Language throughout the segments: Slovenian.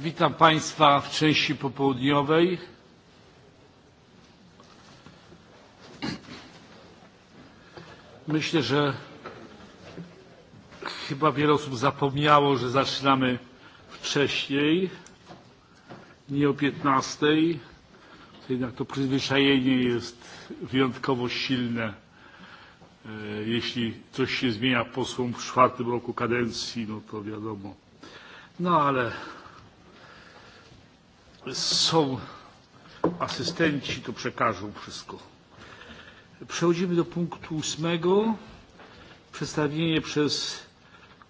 Witam Państwa w części popołudniowej. Myślę, że chyba wiele osób zapomniało, że zaczynamy wcześniej, nie o 15. To jednak to przyzwyczajenie jest wyjątkowo silne. E, jeśli coś się zmienia posłom w czwartym roku kadencji, no to wiadomo. No ale są asystenci to przekażą wszystko. Przechodzimy do punktu ósmego. Przedstawienie przez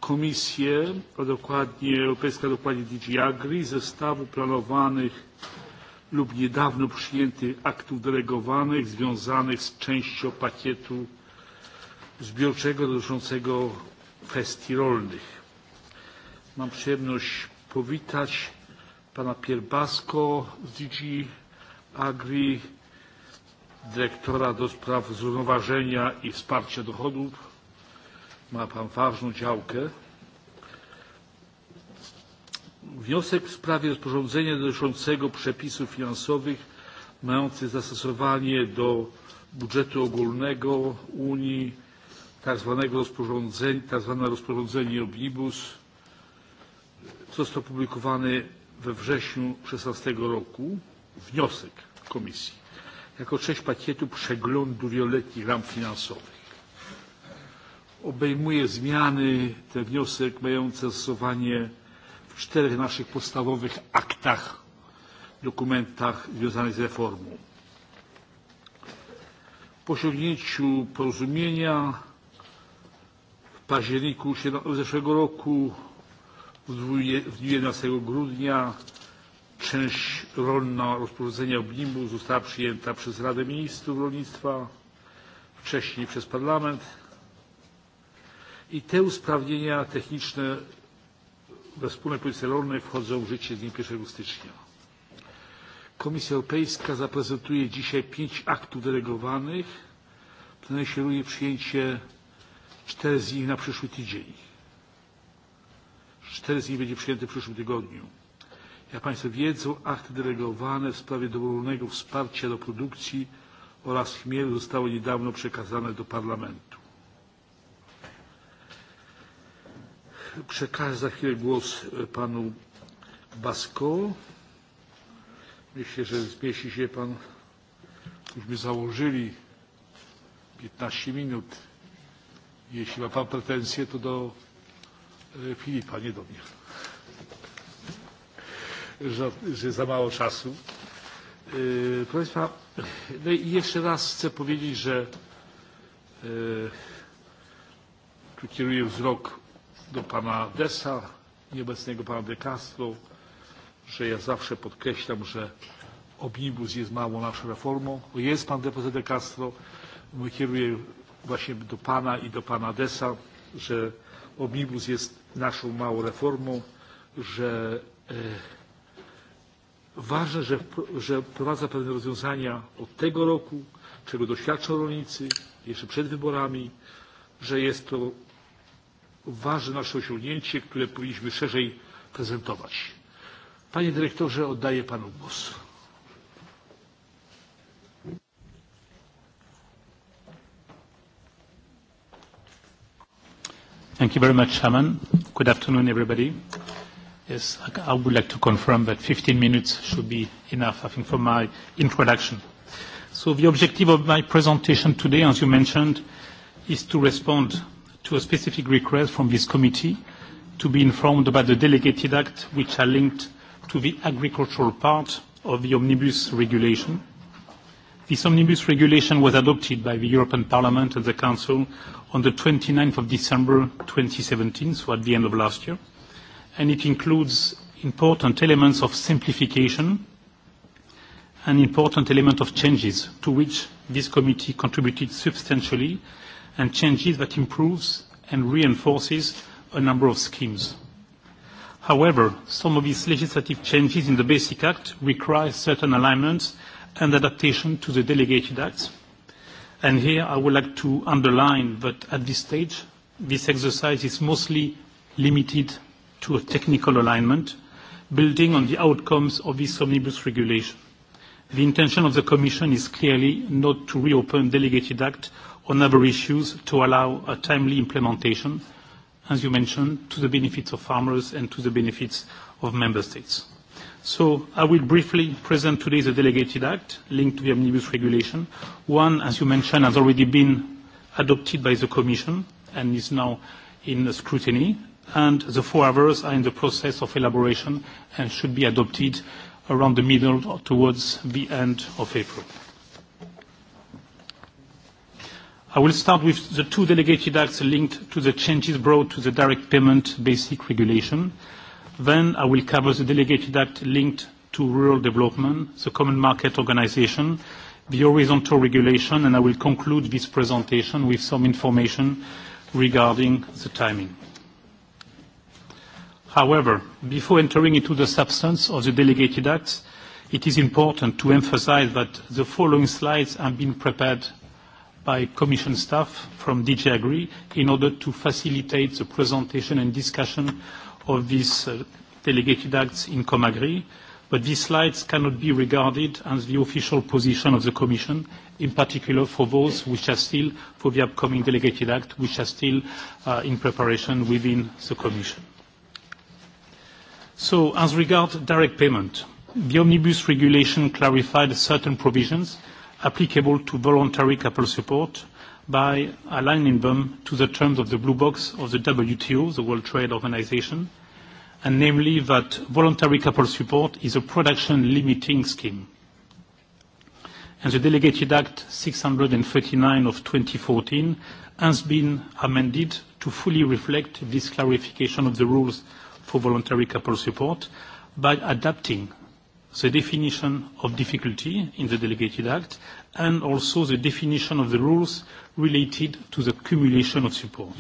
Komisję, a dokładnie Europejska dokładnie DG Agri, zestawu planowanych lub niedawno przyjętych aktów delegowanych związanych z częścią pakietu zbiorczego dotyczącego kwestii rolnych. Mam przyjemność powitać pana Pier Basco z DG Agri, dyrektora do spraw zrównoważenia i wsparcia dochodów. Ma pan ważną działkę. Wniosek w sprawie rozporządzenia dotyczącego przepisów finansowych mających zastosowanie do budżetu ogólnego Unii, tzw. rozporządzenie, tzw. rozporządzenie Omnibus, został opublikowany we wrześniu 2016 roku wniosek Komisji jako część pakietu przeglądu wieloletnich ram finansowych. Obejmuje zmiany ten wniosek mające stosowanie w czterech naszych podstawowych aktach, dokumentach związanych z reformą. Po osiągnięciu porozumienia w październiku zeszłego roku 12 grudnia część rolna rozporządzenia Oblimu została przyjęta przez Radę Ministrów Rolnictwa, wcześniej przez Parlament i te usprawnienia techniczne we wspólnej polityce rolnej wchodzą w życie z dniem 1 stycznia. Komisja Europejska zaprezentuje dzisiaj pięć aktów delegowanych. Planuje się również przyjęcie czterech z nich na przyszły tydzień cztery z nich będzie przyjęte w przyszłym tygodniu. Jak Państwo wiedzą, akty delegowane w sprawie dobrowolnego wsparcia do produkcji oraz chmielu zostały niedawno przekazane do Parlamentu. Przekażę za chwilę głos e, panu Basko. Myślę, że zmieści się pan. Myśmy założyli 15 minut. Jeśli ma pan pretensje, to do Filipa, e, nie do mnie. Że, że za mało czasu. Yy, e, proszę Państwa, no i jeszcze raz chcę powiedzieć, że yy, e, tu kieruję wzrok do Pana Desa, nieobecnego Pana De Castro, że ja zawsze podkreślam, że omnibus jest małą naszą reformą, bo jest Pan Deposy De Castro. Kieruję właśnie do Pana i do Pana Desa, że omnibus jest naszą małą reformą, że e, ważne, że, że wprowadza pewne rozwiązania od tego roku, czego doświadczą rolnicy jeszcze przed wyborami, że jest to ważne nasze osiągnięcie, które powinniśmy szerzej prezentować. Panie dyrektorze, oddaję panu głos. Thank you very much, Shaman. Good afternoon, everybody. Yes, I would like to confirm that 15 minutes should be enough, I think, for my introduction. So the objective of my presentation today, as you mentioned, is to respond to a specific request from this committee to be informed about the delegated act which are linked to the agricultural part of the omnibus regulation. This omnibus regulation was adopted by the European Parliament and the Council on the 29th of December 2017, so at the end of last year, and it includes important elements of simplification and important element of changes to which this committee contributed substantially and changes that improves and reinforces a number of schemes. However, some of these legislative changes in the Basic Act require certain alignments and adaptation to the delegated acts. Here I would like to underline that at this stage, this exercise is mostly limited to a technical alignment building on the outcomes of this omnibus regulation. The intention of the Commission is clearly not to reopen delegated act on other issues to allow a timely implementation, as you mentioned, to the benefits of farmers and to the benefits of member states. So I will briefly present today the delegated act linked to the omnibus regulation. One, as you mentioned, has already been adopted by the Commission and is now in the scrutiny. And the four others are in the process of elaboration and should be adopted around the middle or towards the end of April. I will start with the two delegated acts linked to the changes brought to the direct payment basic regulation. Then I will cover the delegated act linked to rural development, the common market organization, the horizontal regulation, and I will conclude this presentation with some information regarding the timing. However, before entering into the substance of the delegated acts, it is important to emphasize that the following slides have been prepared by Commission staff from DG Agri in order to facilitate the presentation and discussion of these uh, delegated acts in Comagri, but these slides cannot be regarded as the official position of the Commission, in particular for those which are still, for the upcoming delegated act, which are still uh, in preparation within the Commission. So, as regards direct payment, the omnibus regulation clarified certain provisions applicable to voluntary capital support, by aligning them to the terms of the blue box of the WTO, the World Trade Organization, and namely that voluntary couple support is a production limiting scheme. And the Delegated Act 639 of 2014 has been amended to fully reflect this clarification of the rules for voluntary couple support by adapting the definition of difficulty in the Delegated Act and also the definition of the rules related to the accumulation of support.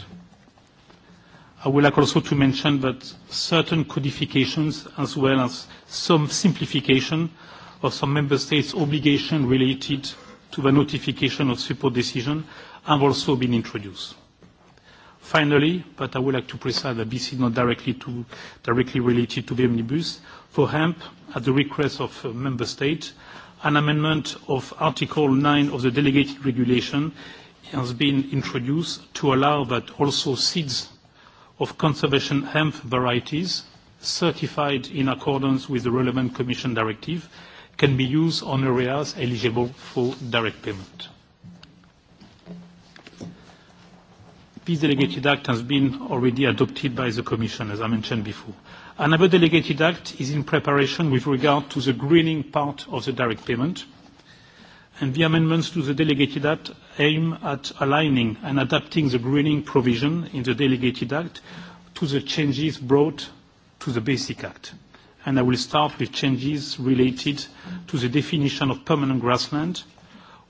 I would like also to mention that certain codifications, as well as some simplification of some member states' obligation related to the notification of support decision, have also been introduced. Finally, but I would like to precise that this is not directly related to the omnibus, for HAMP, at the request of a member state, an amendment of Article 9 of the Delegated Regulation has been introduced to allow that also seeds of conservation hemp varieties certified in accordance with the relevant Commission directive can be used on areas eligible for direct payment. This delegated act has been already adopted by the Commission, as I mentioned before. Another delegated act is in preparation with regard to the greening part of the direct payment, and the amendments to the delegated act aim at aligning and adapting the greening provision in the delegated act to the changes brought to the basic act. I will start with changes related to the definition of permanent grassland,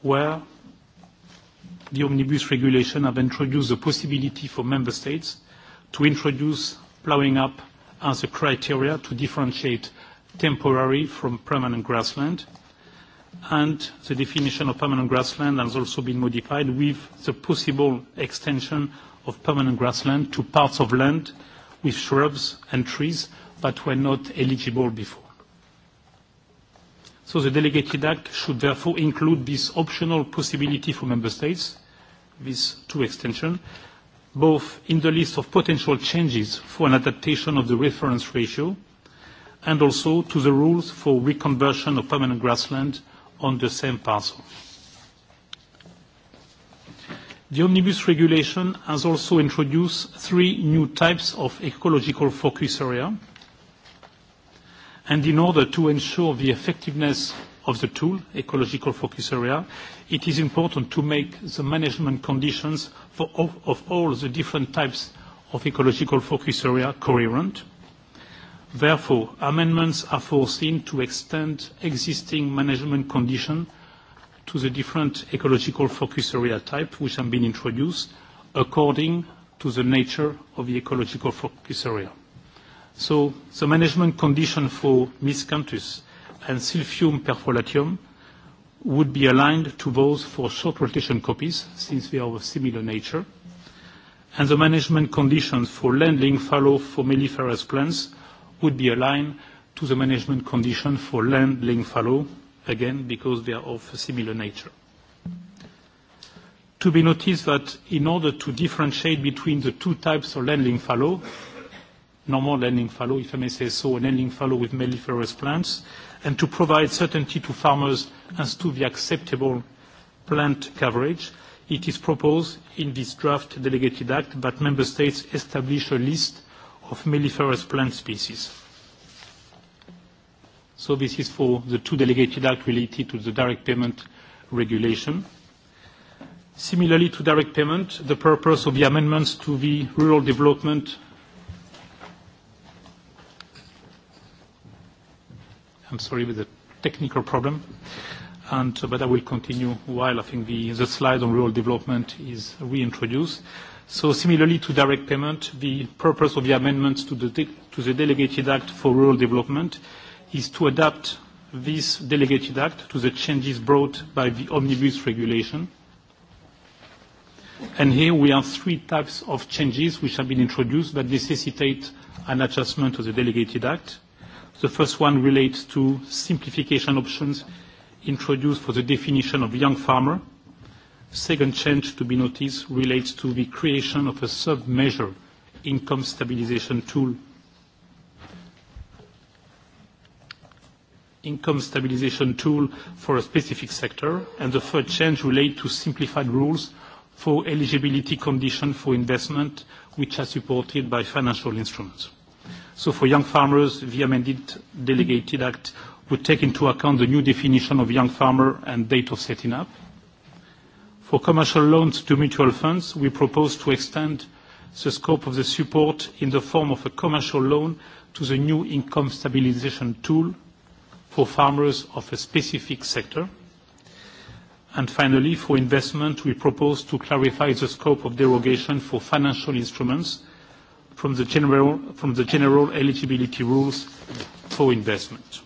where the Omnibus regulation have introduced the possibility for member states to introduce plowing up as a criteria to differentiate temporary from permanent grassland. The definition of permanent grassland has also been modified with the possible extension of permanent grassland to parts of land with shrubs and trees that were not eligible before. The delegated act should therefore include this optional possibility for member states, these two extensions, both in the list of potential changes for an adaptation of the reference ratio and also to the rules for reconversion of permanent grassland on the same parcel. The Omnibus regulation has also introduced three new types of ecological focus area. In order to ensure the effectiveness of the tool, ecological focus area, it is important to make the management conditions for all, of all the different types of ecological focus area coherent. Therefore, amendments are foreseen to extend existing management condition to the different ecological focus area type, which have been introduced according to the nature of the ecological focus area. So the management condition for Miscanthus and sylvium perfolatium would be aligned to those for short rotation copies since they are of a similar nature. The management conditions for landing fallow foliariferous plants would be aligned to the management condition for landing fallow, again, because they are of a similar nature. To be noticed that in order to differentiate between the two types of landing fallow, normal landing fallow, if I may say so, and landing fallow with foliariferous plants, and to provide certainty to farmers as to the acceptable plant coverage. It is proposed in this draft delegated act that Member States establish a list of melliferous plant species. So this is for the two delegated acts related to the direct payment regulation. Similarly to direct payment, the purpose of the amendments to the Rural Development I'm sorry with the technical problem. Uh, I will continue while I think the slide on rural development is reintroduced. Similarly to direct payment, the purpose of the amendments to the Delegated Act for Rural Development is to adapt this Delegated Act to the changes brought by the Omnibus regulation. Here we have three types of changes which have been introduced that necessitate an adjustment to the Delegated Act. The first one relates to simplification options introduced for the definition of young farmer. Second change to be noticed relates to the creation of a sub-measure income stabilization tool. Income stabilization tool for a specific sector. The third change relate to simplified rules for eligibility condition for investment, which are supported by financial instruments. So for young farmers, the amended delegated act would take into account the new definition of young farmer and date of setting up. For commercial loans to mutual funds, we propose to extend the scope of the support in the form of a commercial loan to the new income stabilization tool for farmers of a specific sector. And finally, for investment, we propose to clarify the scope of derogation for financial instruments from the general from the general eligibility rules for investment.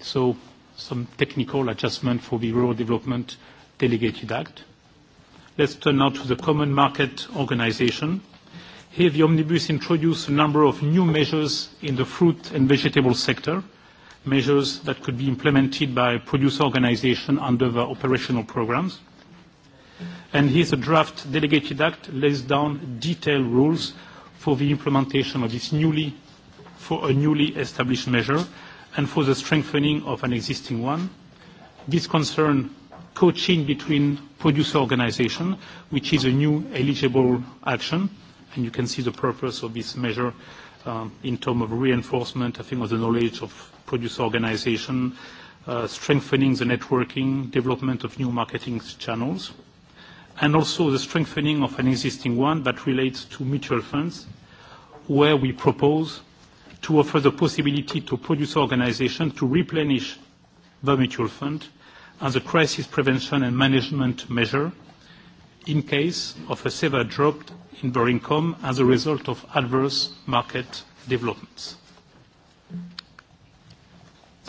So some technical adjustment for the Rural Development Delegated Act. Let's turn now to the Common Market Organization. Here the omnibus introduced a number of new measures in the fruit and vegetable sector, measures that could be implemented by producer organization under the operational programmes and his draft delegated act lays down detailed rules for the implementation of this newly, for a newly established measure and for the strengthening of an existing one. This concerns coaching between producer organizations, which is a new eligible action, and you can see the purpose of this measure um, in terms of reinforcement, I think, of the knowledge of producer organizations, uh, strengthening the networking, development of new marketing channels and also the strengthening of an existing one that relates to mutual funds, where we propose to offer the possibility to producer organization to replenish the mutual fund as a crisis prevention and management measure in case of a severe drop in their income as a result of adverse market developments.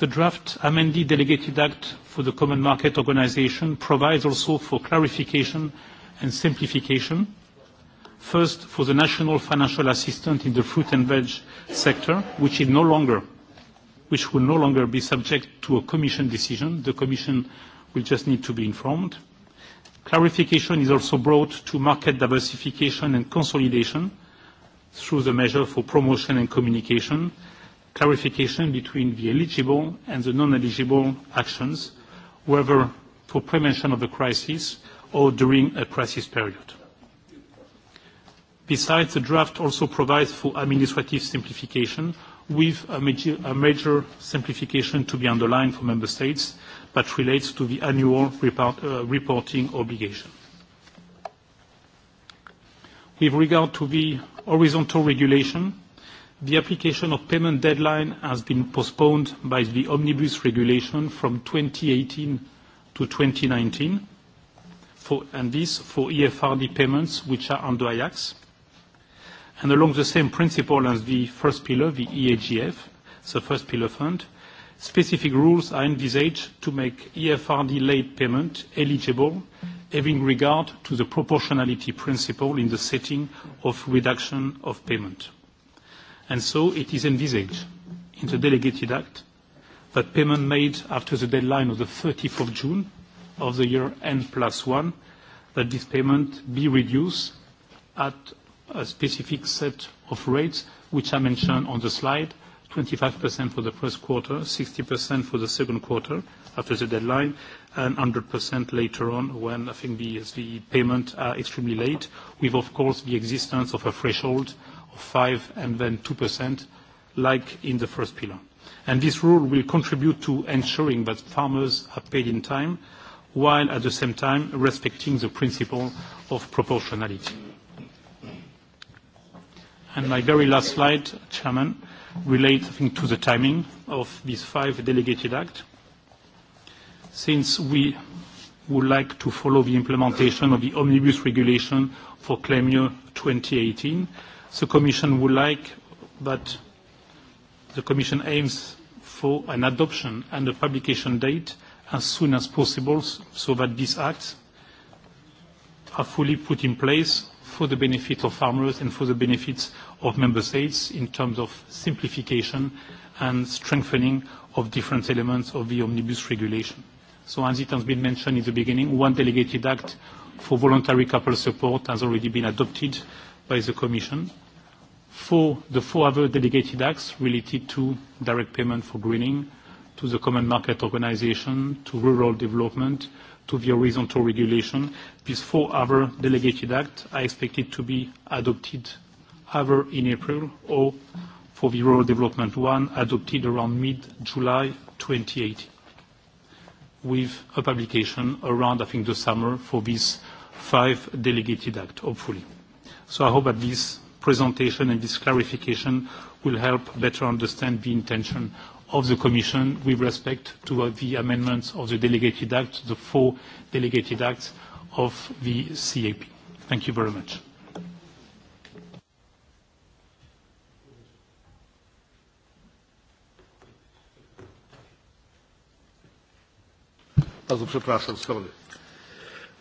The draft amended Delegated Act for the Common Market Organization provides also for clarification and simplification. First, for the national financial assistant in the fruit and veg sector, no which will no longer be subject to a commission decision. The commission will just need to be informed. Clarification is also brought to market diversification and consolidation through the measure for promotion and communication, clarification between the eligible and the non-eligible actions, whether for prevention of a crisis or during a crisis period. Besides, the draft also provides for administrative simplification with a major simplification to be underlined for member states that relates to the annual uh, reporting obligation. With regard to the horizontal regulation, The application of payment deadline has been postponed by the Omnibus Regulation from 2018 to 2019, and this for EFRD payments, which are under IACS. Along the same principle as the first pillar, the EAGF, so first pillar fund, specific rules are envisaged to make EFRD late payment eligible, having regard to the proportionality principle in the setting of reduction of payment and so it is envisaged in the delegated act that payment made after the deadline of the 30th of June of the year N plus 1 that this payment be reduced at a specific set of rates which are mentioned on the slide 25% for the first quarter 60% for the second quarter after the deadline and 100% later on when I think the, the payment are extremely late with of course the existence of a threshold uh, 5% and then 2%, like in the first pillar. This rule will contribute to ensuring that farmers are paid in time, while at the same time respecting the principle of proportionality. My very last slide, Chairman, relates, I think, to the timing of these five delegated acts. Since we would like to follow the implementation of the Omnibus Regulation for claim year 2018, the Commission would like, but the Commission aims for an adoption and a publication date as soon as possible so that these acts are fully put in place for the benefit of farmers and for the benefits of member states in terms of simplification and strengthening of different elements of the omnibus regulation. So as it has been mentioned in the beginning, one delegated act for voluntary couple support has already been adopted by the Commission for the four other delegated acts related to direct payment for greening, to the common market organization, to rural development, to the horizontal regulation. These four other delegated acts are expected to be adopted either in April or, for the rural development one, adopted around mid-July 2018, with a publication around, I think, the summer for these five delegated acts, hopefully. I hope that this presentation and this clarification will help better understand the intention of the Commission with respect to uh, the amendments of the delegated act, the four delegated acts of the CAP. Thank you very much.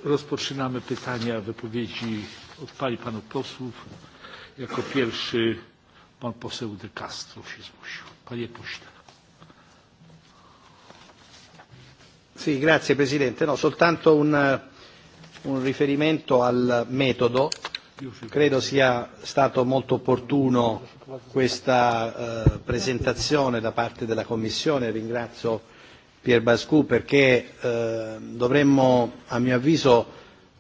Rozpoczynamy pytania, wypowiedzi od pań i panów posłów. Jako pierwszy pan poseł De Castro się zgłosił. Panie pośle. Sì, grazie Presidente. No, soltanto un, un riferimento al metodo. Credo sia stato molto opportuno questa eh, presentazione da parte della Commissione. Ringrazio Pier Bascu perché eh, dovremmo, a mio avviso,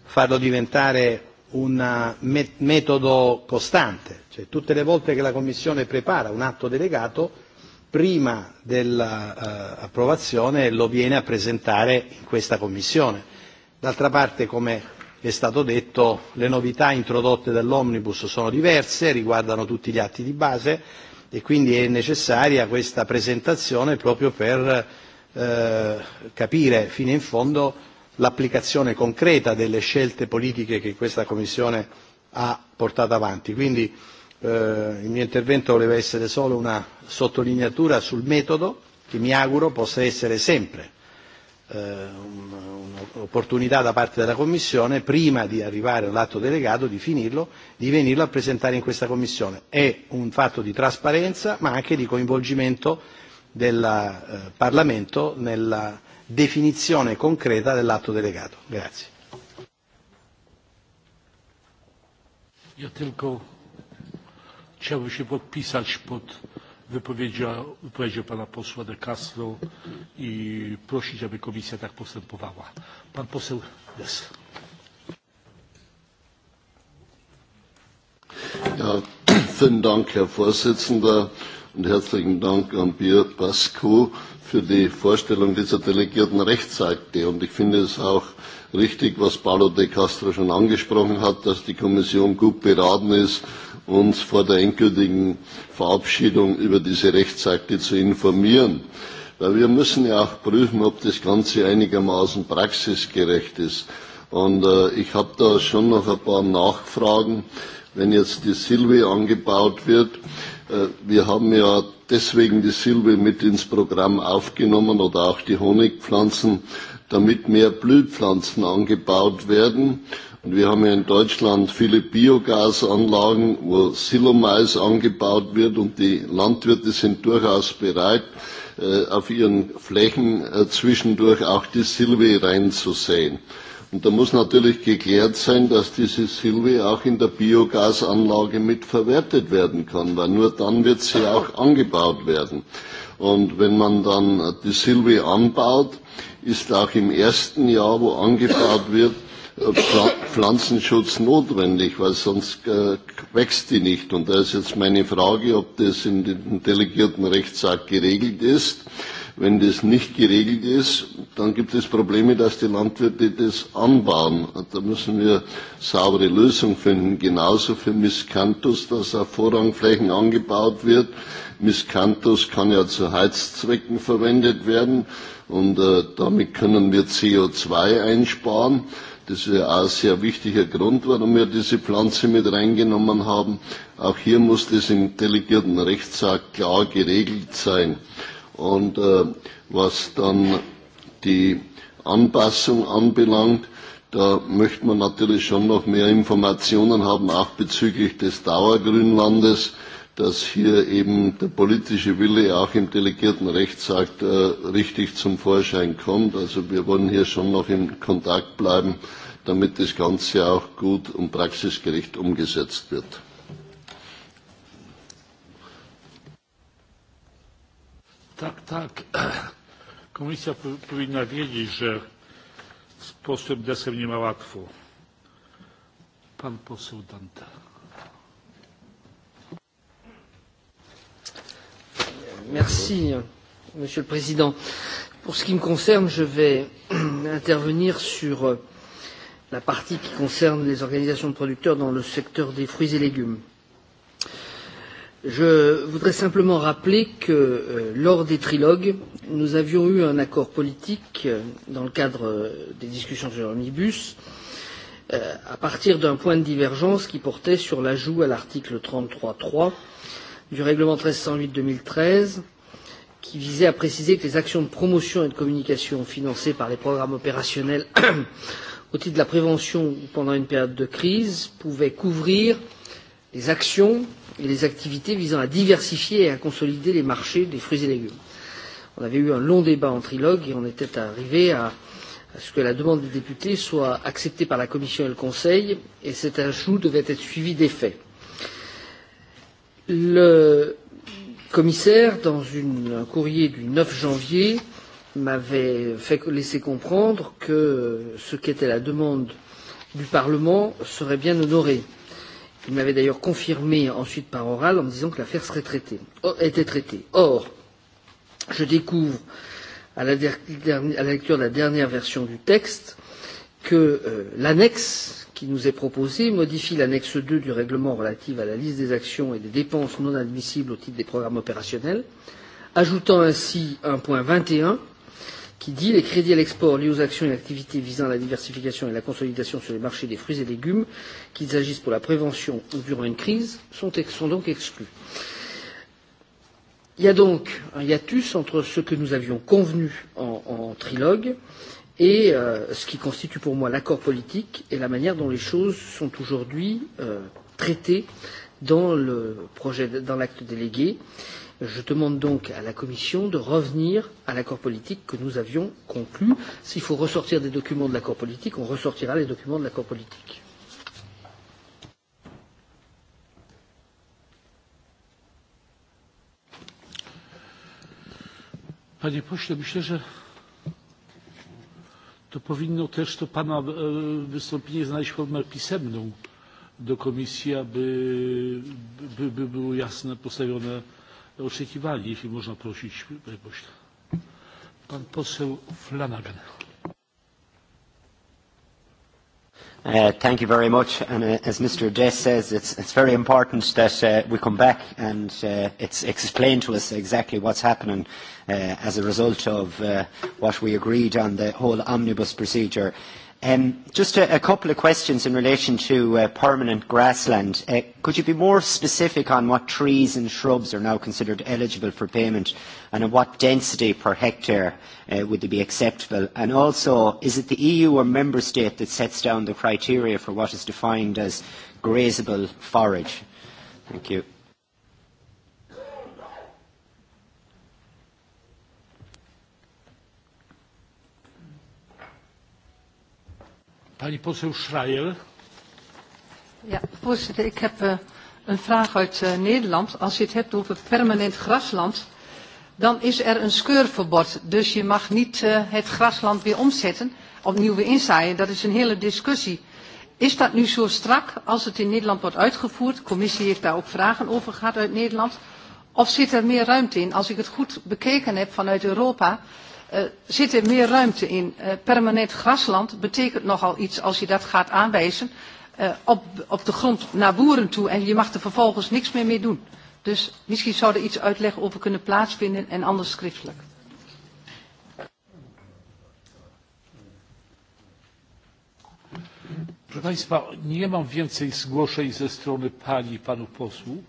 farlo diventare un eh, metodo costante, cioè tutte le volte che la Commissione prepara un atto delegato, prima dell'approvazione eh, lo viene a presentare in questa Commissione. D'altra parte, come è stato detto, le novità introdotte dall'omnibus sono diverse, riguardano tutti gli atti di base e quindi è necessaria questa presentazione proprio per eh, capire fino in fondo l'applicazione concreta delle scelte politiche che questa Commissione ha portato avanti. Quindi eh, il mio intervento voleva essere solo una sottolineatura sul metodo che mi auguro possa essere sempre eh, un'opportunità da parte della Commissione prima di arrivare all'atto delegato di finirlo, di venirlo a presentare in questa Commissione. È un fatto di trasparenza ma anche di coinvolgimento del eh, Parlamento nella, eh, definizione concreta dell'atto delegato. Grazie. Ja tylko chciałbym się podpisać pod wypowiedzią, wypowiedzią pana posła de Castro i prosić, aby komisja tak postępowała. Pan poseł Des. Ja, vielen Dank, Herr Vorsitzender und herzlichen Dank an Pierre Pascu für die Vorstellung dieser delegierten Rechtsakte. Und ich finde es auch richtig, was Paolo de Castro schon angesprochen hat, dass die Kommission gut beraten ist, uns vor der endgültigen Verabschiedung über diese Rechtsakte zu informieren. Weil wir müssen ja auch prüfen, ob das Ganze einigermaßen praxisgerecht ist. Und äh, ich habe da schon noch ein paar Nachfragen. Wenn jetzt die Silvi angebaut wird, Äh, wir haben ja deswegen die Silbe mit ins Programm aufgenommen oder auch die Honigpflanzen, damit mehr Blühpflanzen angebaut werden. Und wir haben ja in Deutschland viele Biogasanlagen, wo Silomais angebaut wird und die Landwirte sind durchaus bereit, äh, auf ihren Flächen äh, zwischendurch auch die Silbe reinzusehen. Und da muss natürlich geklärt sein, dass diese Silvi auch in der Biogasanlage mitverwertet werden kann, weil nur dann wird sie auch angebaut werden. Und wenn man dann die Silvi anbaut, ist auch im ersten Jahr, wo angebaut wird, Pflanzenschutz notwendig, weil sonst äh, wächst die nicht. Und da ist jetzt meine Frage, ob das in dem delegierten Rechtsakt geregelt ist. Wenn das nicht geregelt ist, dann gibt es Probleme, dass die Landwirte das anbauen. Da müssen wir saubere Lösungen finden. Genauso für Miscanthus, dass auf Vorrangflächen angebaut wird. Miscanthus kann ja zu Heizzwecken verwendet werden und äh, damit können wir CO2 einsparen. Das ist ja auch ein sehr wichtiger Grund, warum wir diese Pflanze mit reingenommen haben. Auch hier muss das im delegierten Rechtsakt klar geregelt sein. Und äh, was dann die Anpassung anbelangt, da möchte man natürlich schon noch mehr Informationen haben, auch bezüglich des Dauergrünlandes, dass hier eben der politische Wille auch im delegierten Rechtsakt äh, richtig zum Vorschein kommt. Also wir wollen hier schon noch in Kontakt bleiben, damit das Ganze auch gut und praxisgerecht umgesetzt wird. Tak, tak. Komisja powinna wiedzieć, że sposób desem nie ma łatwo. Pan poseł Dante. Merci, Monsieur le Président. Pour ce qui me concerne, je vais intervenir sur la partie qui concerne les organisations de producteurs dans le secteur des fruits et légumes. Je voudrais simplement rappeler que euh, lors des trilogues, nous avions eu un accord politique euh, dans le cadre euh, des discussions sur l'omnibus euh, à partir d'un point de divergence qui portait sur l'ajout à l'article 33.3 du règlement 1308-2013 qui visait à préciser que les actions de promotion et de communication financées par les programmes opérationnels au titre de la prévention pendant une période de crise pouvaient couvrir les actions et les activités visant à diversifier et à consolider les marchés des fruits et légumes. On avait eu un long débat en trilogue et on était arrivé à, à ce que la demande des députés soit acceptée par la Commission et le Conseil et cet ajout devait être suivi d'effet. Le commissaire, dans une, un courrier du 9 janvier, m'avait fait laisser comprendre que ce qu'était la demande du Parlement serait bien honorée. Euh, Il m'avait d'ailleurs confirmé ensuite par oral en me disant que l'affaire serait traitée, oh, était traitée. Or, je découvre à la, à la lecture de la dernière version du texte que euh, l'annexe qui nous est proposée modifie l'annexe 2 du règlement relatif à la liste des actions et des dépenses non admissibles au titre des programmes opérationnels, ajoutant ainsi un point 21 qui dit les crédits à l'export liés aux actions et activités visant à la diversification et la consolidation sur les marchés des fruits et légumes, qu'ils agissent pour la prévention ou durant une crise, sont, ex sont donc exclus. Il y a donc un hiatus entre ce que nous avions convenu en, en trilogue et euh, ce qui constitue pour moi l'accord politique et la manière dont les choses sont aujourd'hui euh, traitées dans l'acte délégué. Je demande donc à la Commission de revenir à l'accord politique que nous avions conclu. S'il faut ressortir des documents de l'accord politique, on ressortira les documents de l'accord politique. Panie pośle, myślę, że to powinno też to pana e, wystąpienie znaleźć formę pisemną do komisji, aby by, by było jasne postawione. Ja oczekiwali, jeśli można prosić. Pan poseł Flanagan. Uh, thank you very much. And uh, as Mr. Des says, it's, it's very important that uh, we come back and uh, it's explained to us exactly what's happening uh, as a result of uh, what we agreed on the whole omnibus procedure. Uh, Um, just a, a couple of questions in relation to uh, permanent grassland. Uh, could you be more specific on what trees and shrubs are now considered eligible for payment and at what density per hectare uh, would they be acceptable? And also, is it the EU or member state that sets down the criteria for what is defined as grazable forage? Thank you. Pani poseł Schreier. Ja, voorzitter, ik heb uh, een vraag uit uh, Nederland. Als je het hebt over permanent grasland, dan is er een skeurverbod. Dus je mag niet uh, het grasland weer omzetten, opnieuw weer inzaaien. Dat is een hele discussie. Is dat nu zo strak als het in Nederland wordt uitgevoerd? De commissie heeft daar ook vragen over gehad uit Nederland. Of zit er meer ruimte in? Als ik het goed bekeken heb vanuit Europa, Eh, zit er meer ruimte in. Uh, permanent grasland betekent nogal iets als je dat gaat aanwijzen uh, op, op de grond naar boeren toe en je mag er vervolgens niks meer mee doen. Dus misschien zou er iets uitleg over kunnen plaatsvinden en anders schriftelijk. Proszę Państwa, nie mam więcej zgłoszeń ze strony Pani i Panów Posłów.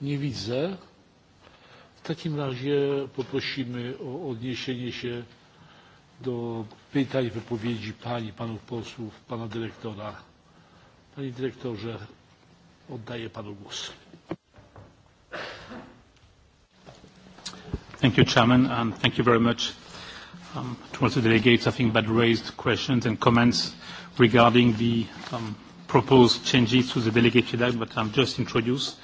Nie widzę takim razie poprosimy o odniesienie się do pytań, wypowiedzi pani, panów posłów, pana dyrektora. Panie dyrektorze, oddaję panu głos. Thank you, Chairman, and thank you very much. Um, towards the delegates, I think that raised questions and comments regarding the um, proposed changes to the delegated act that I've just introduced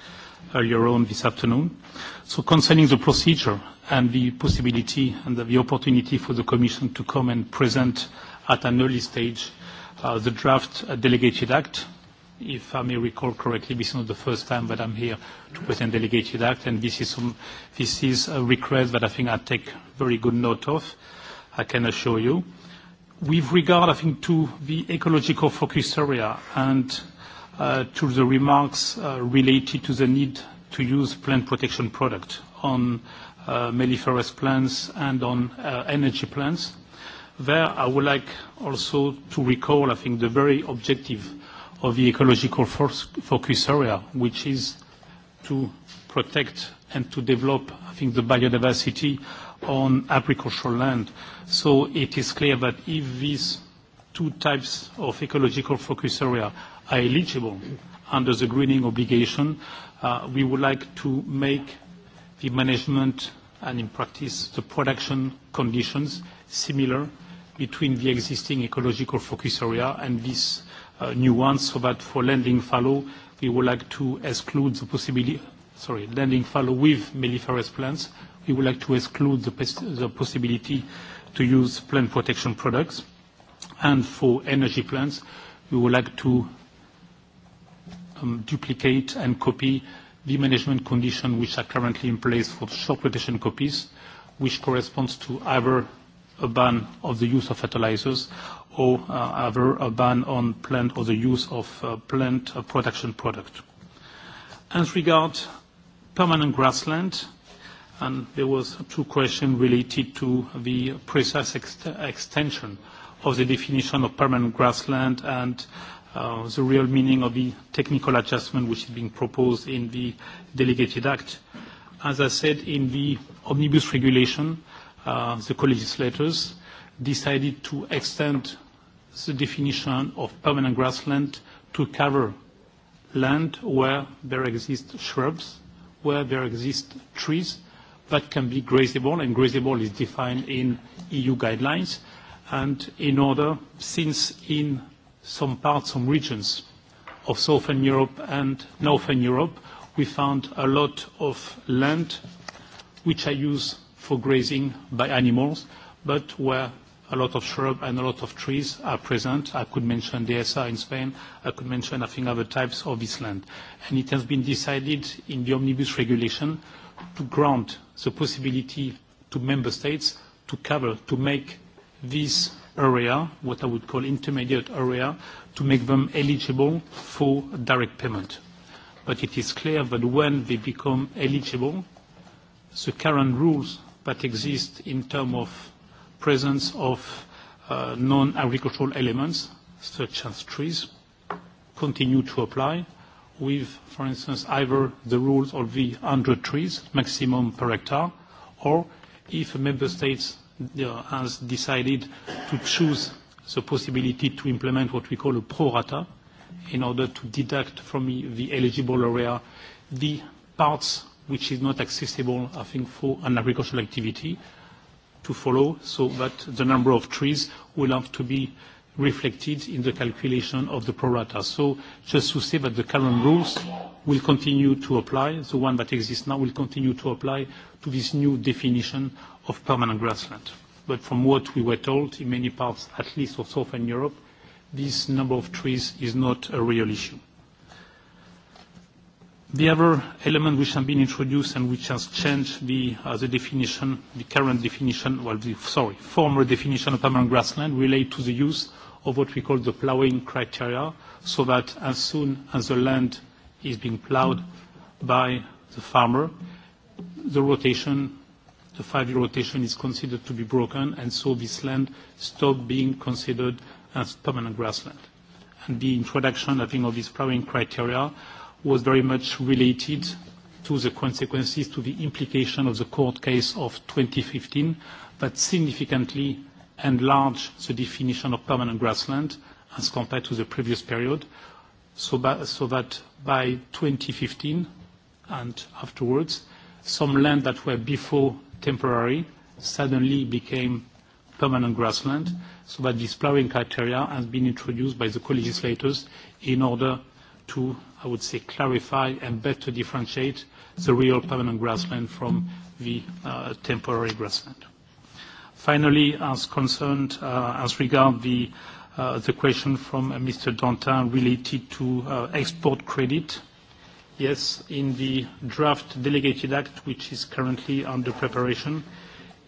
earlier uh, on this afternoon. So concerning the procedure and the possibility and the, the opportunity for the Commission to come and present at an early stage uh, the draft uh, delegated act, if I may recall correctly, this is not the first time that I'm here to present delegated act, and this is, some, this is a request that I think I take very good note of, I can assure you. With regard, I think, to the ecological focus area and Uh, to the remarks uh, related to the need to use plant protection product on uh, melliferous plants and on energy plants. There, I would like also to recall, I think, the very objective of the ecological focus area, which is to protect and to develop, I think, the biodiversity on agricultural land. It is clear that if these two types of ecological focus area are eligible under the greening obligation, uh, we would like to make the management and in practice, the production conditions similar between the existing ecological focus area and this uh, new one, so that for landing fallow, we would like to exclude the possibility. Sorry, landing fallow with melliferous plants, we would like to exclude the possibility to use plant protection products. For energy plants, we would like to Um, duplicate and copy the management condition which are currently in place for short rotation copies, which corresponds to either a ban of the use of fertilizers or uh, either a ban on plant or the use of uh, plant uh, production product. As regards permanent grassland, and there was two questions related to the precise extension of the definition of permanent grassland Uh, the real meaning of the technical adjustment which is being proposed in the delegated act. As I said, in the omnibus regulation, uh, the co-legislators decided to extend the definition of permanent grassland to cover land where there exist shrubs, where there exist trees that can be grazable, and grazable is defined in EU guidelines. In order, since in some parts, some regions of Southern Europe and Northern Europe, we found a lot of land which are used for grazing by animals, but where a lot of shrub and a lot of trees are present. I could mention Dehesa in Spain. I could mention, I think, other types of this land. It has been decided in the omnibus regulation to grant the possibility to member states to cover, to make this area, what I would call intermediate area, to make them eligible for direct payment. It is clear that when they become eligible, the current rules that exist in term of presence of uh, non-agricultural elements, such as trees, continue to apply with, for instance, either the rules of the 100 trees maximum per hectare, or if a member state Uh, has decided to choose the possibility to implement what we call a pro rata in order to deduct from the eligible area the parts which is not accessible, I think, for an agricultural activity to follow, so that the number of trees will have to be reflected in the calculation of the pro rata. So just to say that the current rules will continue to apply, the one that exists now will continue to apply to this new definition of permanent grassland. But from what we were told, in many parts, at least of Southern Europe, this number of trees is not a real issue. The other element which have been introduced and which has changed uh, the definition, the current definition, well, the, sorry, former definition of permanent grassland, relate to the use of what we call the plowing criteria, so that as soon as the land is being plowed by the farmer, the rotation the five-year rotation is considered to be broken, and so this land stopped being considered as permanent grassland. And the introduction, I think, of this flowering criteria was very much related to the consequences, to the implication of the court case of 2015 that significantly enlarged the definition of permanent grassland as compared to the previous period, so, by, so that by 2015 and afterwards, some land that were before temporary suddenly became permanent grassland so that this plowing criteria has been introduced by the co-legislators in order to, I would say, clarify and better differentiate the real permanent grassland from the uh, temporary grassland. Finally, as concerned, uh, as regard the, uh, the question from uh, Mr. Dantin related to uh, export credit, uh, Yes, in the draft delegated act, which is currently under preparation,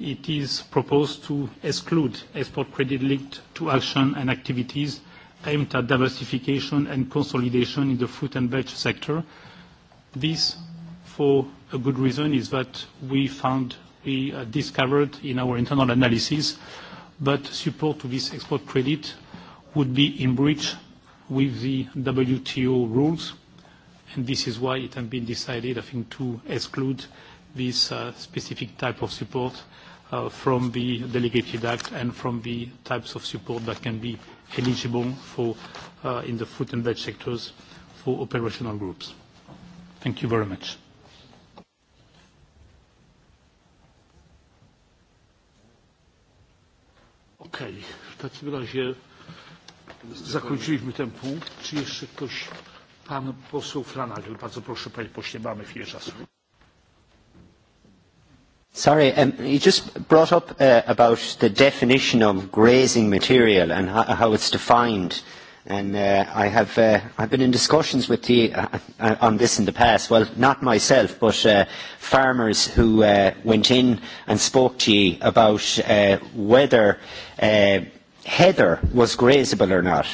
it is proposed to exclude export credit linked to action and activities aimed at diversification and consolidation in the fruit and veg sector. This, for a good reason, is that we found, we uh, discovered in our internal analysis that support to this export credit would be in breach with the WTO rules, This is why it had been decided, I think, to exclude this uh, specific type of support uh, from the delegated act and from the types of support that can be eligible for uh, in the food and veg sectors for operational groups. Thank you very much. Okay. W takim razie zakończyliśmy ten punkt. Czy jeszcze ktoś Pan poseł Flanagel. Bardzo proszę, panie pośle, mamy chwilę czasu. Sorry, um, you just brought up uh, about the definition of grazing material and how, how it's defined. And uh, I have, uh, I've been in discussions with you uh, uh, on this in the past. Well, not myself, but uh, farmers who uh, went in and spoke to you about uh, whether uh, heather was grazable or not. Uh,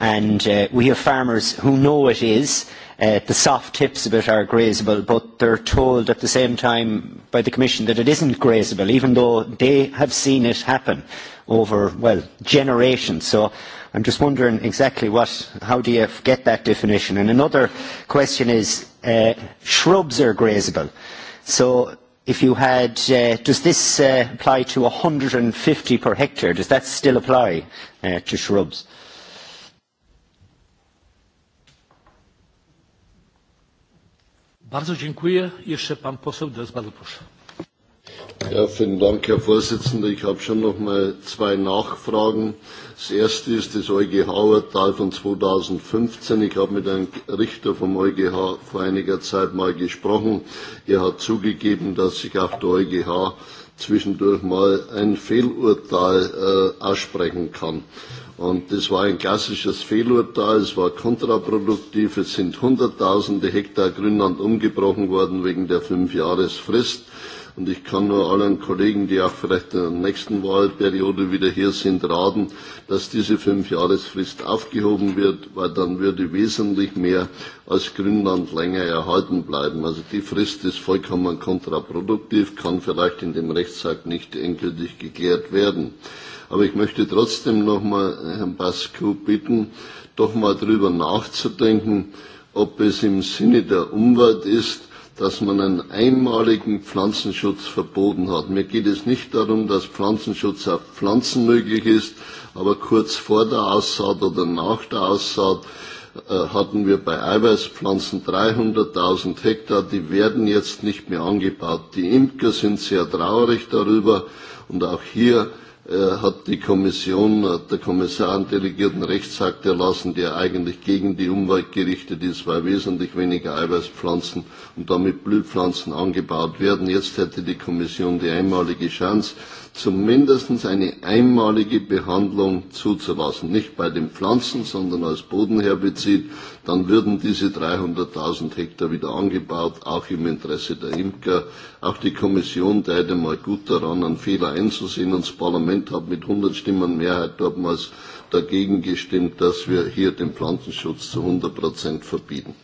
and uh, we have farmers who know it is. Uh, the soft tips of it are grazable, but they're told at the same time by the Commission that it isn't grazable, even though they have seen it happen over, well, generations. So I'm just wondering exactly what, how do you get that definition? And another question is, uh, shrubs are grazable. So if you had, uh, does this uh, apply to 150 per hectare? Does that still apply uh, to shrubs? Ja, herr präsident! ich habe schon noch mal zwei nachfragen. das erste ist das eugh urteil von. zweitausendfünfzehn ich habe mit einem richter vom eugh vor einiger zeit mal gesprochen. er hat zugegeben dass sich auch der eugh zwischendurch mal ein fehlurteil äh, aussprechen kann. Und das war ein klassisches Fehlurteil, es war kontraproduktiv, es sind hunderttausende Hektar Grünland umgebrochen worden wegen der Fünfjahresfrist. Und ich kann nur allen Kollegen, die auch vielleicht in der nächsten Wahlperiode wieder hier sind, raten, dass diese Fünfjahresfrist aufgehoben wird, weil dann würde wesentlich mehr als Grünland länger erhalten bleiben. Also die Frist ist vollkommen kontraproduktiv, kann vielleicht in dem Rechtsakt nicht endgültig geklärt werden. Aber ich möchte trotzdem noch mal Herrn Pascu bitten, doch mal darüber nachzudenken, ob es im Sinne der Umwelt ist, dass man einen einmaligen Pflanzenschutz verboten hat. Mir geht es nicht darum, dass Pflanzenschutz auf Pflanzen möglich ist, aber kurz vor der Aussaat oder nach der Aussaat äh, hatten wir bei Eiweißpflanzen 300.000 Hektar, die werden jetzt nicht mehr angebaut. Die Imker sind sehr traurig darüber und auch hier Er hat die Kommission, der Kommissar einen delegierten Rechtsakt erlassen, der eigentlich gegen die Umwelt gerichtet ist, weil wesentlich weniger Eiweißpflanzen und damit Blühpflanzen angebaut werden. Jetzt hätte die Kommission die einmalige Chance, zumindest eine einmalige Behandlung zuzulassen, nicht bei den Pflanzen, sondern als Bodenherbizid, dann würden diese 300.000 Hektar wieder angebaut, auch im Interesse der Imker. Auch die Kommission täte mal gut daran, einen Fehler einzusehen. Und das Parlament hat mit 100 Stimmen Mehrheit damals dagegen gestimmt, dass wir hier den Pflanzenschutz zu 100 Prozent verbieten.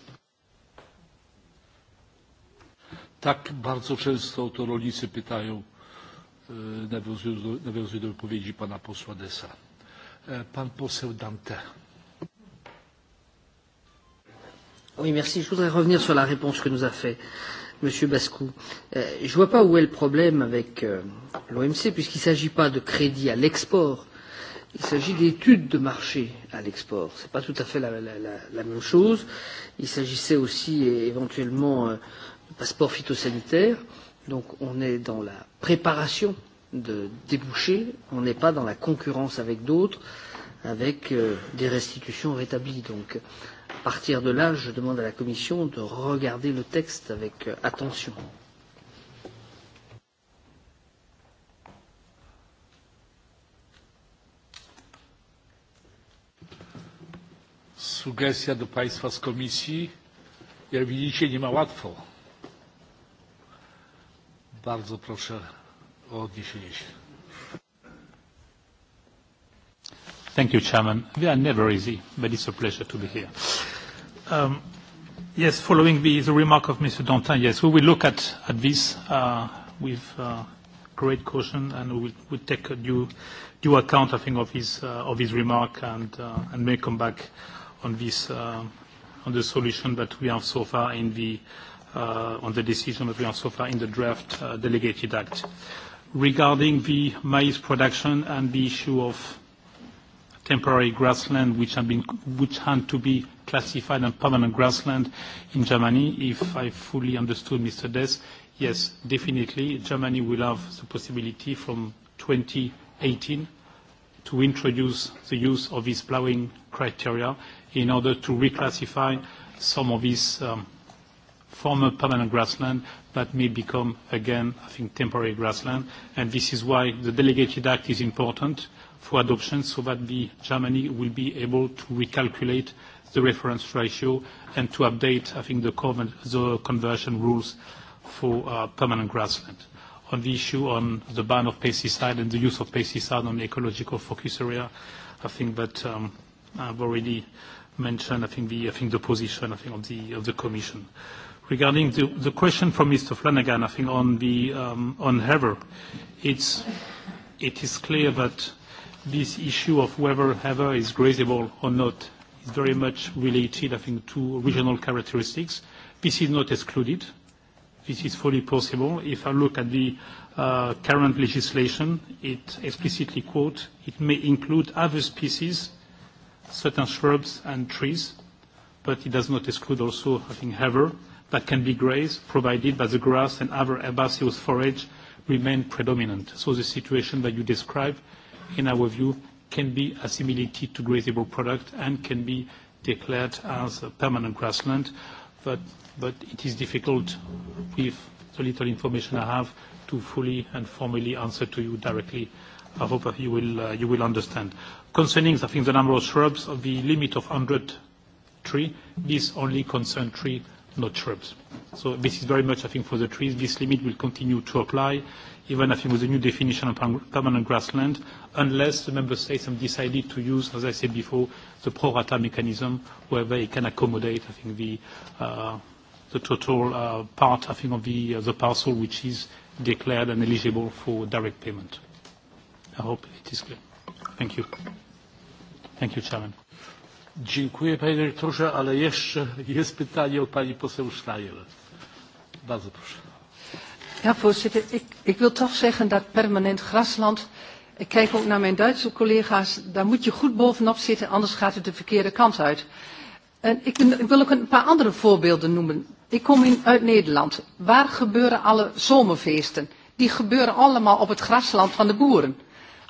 Tak bardzo często o to rolnicy pytają. E, nawiązując do, nawiązując do wypowiedzi pana posła Desa. E, pan poseł Dante. Oui, merci. Je voudrais revenir sur la réponse que nous a fait Monsieur Bascou. Euh, je ne vois pas où est le problème avec euh, l'OMC, puisqu'il ne s'agit pas de crédit à l'export, il s'agit d'études de marché à l'export. Ce n'est pas tout à fait la, la, la, la même chose. Il s'agissait aussi éventuellement euh, de passeport phytosanitaire. Euh, Donc on est dans la préparation de déboucher, on n'est pas dans la concurrence avec d'autres, avec euh, des restitutions rétablies. Donc à partir de là, je demande à la Commission de regarder le texte avec euh, attention. Sugestia do Państwa z Komisji, jak widzicie, nie ma łatwo. Bardzo proszę o odniesienie się. Thank you, Chairman. We are never easy, but it's a pleasure to be here. Um, yes, following the, the remark of Mr. Dantin, yes, we will look at, at this uh, with uh, great caution and we will we'll take a due, due account, I think, of his, uh, of his remark and, uh, and may come back on, this, uh, on the solution that we have so far in the, Uh, on the decision of the EFSA in the draft uh, delegated act. Regarding the maize production and the issue of temporary grassland, which had to be classified as permanent grassland in Germany, if I fully understood Mr. Dess, yes, definitely, Germany will have the possibility from 2018 to introduce the use of this plowing criteria in order to reclassify some of these um, former permanent grassland that may become again, I think, temporary grassland. And this is why the delegated act is important for adoption so that the Germany will be able to recalculate the reference ratio and to update, I think, the, conver the conversion rules for uh, permanent grassland. On the issue on the ban of pesticide and the use of pesticide on the ecological focus area, I think that um, I've already mentioned, I think, the, I think, the position, I think, of the, of the Commission. Uh, Regarding the question from Mr. Flanagan, I think on the um, on Hever, it is clear that this issue of whether Hever is grazable or not is very much related, I think, to regional characteristics. This is not excluded. This is fully possible. If I look at the uh, current legislation, it explicitly quote, "It may include other species, certain shrubs and trees," but it does not exclude also, I think, Hever that can be grazed, provided that the grass and other herbaceous forage remain predominant. So the situation that you describe, in our view, can be assimilated to grazable product and can be declared as a permanent grassland, but it is difficult, with the little information I have, to fully and formally answer to you directly. I hope that you will, uh, you will understand. Concerning, I think, the number of shrubs, the limit of 100 trees, this only concern trees not shrubs. So this is very much, I think, for the trees. This limit will continue to apply, even, I think, with the new definition of permanent grassland, unless the member states have decided to use, as I said before, the pro rata mechanism, where they can accommodate, I think, the, uh, the total uh, part, I think, of the, uh, the parcel which is declared and eligible for direct payment. I hope it is clear. Thank you. Thank you, Chairman. Dziękuję panie dyrektorze, ale jeszcze jest pytanie od pani poseł Schreier. Bardzo proszę. Ja, voorzitter, ik, ik wil toch zeggen dat permanent grasland, ik kijk ook naar mijn Duitse collega's, daar moet je goed bovenop zitten, anders gaat het de verkeerde kant uit. En ik, ik wil ook een paar andere voorbeelden noemen. Ik kom in, uit Nederland. Waar gebeuren alle zomerfeesten? Die gebeuren allemaal op het grasland van de boeren.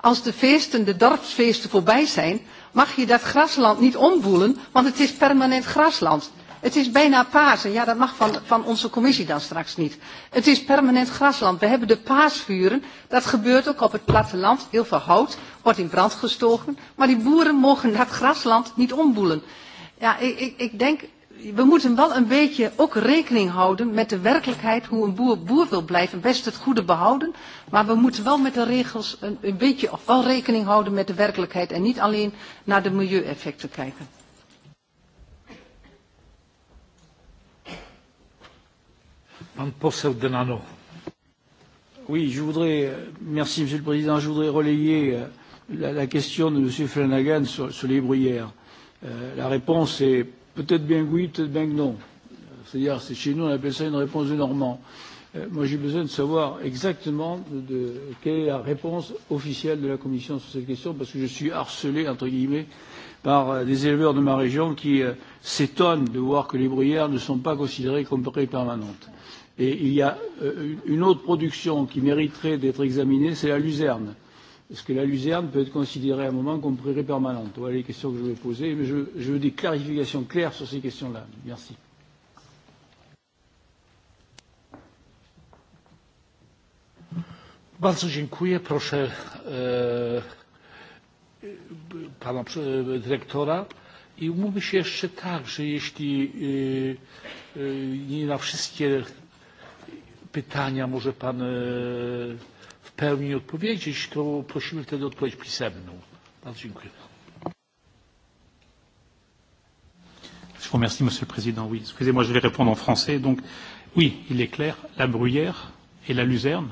Als de feesten, de dorpsfeesten voorbij zijn, mag je dat grasland niet omboelen, want het is permanent grasland. Het is bijna Pasen. Ja, dat mag van, van onze commissie dan straks niet. Het is permanent grasland. We hebben de paasvuren. Dat gebeurt ook op het platteland. Heel veel hout wordt in brand gestoken. Maar die boeren mogen dat grasland niet omboelen. Ja, ik, ik, ik denk we moeten wel een beetje ook rekening houden met de werkelijkheid hoe een boer boer wil blijven, best het goede behouden. Maar we moeten wel met de regels een, een beetje of wel rekening houden met de werkelijkheid en niet alleen naar de milieueffecten kijken. Pan poseł Denano. Oui, je voudrais, euh, merci Monsieur le Président, je voudrais relayer euh, la, la question de Monsieur Flanagan sur, sur les bruyères. Euh, la réponse est Peut-être bien oui, peut-être bien que non. C'est-à-dire, c'est chez nous, on appelle ça une réponse de Normand. Euh, moi, j'ai besoin de savoir exactement de, de, quelle est la réponse officielle de la Commission sur cette question, parce que je suis harcelé, entre guillemets, par euh, des éleveurs de ma région qui euh, s'étonnent de voir que les bruyères ne sont pas considérées comme prépermanentes. Et il y a euh, une autre production qui mériterait d'être examinée, c'est la luzerne. Euh, Est-ce que la luzerne peut être considérée à un moment comme prairie permanente Voilà les questions que je vais poser, mais je, je veux des clarifications claires sur ces questions-là. Merci. Bardzo dziękuję. Proszę e, pana e, dyrektora. I umówmy się jeszcze tak, że jeśli e, e, nie na wszystkie pytania może pan e, pełni odpowiedzieć, to prosimy wtedy o odpowiedź pisemną. Bardzo dziękuję. Je vous remercie, Monsieur le Président. Oui, excusez-moi, je vais répondre en français. Donc, oui, il est clair, la bruyère et la luzerne,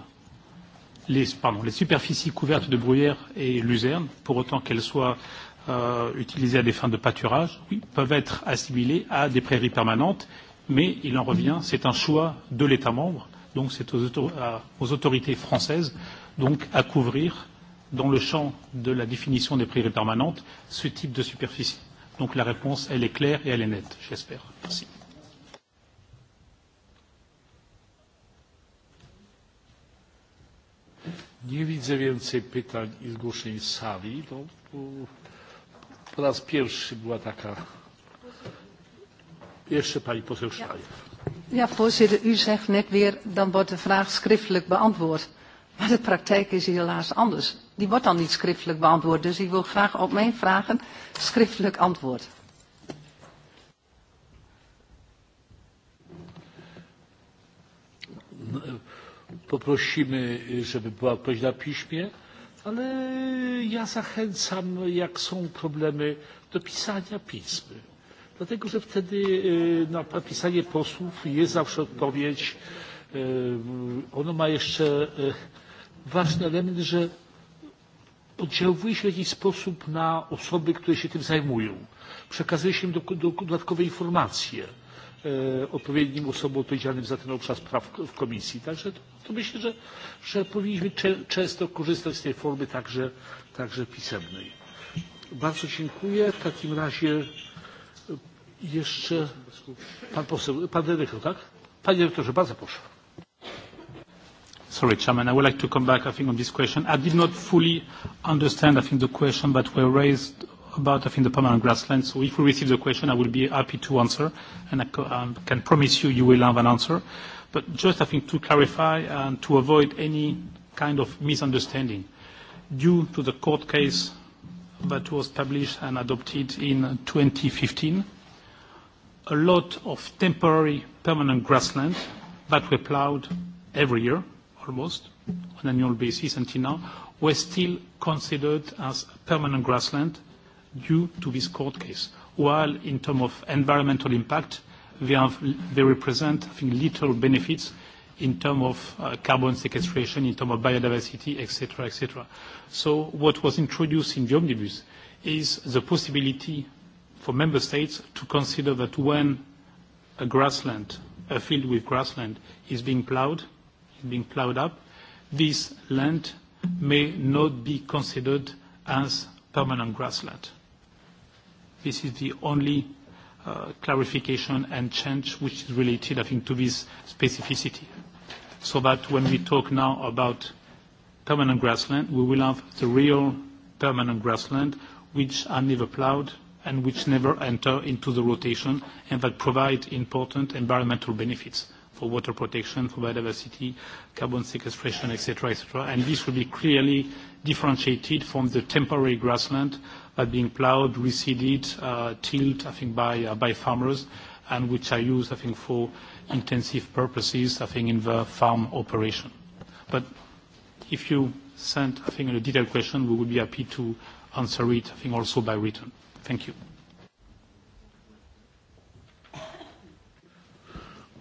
les, pardon, les superficies couvertes de bruyère et luzerne, pour autant qu'elles soient euh, utilisées à des fins de pâturage, oui, peuvent être assimilées à des prairies permanentes, mais il en revient, c'est un choix de l'État membre donc c'est aux, auto aux autorités françaises donc à couvrir dans le champ de la définition des prairies permanentes ce type de superficie. Donc la réponse elle est claire et elle est nette, j'espère. Merci. Nie widzę więcej pytań i zgłoszeń z sali. To po raz pierwszy była taka. Jeszcze pani poseł Szajew. Ja. Ja, voorzitter, u zegt net weer, dan wordt de vraag schriftelijk beantwoord. Maar de praktijk is helaas anders. Die wordt dan niet schriftelijk beantwoord. Dus ik wil graag op mijn vragen schriftelijk antwoord. Poprosimy, żeby była odpowiedź na piśmie, ale ja zachęcam, jak są problemy, do pisania pism dlatego że wtedy na podpisanie posłów jest zawsze odpowiedź. Ono ma jeszcze ważny element, że oddziałuje się w jakiś sposób na osoby, które się tym zajmują. Przekazuje się dodatkowe informacje odpowiednim osobom odpowiedzialnym za ten obszar spraw w komisji. Także to, to myślę, że, że powinniśmy cze, często korzystać z tej formy także, także pisemnej. Bardzo dziękuję. W takim razie Jeszcze pan poseł, pan dyrektor, tak? Panie dyrektorze, bardzo proszę. Sorry, Chairman, I would like to come back, I think, on this question. I did not fully understand, I think, the question that were raised about, I think, the permanent grassland. So if we receive the question, I will be happy to answer, and I um, can promise you, you will have an answer. But just, I think, to clarify and to avoid any kind of misunderstanding, due to the court case mm -hmm that was published and adopted in 2015. A lot of temporary permanent grassland that were plowed every year, almost on an annual basis until now, were still considered as permanent grassland due to this court case. While in term of environmental impact, they represent, I think, little benefits in terms of uh, carbon sequestration, in terms of biodiversity, etc., etc. So what was introduced in the omnibus is the possibility for member states to consider that when a grassland, a field with grassland, is being plowed, being plowed up, this land may not be considered as permanent grassland. This is the only uh, clarification and change which is related, I think, to this specificity so that when we talk now about permanent grassland, we will have the real permanent grassland, which are never ploughed and which never enter into the rotation, and that provide important environmental benefits for water protection, for biodiversity, carbon sequestration, etc., etc. And this will be clearly differentiated from the temporary grassland that being ploughed, reseeded, uh, tilled, I think, by, uh, by farmers and which are used, I think, for intensive purposes, I think, in the farm operation. If you send, I think, a detailed question, we would be happy to answer it, I think, also by written. Thank you.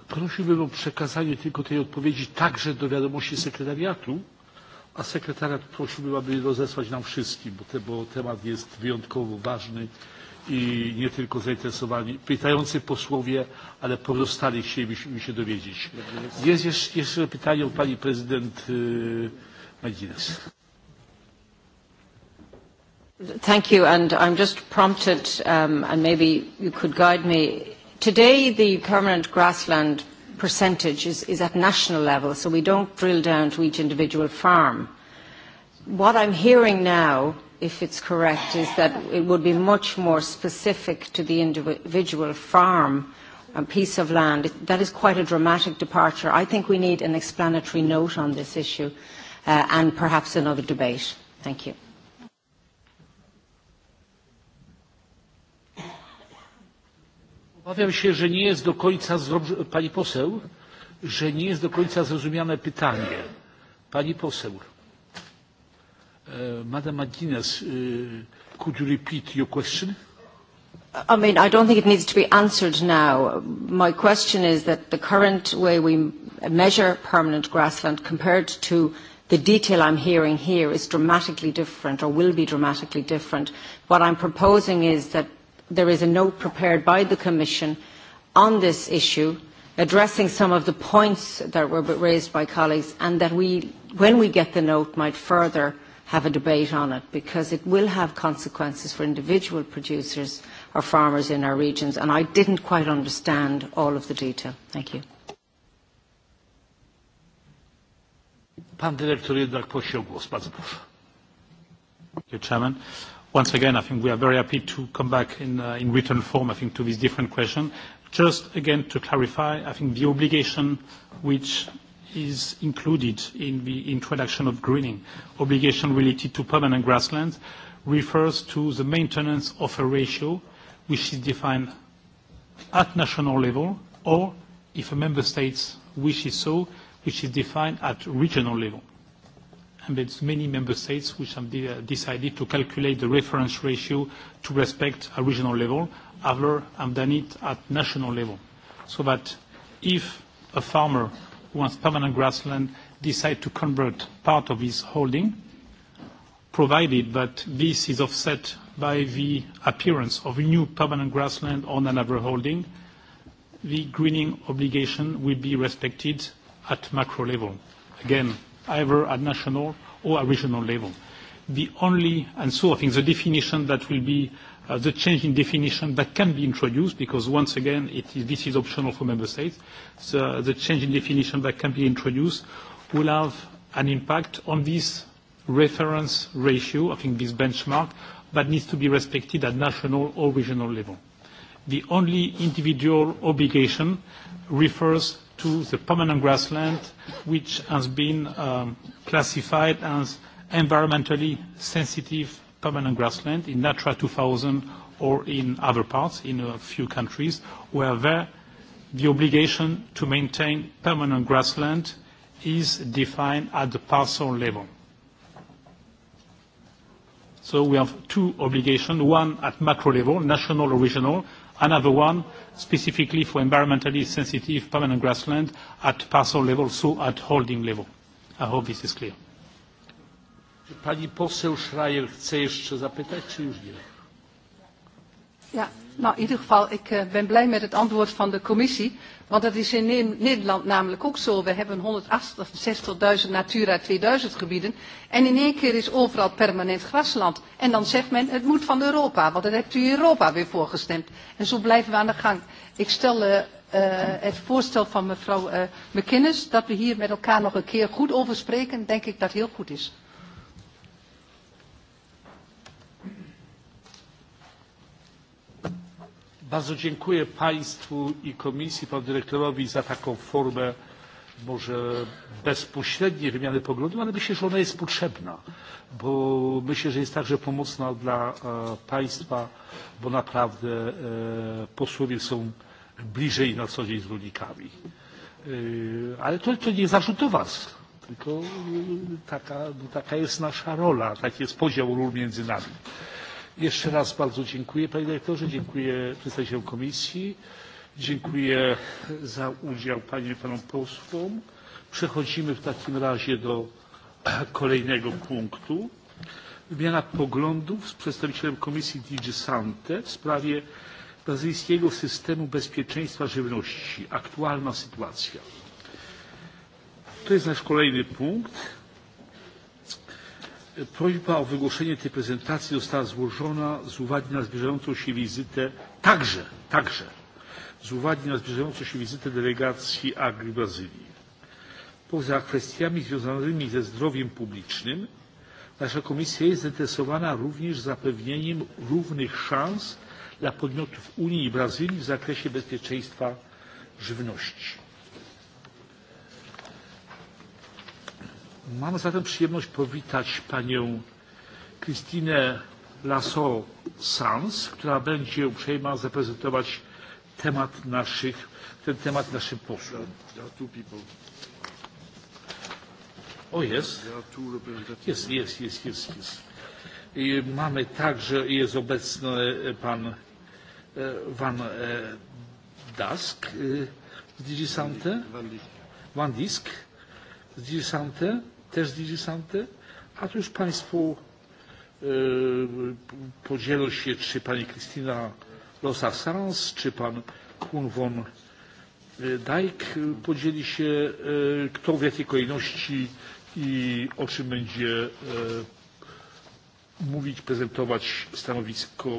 Prosiłbym o przekazanie tylko tej odpowiedzi także do wiadomości sekretariatu, a sekretariat prosiłbym, aby rozesłać nam wszystkim, bo temat jest wyjątkowo ważny i nie tylko zainteresowani pytający posłowie, ale pozostali chcieliby się dowiedzieć. Jest jeszcze, jeszcze pytanie o pani prezydent Medines. Thank you and I'm just prompted um, and maybe you could guide me. Today the permanent grassland percentage is, is at national level so we don't drill down to each individual farm. What I'm hearing now if it's correct, is that it would be much more specific to the individual farm and piece of land. That is quite a dramatic departure. I think we need an explanatory note on this issue uh, and perhaps another debate. Thank you. Obawiam się, że nie jest do końca, pani poseł, że nie jest do końca zrozumiane pytanie. Pani poseł. Yy, Uh, Madam uh, could you repeat your question? I mean, I don't think it needs to be answered now. My question is that the current way we measure permanent grassland compared to the detail I'm hearing here is dramatically different or will be dramatically different. What I'm proposing is that there is a note prepared by the Commission on this issue addressing some of the points that were raised by colleagues and that we, when we get the note, might further have a debate on it because it will have consequences for individual producers or farmers in our regions and I didn't quite understand all of the detail. Thank you. Pan dyrektor jednak prosił głos. Bardzo proszę. Thank you, Chairman. Once again, I think we are very happy to come back in, uh, in written form, I think, to this different question. Just again to clarify, I think the obligation which is included in the introduction of greening. Obligation related to permanent grasslands refers to the maintenance of a ratio which is defined at national level or, if a member state wishes so, which is defined at regional level. And it's many member states which have uh, decided to calculate the reference ratio to respect a regional level. Other have done it at national level. So that if a farmer once Permanent Grassland decide to convert part of his holding, provided that this is offset by the appearance of a new Permanent Grassland on another holding, the greening obligation will be respected at macro level. Again, either at national or regional level. The only, and so I think the definition that will be Uh, the change in definition that can be introduced, because once again, it is, this is optional for member states, so uh, the change in definition that can be introduced will have an impact on this reference ratio, I think this benchmark, that needs to be respected at national or regional level. The only individual obligation refers to the permanent grassland, which has been um, classified as environmentally sensitive permanent grassland in Natura 2000 or in other parts, in a few countries, where there the obligation to maintain permanent grassland is defined at the parcel level. So we have two obligations, one at macro level, national or regional, another one specifically for environmentally sensitive permanent grassland at parcel level, so at holding level. I hope this is clear. Czy pani poseł Schreier chce jeszcze zapytać, czy już nie? Ja, no in ieder geval, ik eh, ben blij met het antwoord van de commissie. Want het is in Nederland namelijk ook zo. We hebben 168.000 Natura 2000 gebieden. En in één keer is overal permanent grasland. En dan zegt men, het moet van Europa. Want dat hebt u Europa weer voorgestemd. En zo blijven we aan de gang. Ik stel uh, uh, het voorstel van mevrouw uh, McKinnis dat we hier met elkaar nog een keer goed over spreken. Denk ik dat heel goed is. bardzo dziękuję państwu i komisji panu dyrektorowi za taką formę może bezpośredniej wymiany poglądów ale myślę że ona jest potrzebna bo myślę że jest także pomocna dla e, państwa bo naprawdę e, posłowie są bliżej na co dzień z rolnikami. E, ale to, to nie zarzut do was. Tylko taka, no, taka jest nasza rola, taki jest podział ról między nami jeszcze raz bardzo dziękuję panie dyrektorze dziękuję przedstawicielom komisji dziękuję za udział paniom i panom posłom. przechodzimy w takim razie do kolejnego punktu wymiana poglądów z przedstawicielem komisji dg sante w sprawie brazylijskiego systemu bezpieczeństwa żywności aktualna sytuacja. to jest nasz kolejny punkt prośba o wygłoszenie tej prezentacji została złożona z uwagi na zbliżającą się wizytę także, także z uwagi na zbliżającą się wizytę delegacji Agri w Brazylii. Poza kwestiami związanymi ze zdrowiem publicznym nasza komisja jest zainteresowana również zapewnieniem równych szans dla podmiotów Unii i Brazylii w zakresie bezpieczeństwa żywności. Mam zatem przyjemność powitać panią Christine Lasso Sans, która będzie uprzejma zaprezentować temat naszych, ten temat naszym posłom. O jest. Jest, jest, jest, jest, jest. I mamy także jest obecny e, pan e, Van e, Dask z Digisante. Van Disk. Van Disk z Digisante też interesujące. A tu już Państwu yy, e, podzielą się, czy Pani Krystyna Losa-Sans, czy Pan Kun von e, Dijk e, podzieli się, yy, kto w jakiej kolejności i o czym będzie yy, mówić, prezentować stanowisko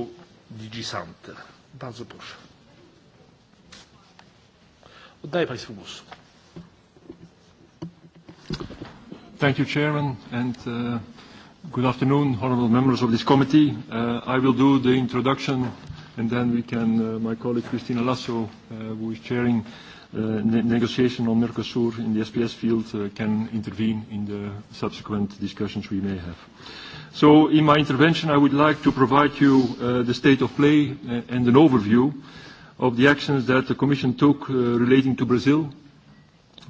DG Sante. Bardzo proszę. Oddaję Państwu głos. Dziękuję. Thank you, Chairman, and uh, good afternoon, honorable members of this committee. Uh, I will do the introduction, and then we can, uh, my colleague Christina Lasso, uh, who is chairing uh, ne negotiation on Mercosur in the SPS field, uh, can intervene in the subsequent discussions we may have. So in my intervention, I would like to provide you uh, the state of play uh, and an overview of the actions that the Commission took uh, relating to Brazil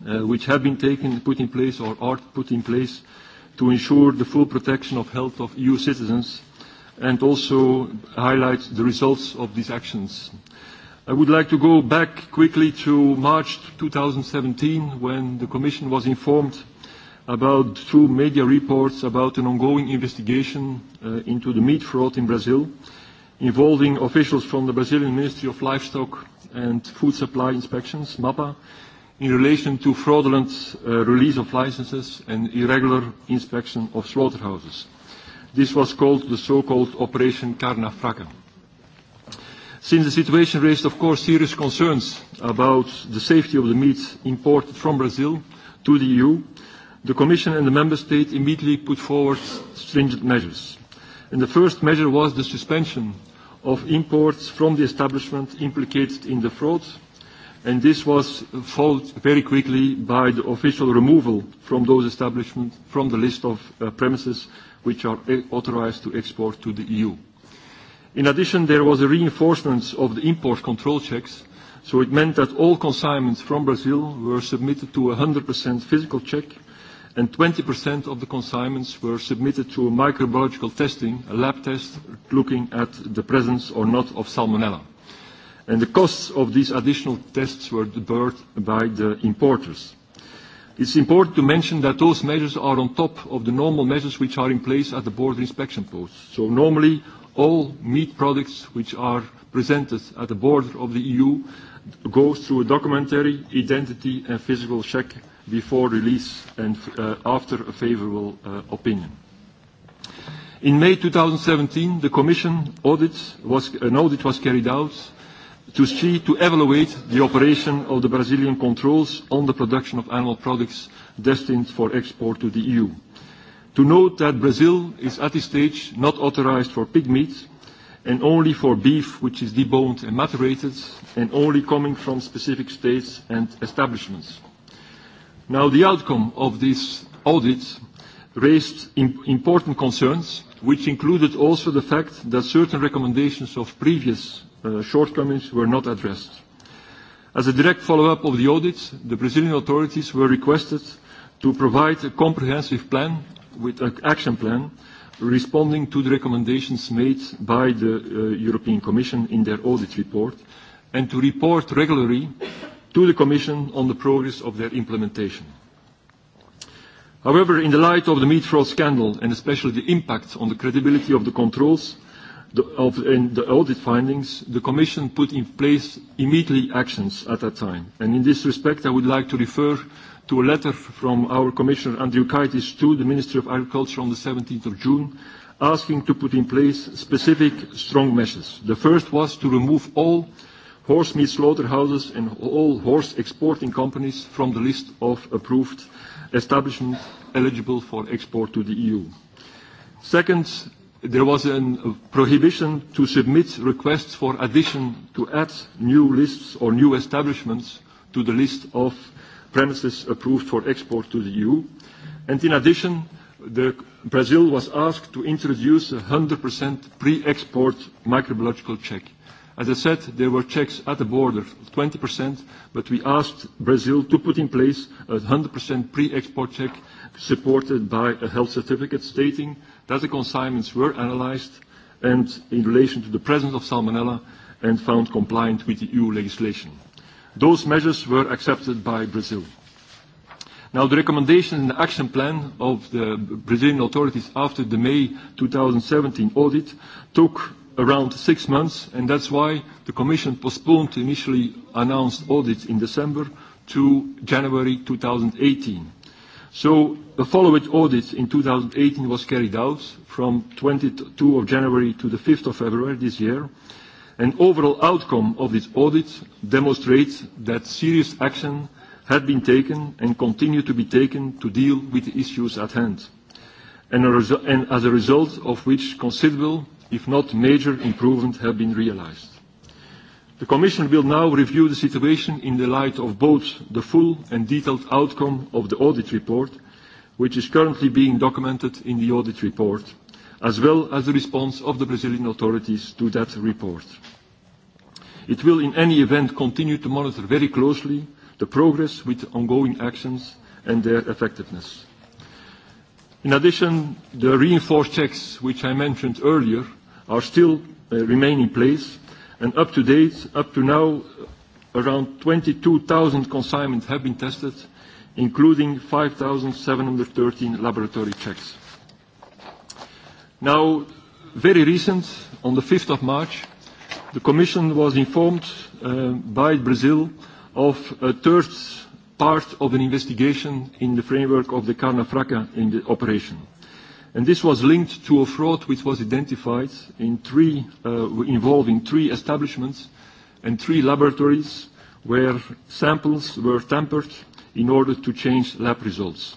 Uh, which have been taken, put in place, or are put in place to ensure the full protection of health of EU citizens and also highlight the results of these actions. I would like to go back quickly to March 2017 when the Commission was informed about two media reports about an ongoing investigation uh, into the meat fraud in Brazil involving officials from the Brazilian Ministry of Livestock and Food Supply Inspections, MAPA, in relation to fraudulent uh, release of licenses and irregular inspection of slaughterhouses. This was called the so-called Operation Karna Fraga. Since the situation raised, of course, serious concerns about the safety of the meat imported from Brazil to the EU, the Commission and the Member State immediately put forward stringent measures. And the first measure was the suspension of imports from the establishment implicated in the fraud and this was followed very quickly by the official removal from those establishments from the list of uh, premises which are uh, authorized to export to the EU. In addition, there was a reinforcement of the import control checks, so it meant that all consignments from Brazil were submitted to a 100% physical check, and 20% of the consignments were submitted to a microbiological testing, a lab test looking at the presence or not of Salmonella and the costs of these additional tests were borne by the importers. It's important to mention that those measures are on top of the normal measures which are in place at the border inspection posts. So normally, all meat products which are presented at the border of the EU go through a documentary identity and physical check before release and uh, after a favourable uh, opinion. In May 2017, the Commission audit was, an audit was carried out to see, to evaluate the operation of the Brazilian controls on the production of animal products destined for export to the EU. To note that Brazil is, at this stage, not authorized for pig meat and only for beef, which is deboned and macerated, and only coming from specific states and establishments. Now, the outcome of this audit raised important concerns, which included also the fact that certain recommendations of previous Uh, shortcomings were not addressed. As a direct follow-up of the audit, the Brazilian authorities were requested to provide a comprehensive plan with an action plan responding to the recommendations made by the uh, European Commission in their audit report, and to report regularly to the Commission on the progress of their implementation. However, in the light of the meat fraud scandal, and especially the impact on the credibility of the controls, the audit findings, the Commission put in place immediately actions at that time. In this respect, I would like to refer to a letter from our Commissioner, Andriukaitis, to the Minister of Agriculture on the 17th of June, asking to put in place specific strong measures. The first was to remove all horse meat slaughterhouses and all horse exporting companies from the list of approved establishments eligible for export to the EU. Second, there was a prohibition to submit requests for addition to add new lists or new establishments to the list of premises approved for export to the EU. And in addition, the Brazil was asked to introduce a 100% pre-export microbiological check. As I said, there were checks at the border, 20%, but we asked Brazil to put in place a 100% pre-export check supported by a health certificate stating that the consignments were analyzed and in relation to the presence of Salmonella and found compliant with the EU legislation. Those measures were accepted by Brazil. Now, the recommendation and the action plan of the Brazilian authorities after the May 2017 audit took around six months, and that's why the commission postponed initially announced audits in December to January 2018. The follow-it audits in 2018 was carried out from 22 of January to the 5th of February this year. Overall outcome of this audit demonstrates that serious action had been taken and continue to be taken to deal with the issues at hand. As a result of which considerable if not major improvement, have been realized. The Commission will now review the situation in the light of both the full and detailed outcome of the audit report, which is currently being documented in the audit report, as well as the response of the Brazilian authorities to that report. It will, in any event, continue to monitor very closely the progress with ongoing actions and their effectiveness. In addition, the reinforced checks, which I mentioned earlier, are still uh, remain in place. Up to date, up to now, around 22,000 consignments have been tested, including 5,713 laboratory checks. Now, very recent, on the 5th of March, the commission was informed uh, by Brazil of a third part of an investigation in the framework of the Carne Fraca in the operation. This was linked to a fraud which was identified in three uh, involving three establishments and three laboratories where samples were tampered in order to change lab results.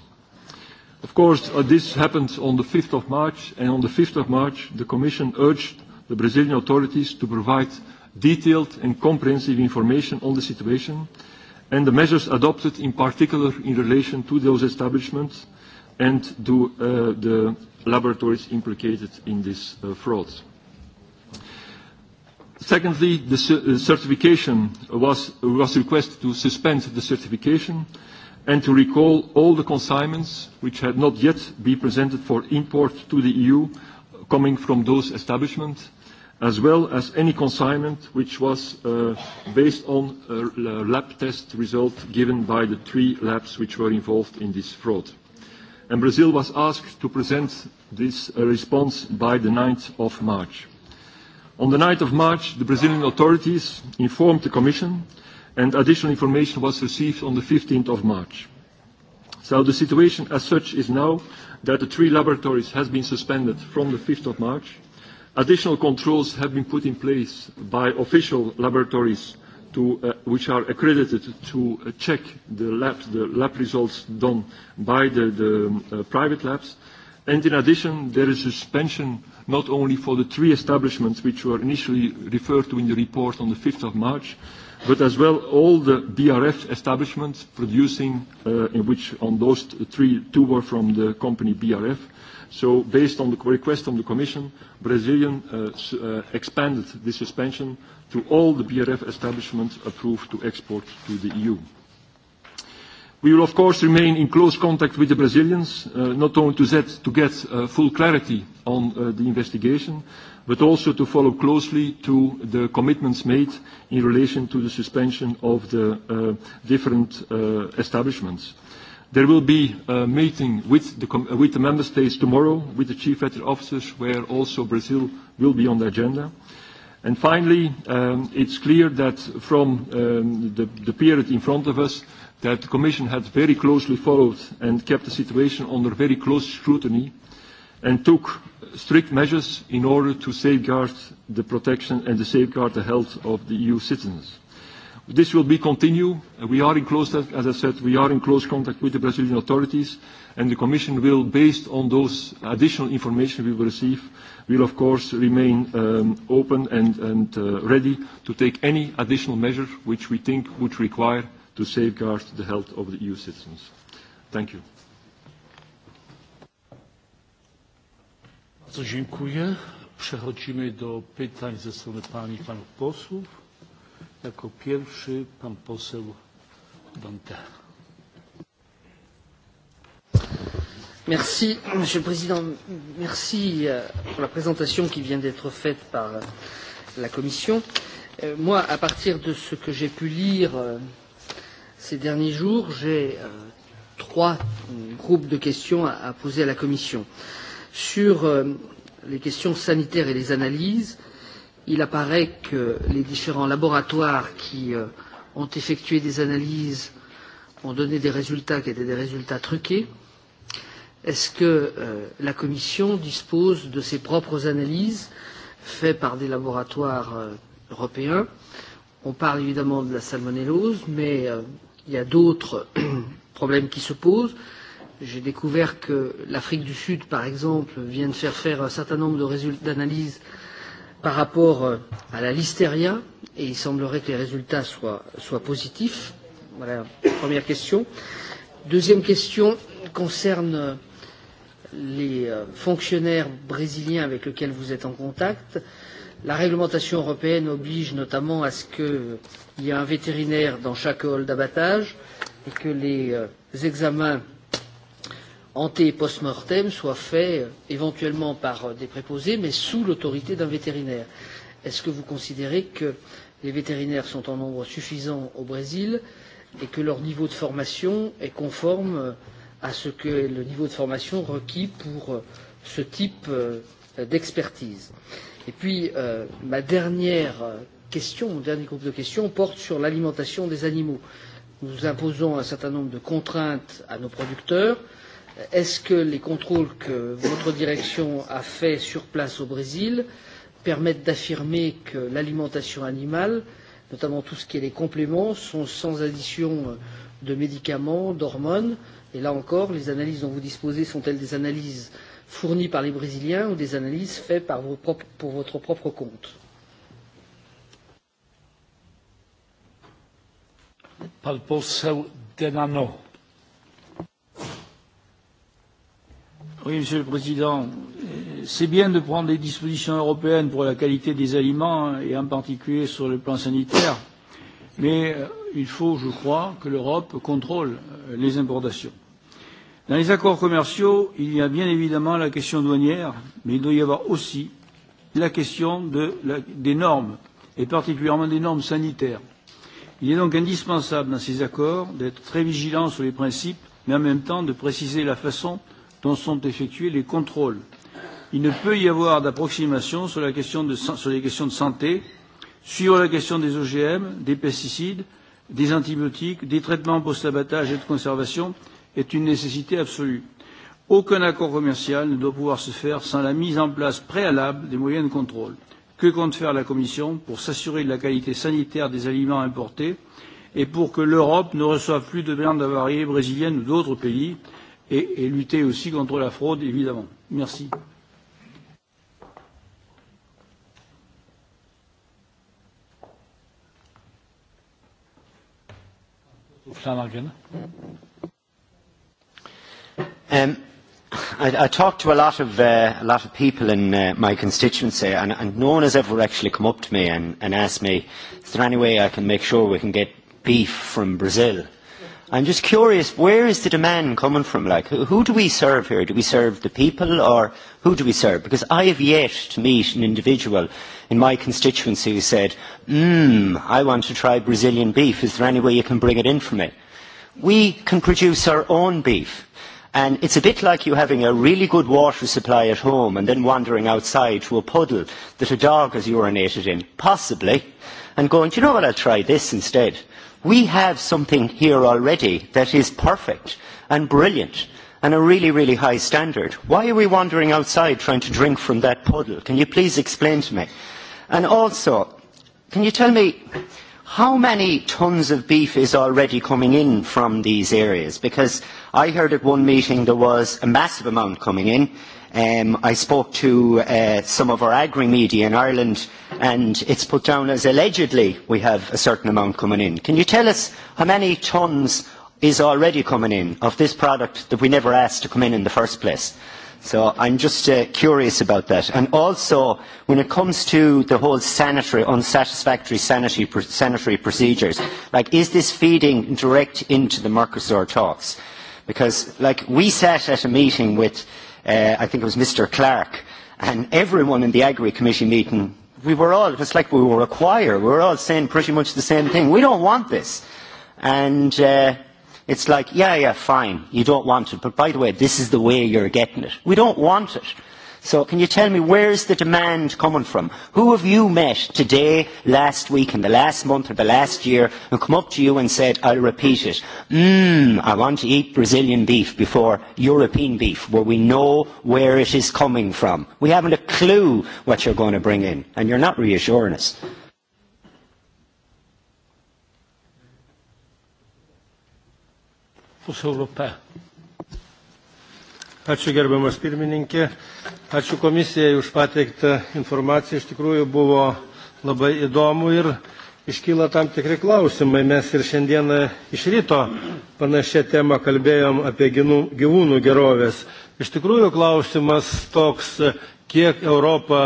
Of course, uh, this happened on the 5th of March, and on the 5th of March, the commission urged the Brazilian authorities to provide detailed and comprehensive information on the situation and the measures adopted, in particular in relation to those establishments, and do uh, the laboratories implicated in these uh, frauds. Secondly, the uh, certification was, was requested to suspend the certification and to recall all the consignments which had not yet been presented for import to the EU coming from those establishments, as well as any consignment which was uh, based on a lab test result given by the three labs which were involved in this fraud and Brazil was asked to present this uh, response by the 9th of March. On the 9th of March, the Brazilian authorities informed the Commission and additional information was received on the 15th of March. So the situation as such is now that the three laboratories have been suspended from the 5th of March. Additional controls have been put in place by official laboratories to, uh, which are accredited to uh, check the lab, the lab results done by the, the um, uh, private labs. And in addition, there is a suspension not only for the three establishments which were initially referred to in the report on the 5th of March, but as well all the BRF establishments producing, uh, in which on those three, two were from the company BRF. So based on the request from the Commission, Brazilian uh, uh, expanded the suspension to all the BRF establishments approved to export to the EU. We will, of course, remain in close contact with the Brazilians, uh, not only to, that, to get uh, full clarity on uh, the investigation, but also to follow closely to the commitments made in relation to the suspension of the uh, different uh, establishments. There will be a meeting with the, com- uh, with the member states tomorrow, with the chief veteran officers, where also Brazil will be on the agenda. Finally, um, it's clear that from um, the period in front of us, that the Commission had very closely followed and kept the situation under very close scrutiny and took strict measures in order to safeguard the protection and to safeguard the health of the EU citizens. This will be continued. We are in close, as I said, we are in close contact with the Brazilian authorities, and the commission will, based on those additional information we will receive, will of course remain um, open and uh, ready to take any additional measure which we think would require to safeguard the health of the EU citizens. Thank you. Bardzo dziękuję. Przechodzimy do pytań ze strony pań i panów posłów. Jako pierwszy pan poseł Dante. Merci, Monsieur le Président. Merci euh, pour la présentation qui vient d'être faite par euh, la Commission. Euh, moi, à partir de ce que j'ai pu lire euh, ces derniers jours, j'ai euh, trois groupes de questions à, à poser à la Commission. Sur euh, les questions sanitaires et les analyses, euh, il apparaît que les différents laboratoires qui euh, ont effectué des analyses ont donné des résultats qui étaient des résultats truqués. Est-ce que euh, la Commission dispose de ses propres analyses faites par des laboratoires euh, européens On parle évidemment de la salmonellose, mais euh, il y a d'autres problèmes qui se posent. J'ai découvert que l'Afrique du Sud, par exemple, vient de faire faire un certain nombre d'analyses euh, par rapport euh, à la listeria, et il semblerait que les résultats soient, soient positifs. Voilà la première question. Deuxième question concerne euh, les euh, fonctionnaires brésiliens avec lesquels vous êtes en contact. La réglementation européenne oblige notamment à ce qu'il y ait un vétérinaire dans chaque hall d'abattage et que les examens anté et post mortem soient faits euh, éventuellement par euh, des préposés, mais sous l'autorité d'un vétérinaire. Est ce que vous considérez que les vétérinaires sont en nombre suffisant au Brésil et que leur niveau de formation est conforme euh, à ce que le niveau de formation requis pour ce type d'expertise. Et puis, euh, ma dernière question, mon dernier groupe de questions porte sur l'alimentation des animaux. Nous imposons un certain nombre de contraintes à nos producteurs, est-ce que les contrôles que votre direction a faits sur place au Brésil permettent d'affirmer que l'alimentation animale, notamment tout ce qui est les compléments, sont sans addition de médicaments, d'hormones Et là encore, les analyses dont vous disposez sont-elles des analyses fournies par les Brésiliens ou des analyses faites par vos propres, pour votre propre compte Pardon, Oui, Monsieur le Président, c'est bien de prendre des dispositions européennes pour la qualité des aliments et en particulier sur le plan sanitaire, mais euh, il faut, je crois, que l'Europe contrôle euh, les importations. Dans les accords commerciaux, il y a bien évidemment la question douanière, mais il doit y avoir aussi la question de la, des normes, et particulièrement des normes sanitaires. Il est donc indispensable dans ces accords d'être très vigilant sur les principes, mais en même temps de préciser la façon dont dont sont effectués les contrôles. Il ne peut y avoir d'approximation sur, la question de, sur les questions de santé, sur la question des OGM, des pesticides, des antibiotiques, des traitements post-abattage et de conservation est une nécessité absolue. Aucun accord commercial ne doit pouvoir se faire sans la mise en place préalable des moyens de contrôle. Que compte faire la Commission pour s'assurer de la qualité sanitaire des aliments importés et pour que l'Europe ne reçoive plus de viande avariée brésilienne ou d'autres pays? et, et lutter aussi contre la fraude, évidemment. Merci. Um, I, I talk to a lot of, uh, a lot of people in uh, my constituency, and, and no one has ever actually come up to me and, and asked me, is there any way I can make sure we can get beef from Brazil? I'm just curious, where is the demand coming from? Like, who, who do we serve here? Do we serve the people or who do we serve? Because I have yet to meet an individual in my constituency who said, hmm, I want to try Brazilian beef. Is there any way you can bring it in for me? We can produce our own beef. And it's a bit like you having a really good water supply at home and then wandering outside to a puddle that a dog has urinated in, possibly, and going, do you know what, I'll try this instead we have something here already that is perfect and brilliant and a really really high standard why are we wandering outside trying to drink from that puddle can you please explain to me and also can you tell me how many tons of beef is already coming in from these areas because i heard at one meeting there was a massive amount coming in Um, I spoke to uh, some of our agri media in Ireland, and it's put down as allegedly we have a certain amount coming in. Can you tell us how many tons is already coming in of this product that we never asked to come in in the first place? So I'm just uh, curious about that. And also, when it comes to the whole sanitary, unsatisfactory sanitary, pr- sanitary procedures, like is this feeding direct into the Mercosur talks? Because like we sat at a meeting with uh, I think it was Mr. Clark, and everyone in the Agri Committee meeting, we were all, it was like we were a choir, we were all saying pretty much the same thing. We don't want this. And uh, it's like, yeah, yeah, fine, you don't want it, but by the way, this is the way you're getting it. We don't want it. Uh, So can you tell me where's the demand coming from? Who have you met today, last week, in the last month or the last year and come up to you and said, I'll repeat it. Mmm, I want to eat Brazilian beef before European beef, where we know where it is coming from. We haven't a clue what you're going to bring in, and you're not reassuring us. Europea. Ačiū gerbiamas pirmininkė. Ačiū komisijai už pateiktą informaciją. Iš tikrųjų buvo labai įdomu ir iškyla tam tikri klausimai. Mes ir šiandieną iš ryto panašią temą kalbėjom apie gyvūnų gerovės. Iš tikrųjų klausimas toks, kiek Europa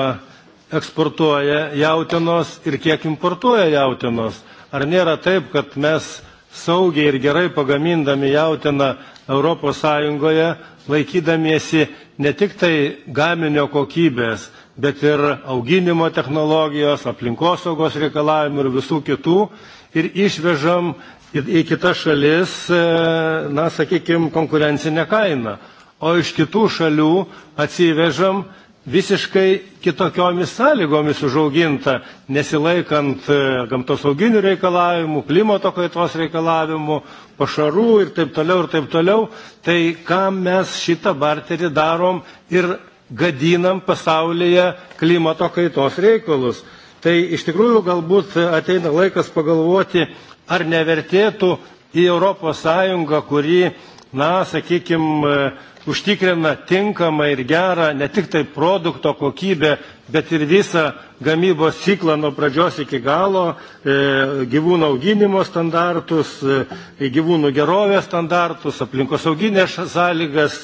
eksportuoja jautinos ir kiek importuoja jautinos. Ar nėra taip, kad mes saugiai ir gerai pagamindami jautiną europos sąjungoje laikydamiesi ne tik tai gaminio kokybės bet ir auginimo technologijos aplinkosaugos reikalavimų ir visų kitų ir išvežam į, į kitas šalis e, na sakykim konkurencinę kainą o iš kitų šalių atsivežam visiškai kitokiomis sąlygomis užauginta, nesilaikant e, gamtosauginių reikalavimų, klimato kaitos reikalavimų, pašarų ir taip toliau ir taip toliau, tai kam mes šitą barterį darom ir gadinam pasaulyje klimato kaitos reikalus. Tai iš tikrųjų galbūt ateina laikas pagalvoti, ar nevertėtų į ES, kuri na, sakykim, e, užtikrina tinkamą ir gerą ne tik tai produkto kokybę, bet ir visą gamybos ciklą nuo pradžios iki galo, e, gyvūnų auginimo standartus, e, gyvūnų gerovės standartus, aplinkos auginės sąlygas,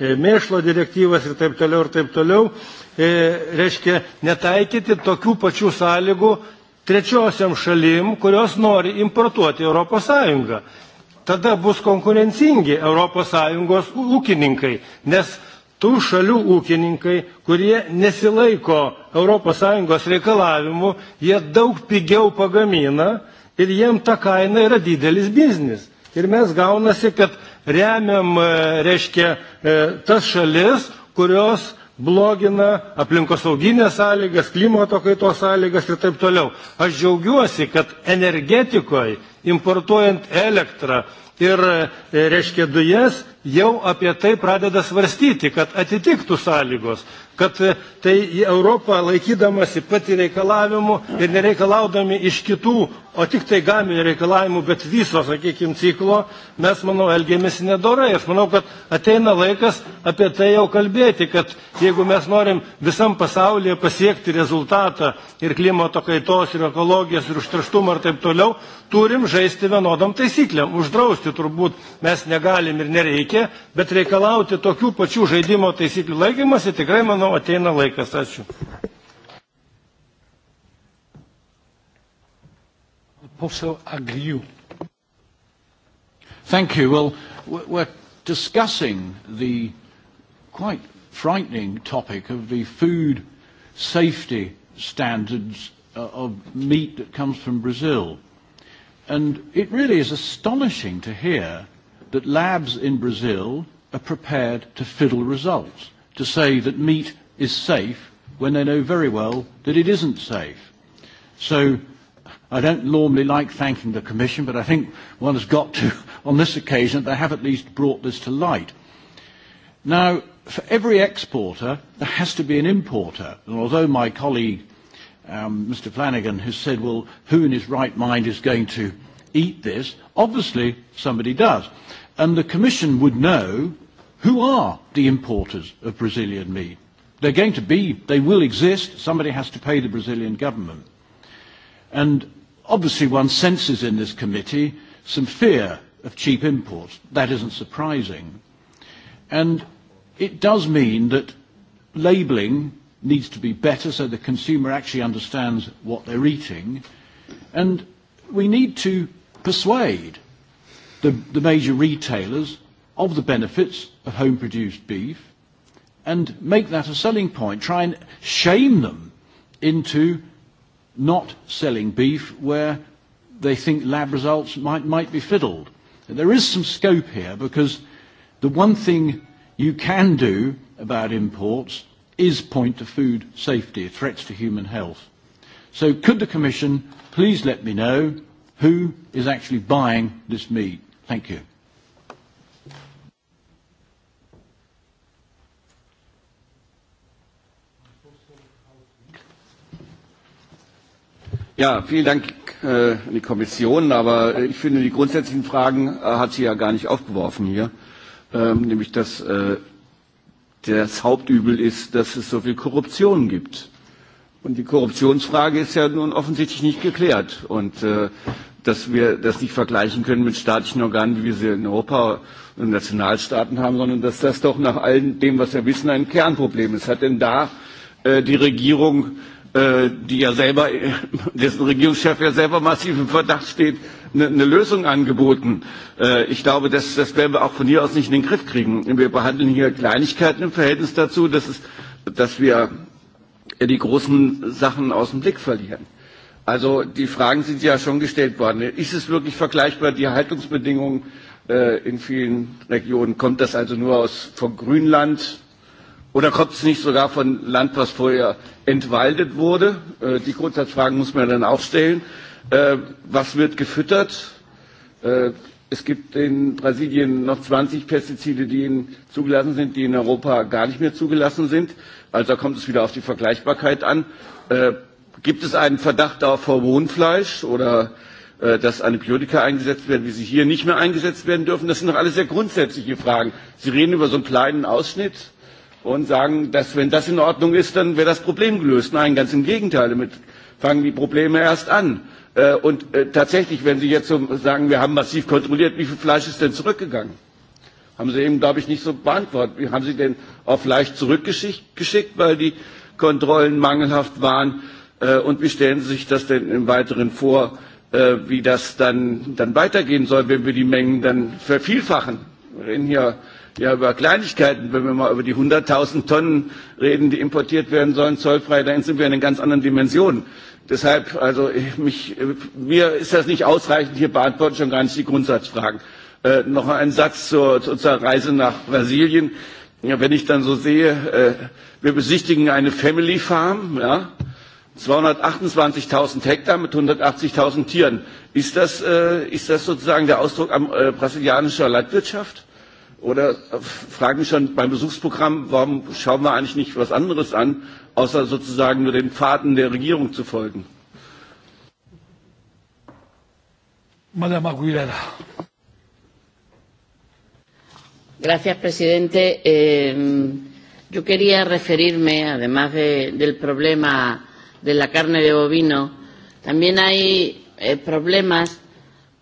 mėšlo direktyvas ir taip toliau ir taip toliau. Reiškia, netaikyti tokių pačių sąlygų trečiosiam šalim, kurios nori importuoti Europos Sąjungą tada bus konkurencingi Europos Sąjungos ūkininkai, nes tų šalių ūkininkai, kurie nesilaiko Europos Sąjungos reikalavimų, jie daug pigiau pagamina ir jiems ta kaina yra didelis biznis. Ir mes gaunasi, kad remiam, e, reiškia, e, tas šalis, kurios blogina aplinkosaugines sąlygas klimato kaitos sąlygas ir taip toliau aš džiaugiuosi kad energetikoj importuojant elektrą ir e, reiškia dujas jau apie tai pradeda svarstyti, kad atitiktų sąlygos, kad e, tai Europą laikydamasi pati reikalavimu ir nereikalaudami iš kitų, o tik tai gaminių reikalavimų, bet viso, sakykime, ciklo, mes, manau, elgėmės nedorai. Aš manau, kad ateina laikas apie tai jau kalbėti, kad jeigu mes norim visam pasaulyje pasiekti rezultatą ir klimato kaitos, ir ekologijos, ir užtraštumą ir taip toliau, turim žaisti vienodam taisyklėm. Uždrausti turbūt mes negalim ir nereikia reikia, bet reikalauti tokių pačių žaidimo taisyklių laikymasi tikrai, manau, ateina laikas. Ačiū. Thank you. Well, we're discussing the quite frightening topic of the food safety standards uh, of meat that comes from Brazil. And it really is astonishing to hear that labs in Brazil are prepared to fiddle results, to say that meat is safe when they know very well that it isn't safe. So I don't normally like thanking the Commission, but I think one has got to on this occasion. They have at least brought this to light. Now, for every exporter, there has to be an importer. And although my colleague, um, Mr. Flanagan, has said, well, who in his right mind is going to uh, eat this? Obviously, somebody does. And the Commission would know who are the importers of Brazilian meat. They're going to be, they will exist, somebody has to pay the Brazilian government. And obviously, one senses in this committee some fear of cheap imports. That isn't surprising. And it does mean that labeling needs to be better so the consumer actually understands what they're eating. And we need to persuade the, the major retailers of the benefits of home-produced beef and make that a selling point, try and shame them into not selling beef where they think lab results might, might be fiddled. There is some scope here because the one thing you can do about imports is point to food safety, threats to human health. So could the Commission please let me know who is actually buying this meat. Thank you. Ja, vielen Dank äh, an die Kommission, aber ich finde, die grundsätzlichen Fragen äh, hat sie ja gar nicht aufgeworfen hier, ähm, nämlich dass äh, das Hauptübel ist, dass es so viel Korruption gibt. Und die Korruptionsfrage ist ja nun offensichtlich nicht geklärt. Und äh, dass wir das nicht vergleichen können mit staatlichen Organen, wie wir sie in Europa und Nationalstaaten haben, sondern dass das doch nach all dem, was wir wissen, ein Kernproblem ist. Hat denn da äh, die Regierung, äh, die ja selber, äh, dessen Regierungschef ja selber massiv im Verdacht steht, eine ne Lösung angeboten? Äh, ich glaube, das, das werden wir auch von hier aus nicht in den Griff kriegen. Wir behandeln hier Kleinigkeiten im Verhältnis dazu, dass, es, dass wir äh, die großen Sachen aus dem Blick verlieren. Also die Fragen sind ja schon gestellt worden. Ist es wirklich vergleichbar, die Haltungsbedingungen äh, in vielen Regionen? Kommt das also nur aus, von Grünland oder kommt es nicht sogar von Land, was vorher entwaldet wurde? Äh, die Grundsatzfragen muss man dann auch stellen. Äh, was wird gefüttert? Äh, es gibt in Brasilien noch 20 Pestizide, die in, zugelassen sind, die in Europa gar nicht mehr zugelassen sind. Also kommt es wieder auf die Vergleichbarkeit an. Äh, Gibt es einen Verdacht auf Hormonfleisch oder äh, dass Antibiotika eingesetzt werden, wie sie hier nicht mehr eingesetzt werden dürfen? Das sind doch alles sehr grundsätzliche Fragen. Sie reden über so einen kleinen Ausschnitt und sagen, dass wenn das in Ordnung ist, dann wäre das Problem gelöst. Nein, ganz im Gegenteil. Damit fangen die Probleme erst an. Äh, und äh, tatsächlich, wenn Sie jetzt so sagen, wir haben massiv kontrolliert, wie viel Fleisch ist denn zurückgegangen? Haben Sie eben, glaube ich, nicht so beantwortet. Wie haben Sie denn auf Fleisch zurückgeschickt, weil die Kontrollen mangelhaft waren? Äh, und wie stellen Sie sich das denn im Weiteren vor, äh, wie das dann, dann weitergehen soll, wenn wir die Mengen dann vervielfachen? Wir reden hier ja über Kleinigkeiten, wenn wir mal über die 100.000 Tonnen reden, die importiert werden sollen, zollfrei, dann sind wir in einer ganz anderen Dimension. Deshalb, also ich, mich, mir ist das nicht ausreichend, hier beantworten schon gar nicht die Grundsatzfragen. Äh, noch ein Satz zur, zu unserer Reise nach Brasilien. Ja, wenn ich dann so sehe, äh, wir besichtigen eine Family Farm, ja, äh, 228.000 Hektar mit 180.000 Tieren. Ist das, äh, ist das sozusagen der Ausdruck am, äh, brasilianischer Landwirtschaft? Oder fragen schon beim Besuchsprogramm, warum schauen wir eigentlich nicht was anderes an, außer sozusagen nur den Pfaden der Regierung zu folgen? Madame Aguilera. Gracias, Presidente. Eh, yo quería referirme, además de, del problema de la carne de bovino. También hay eh, problemas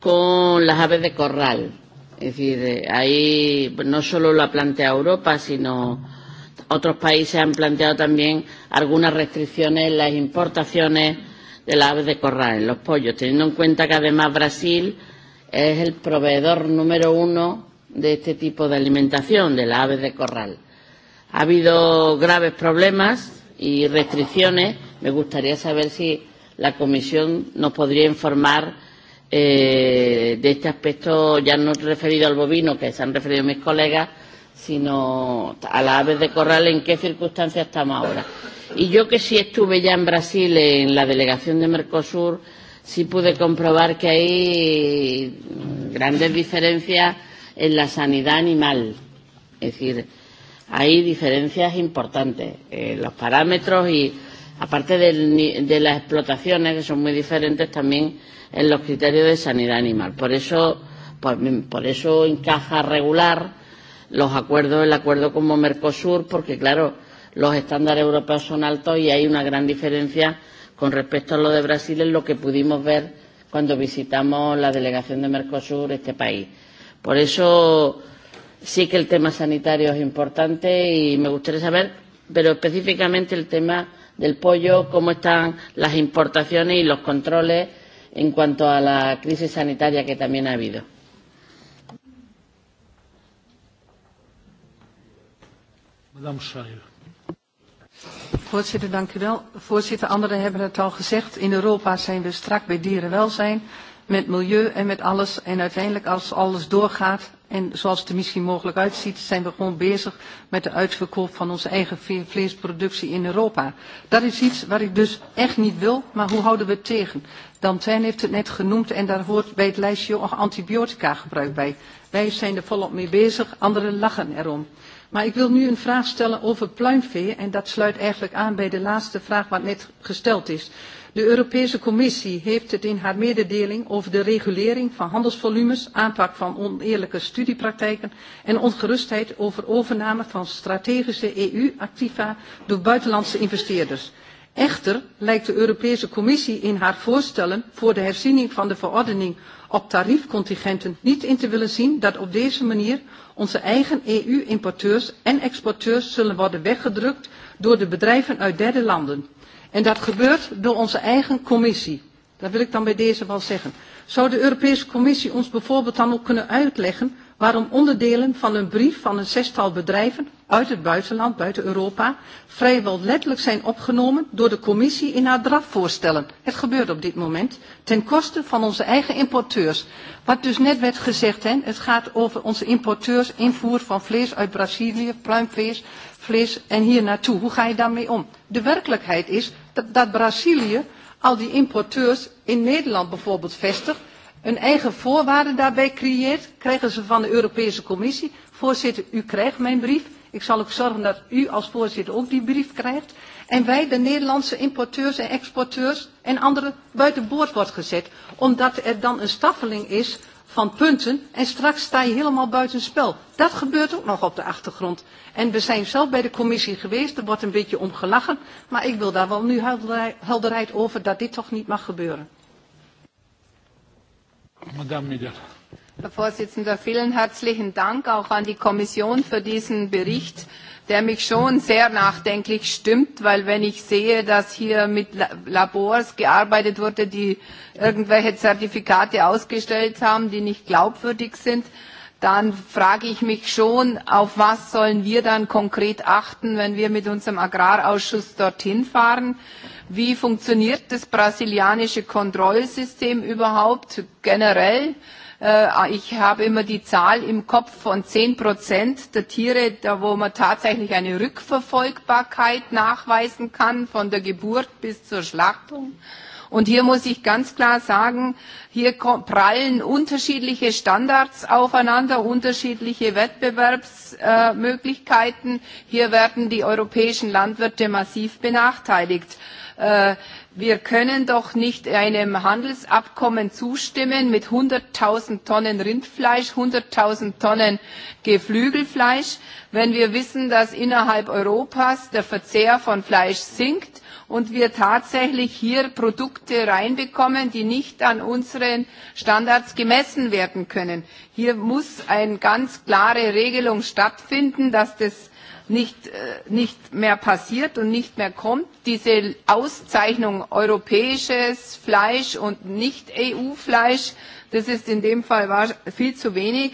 con las aves de corral. Es decir, eh, ahí no solo lo ha planteado Europa, sino otros países han planteado también algunas restricciones en las importaciones de las aves de corral, en los pollos, teniendo en cuenta que además Brasil es el proveedor número uno de este tipo de alimentación, de las aves de corral. Ha habido graves problemas y restricciones me gustaría saber si la comisión nos podría informar eh, de este aspecto, ya no referido al bovino, que se han referido mis colegas, sino a las aves de corral, en qué circunstancias estamos ahora. Y yo que sí estuve ya en Brasil, en la delegación de Mercosur, sí pude comprobar que hay grandes diferencias en la sanidad animal. Es decir, hay diferencias importantes en los parámetros y aparte del, de las explotaciones que son muy diferentes también en los criterios de sanidad animal. Por eso, por, por eso encaja regular los acuerdos, el acuerdo como Mercosur, porque claro, los estándares europeos son altos y hay una gran diferencia con respecto a lo de Brasil en lo que pudimos ver cuando visitamos la delegación de Mercosur este país. Por eso sí que el tema sanitario es importante y me gustaría saber, pero específicamente el tema del pollo, cómo están las importaciones y los controles en cuanto a la crisis sanitaria que también ha habido. Madame Schreier. Voorzitter, dank u wel. Voorzitter, anderen hebben het al gezegd. In Europa zijn we strak bij dierenwelzijn met milieu en met alles. En uiteindelijk als alles doorgaat en zoals het er misschien mogelijk uitziet, zijn we gewoon bezig met de uitverkoop van onze eigen vleesproductie in Europa. Dat is iets wat ik dus echt niet wil, maar hoe houden we het tegen? Dantijn heeft het net genoemd en daar hoort bij het lijstje ook antibiotica gebruik bij. Wij zijn er volop mee bezig, anderen lachen erom. Maar ik wil nu een vraag stellen over pluimvee en dat sluit eigenlijk aan bij de laatste vraag wat net gesteld is de europese commissie heeft het in haar mededeling over de regulering van handelsvolumes aanpak van oneerlijke studiepraktijken en ongerustheid over overname van strategische eu activa door buitenlandse investeerders. echter lijkt de europese commissie in haar voorstellen voor de herziening van de verordening op tariefcontingenten niet in te willen zien dat op deze manier onze eigen eu importeurs en exporteurs zullen worden weggedrukt door de bedrijven uit derde landen. En dat gebeurt door onze eigen commissie. Dat wil ik dan bij deze wel zeggen. Zou de Europese Commissie ons bijvoorbeeld dan ook kunnen uitleggen waarom onderdelen van een brief van een zestal bedrijven uit het buitenland, buiten Europa, vrijwel letterlijk zijn opgenomen door de Commissie in haar drafvoorstellen. Het gebeurt op dit moment ten koste van onze eigen importeurs. Wat dus net werd gezegd, hè, het gaat over onze importeurs, invoer van vlees uit Brazilië, pluimvlees, vlees en hier naartoe. Hoe ga je daarmee om? De werkelijkheid is dat Brazilië al die importeurs in Nederland bijvoorbeeld vestigt, een eigen voorwaarde daarbij creëert, krijgen ze van de Europese Commissie. Voorzitter, u krijgt mijn brief. Ik zal ook zorgen dat u als voorzitter ook die brief krijgt. En wij, de Nederlandse importeurs en exporteurs en anderen, buiten boord wordt gezet. Omdat er dan een staffeling is van punten en straks sta je helemaal buitenspel. Dat gebeurt ook nog op de achtergrond. En we zijn zelf bij de commissie geweest, er wordt een beetje om gelachen, maar ik wil daar wel nu helderheid over dat dit toch niet mag gebeuren. Madame Mieder. Herr Vorsitzender, vielen herzlichen Dank auch an die Kommission für diesen Bericht. Mhm der mich schon sehr nachdenklich stimmt, weil wenn ich sehe, dass hier mit Labors gearbeitet wurde, die irgendwelche Zertifikate ausgestellt haben, die nicht glaubwürdig sind, dann frage ich mich schon, auf was sollen wir dann konkret achten, wenn wir mit unserem Agrarausschuss dorthin fahren? Wie funktioniert das brasilianische Kontrollsystem überhaupt generell? Äh, Äh, ah, ich habe immer die Zahl im Kopf von 10 Prozent der Tiere, da wo man tatsächlich eine Rückverfolgbarkeit nachweisen kann, von der Geburt bis zur Schlachtung. Und hier muss ich ganz klar sagen, hier prallen unterschiedliche Standards aufeinander, unterschiedliche Wettbewerbsmöglichkeiten. Äh, hier werden die europäischen Landwirte massiv benachteiligt. Äh, Wir können doch nicht einem Handelsabkommen zustimmen mit 100.000 Tonnen Rindfleisch, 100.000 Tonnen Geflügelfleisch, wenn wir wissen, dass innerhalb Europas der Verzehr von Fleisch sinkt und wir tatsächlich hier Produkte reinbekommen, die nicht an unseren Standards gemessen werden können. Hier muss eine ganz klare Regelung stattfinden, dass das nicht, äh, nicht mehr passiert und nicht mehr kommt diese Auszeichnung europäisches Fleisch und nicht EU-Fleisch, das ist in dem Fall viel zu wenig.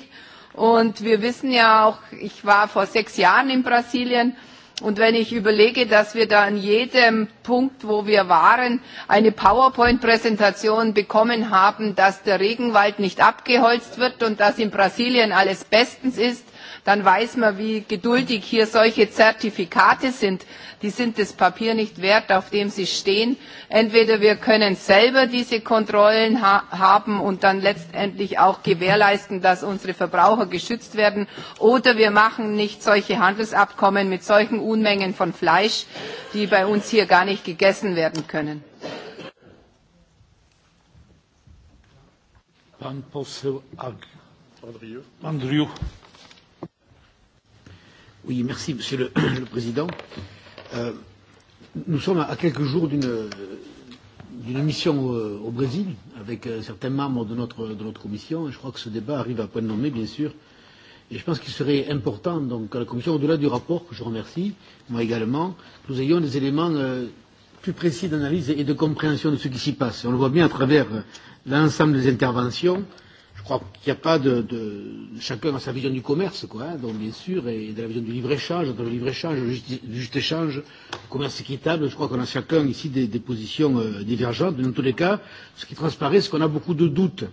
Und wir wissen ja auch, ich war vor sechs Jahren in Brasilien. Und wenn ich überlege, dass wir da an jedem Punkt, wo wir waren, eine PowerPoint-Präsentation bekommen haben, dass der Regenwald nicht abgeholzt wird und dass in Brasilien alles bestens ist, dann weiß man, wie geduldig hier solche Zertifikate sind. Die sind das Papier nicht wert, auf dem sie stehen. Entweder wir können selber diese Kontrollen ha haben und dann letztendlich auch gewährleisten, dass unsere Verbraucher geschützt werden, oder wir machen nicht solche Handelsabkommen mit solchen Unmengen von Fleisch, die bei uns hier gar nicht gegessen werden können. Pan poseł Andriu. Andriu. Oui, merci, Monsieur le, le Président. Euh, nous sommes à quelques jours d'une mission au, euh, au Brésil avec euh, certains membres de notre, de notre commission. Je crois que ce débat arrive à point nommé, bien sûr. Et je pense qu'il serait important, donc, à la commission, au-delà du rapport, que je remercie, moi également, que nous ayons des éléments euh, plus précis d'analyse et de compréhension de ce qui s'y passe. On le voit bien à travers euh, l'ensemble des interventions je crois qu'il n'y a pas de, de chacun a sa vision du commerce, quoi, hein, donc bien sûr, et de la vision du libre-échange, entre le libre-échange, le juste-échange, juste le commerce équitable, je crois qu'on a chacun ici des, des positions euh, divergentes, mais dans tous les cas, ce qui transparaît, c'est qu'on a beaucoup de doutes.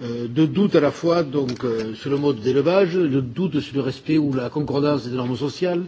Euh, de doutes à la fois donc euh, sur le mode d'élevage, de doutes sur le respect ou la concordance des normes sociales,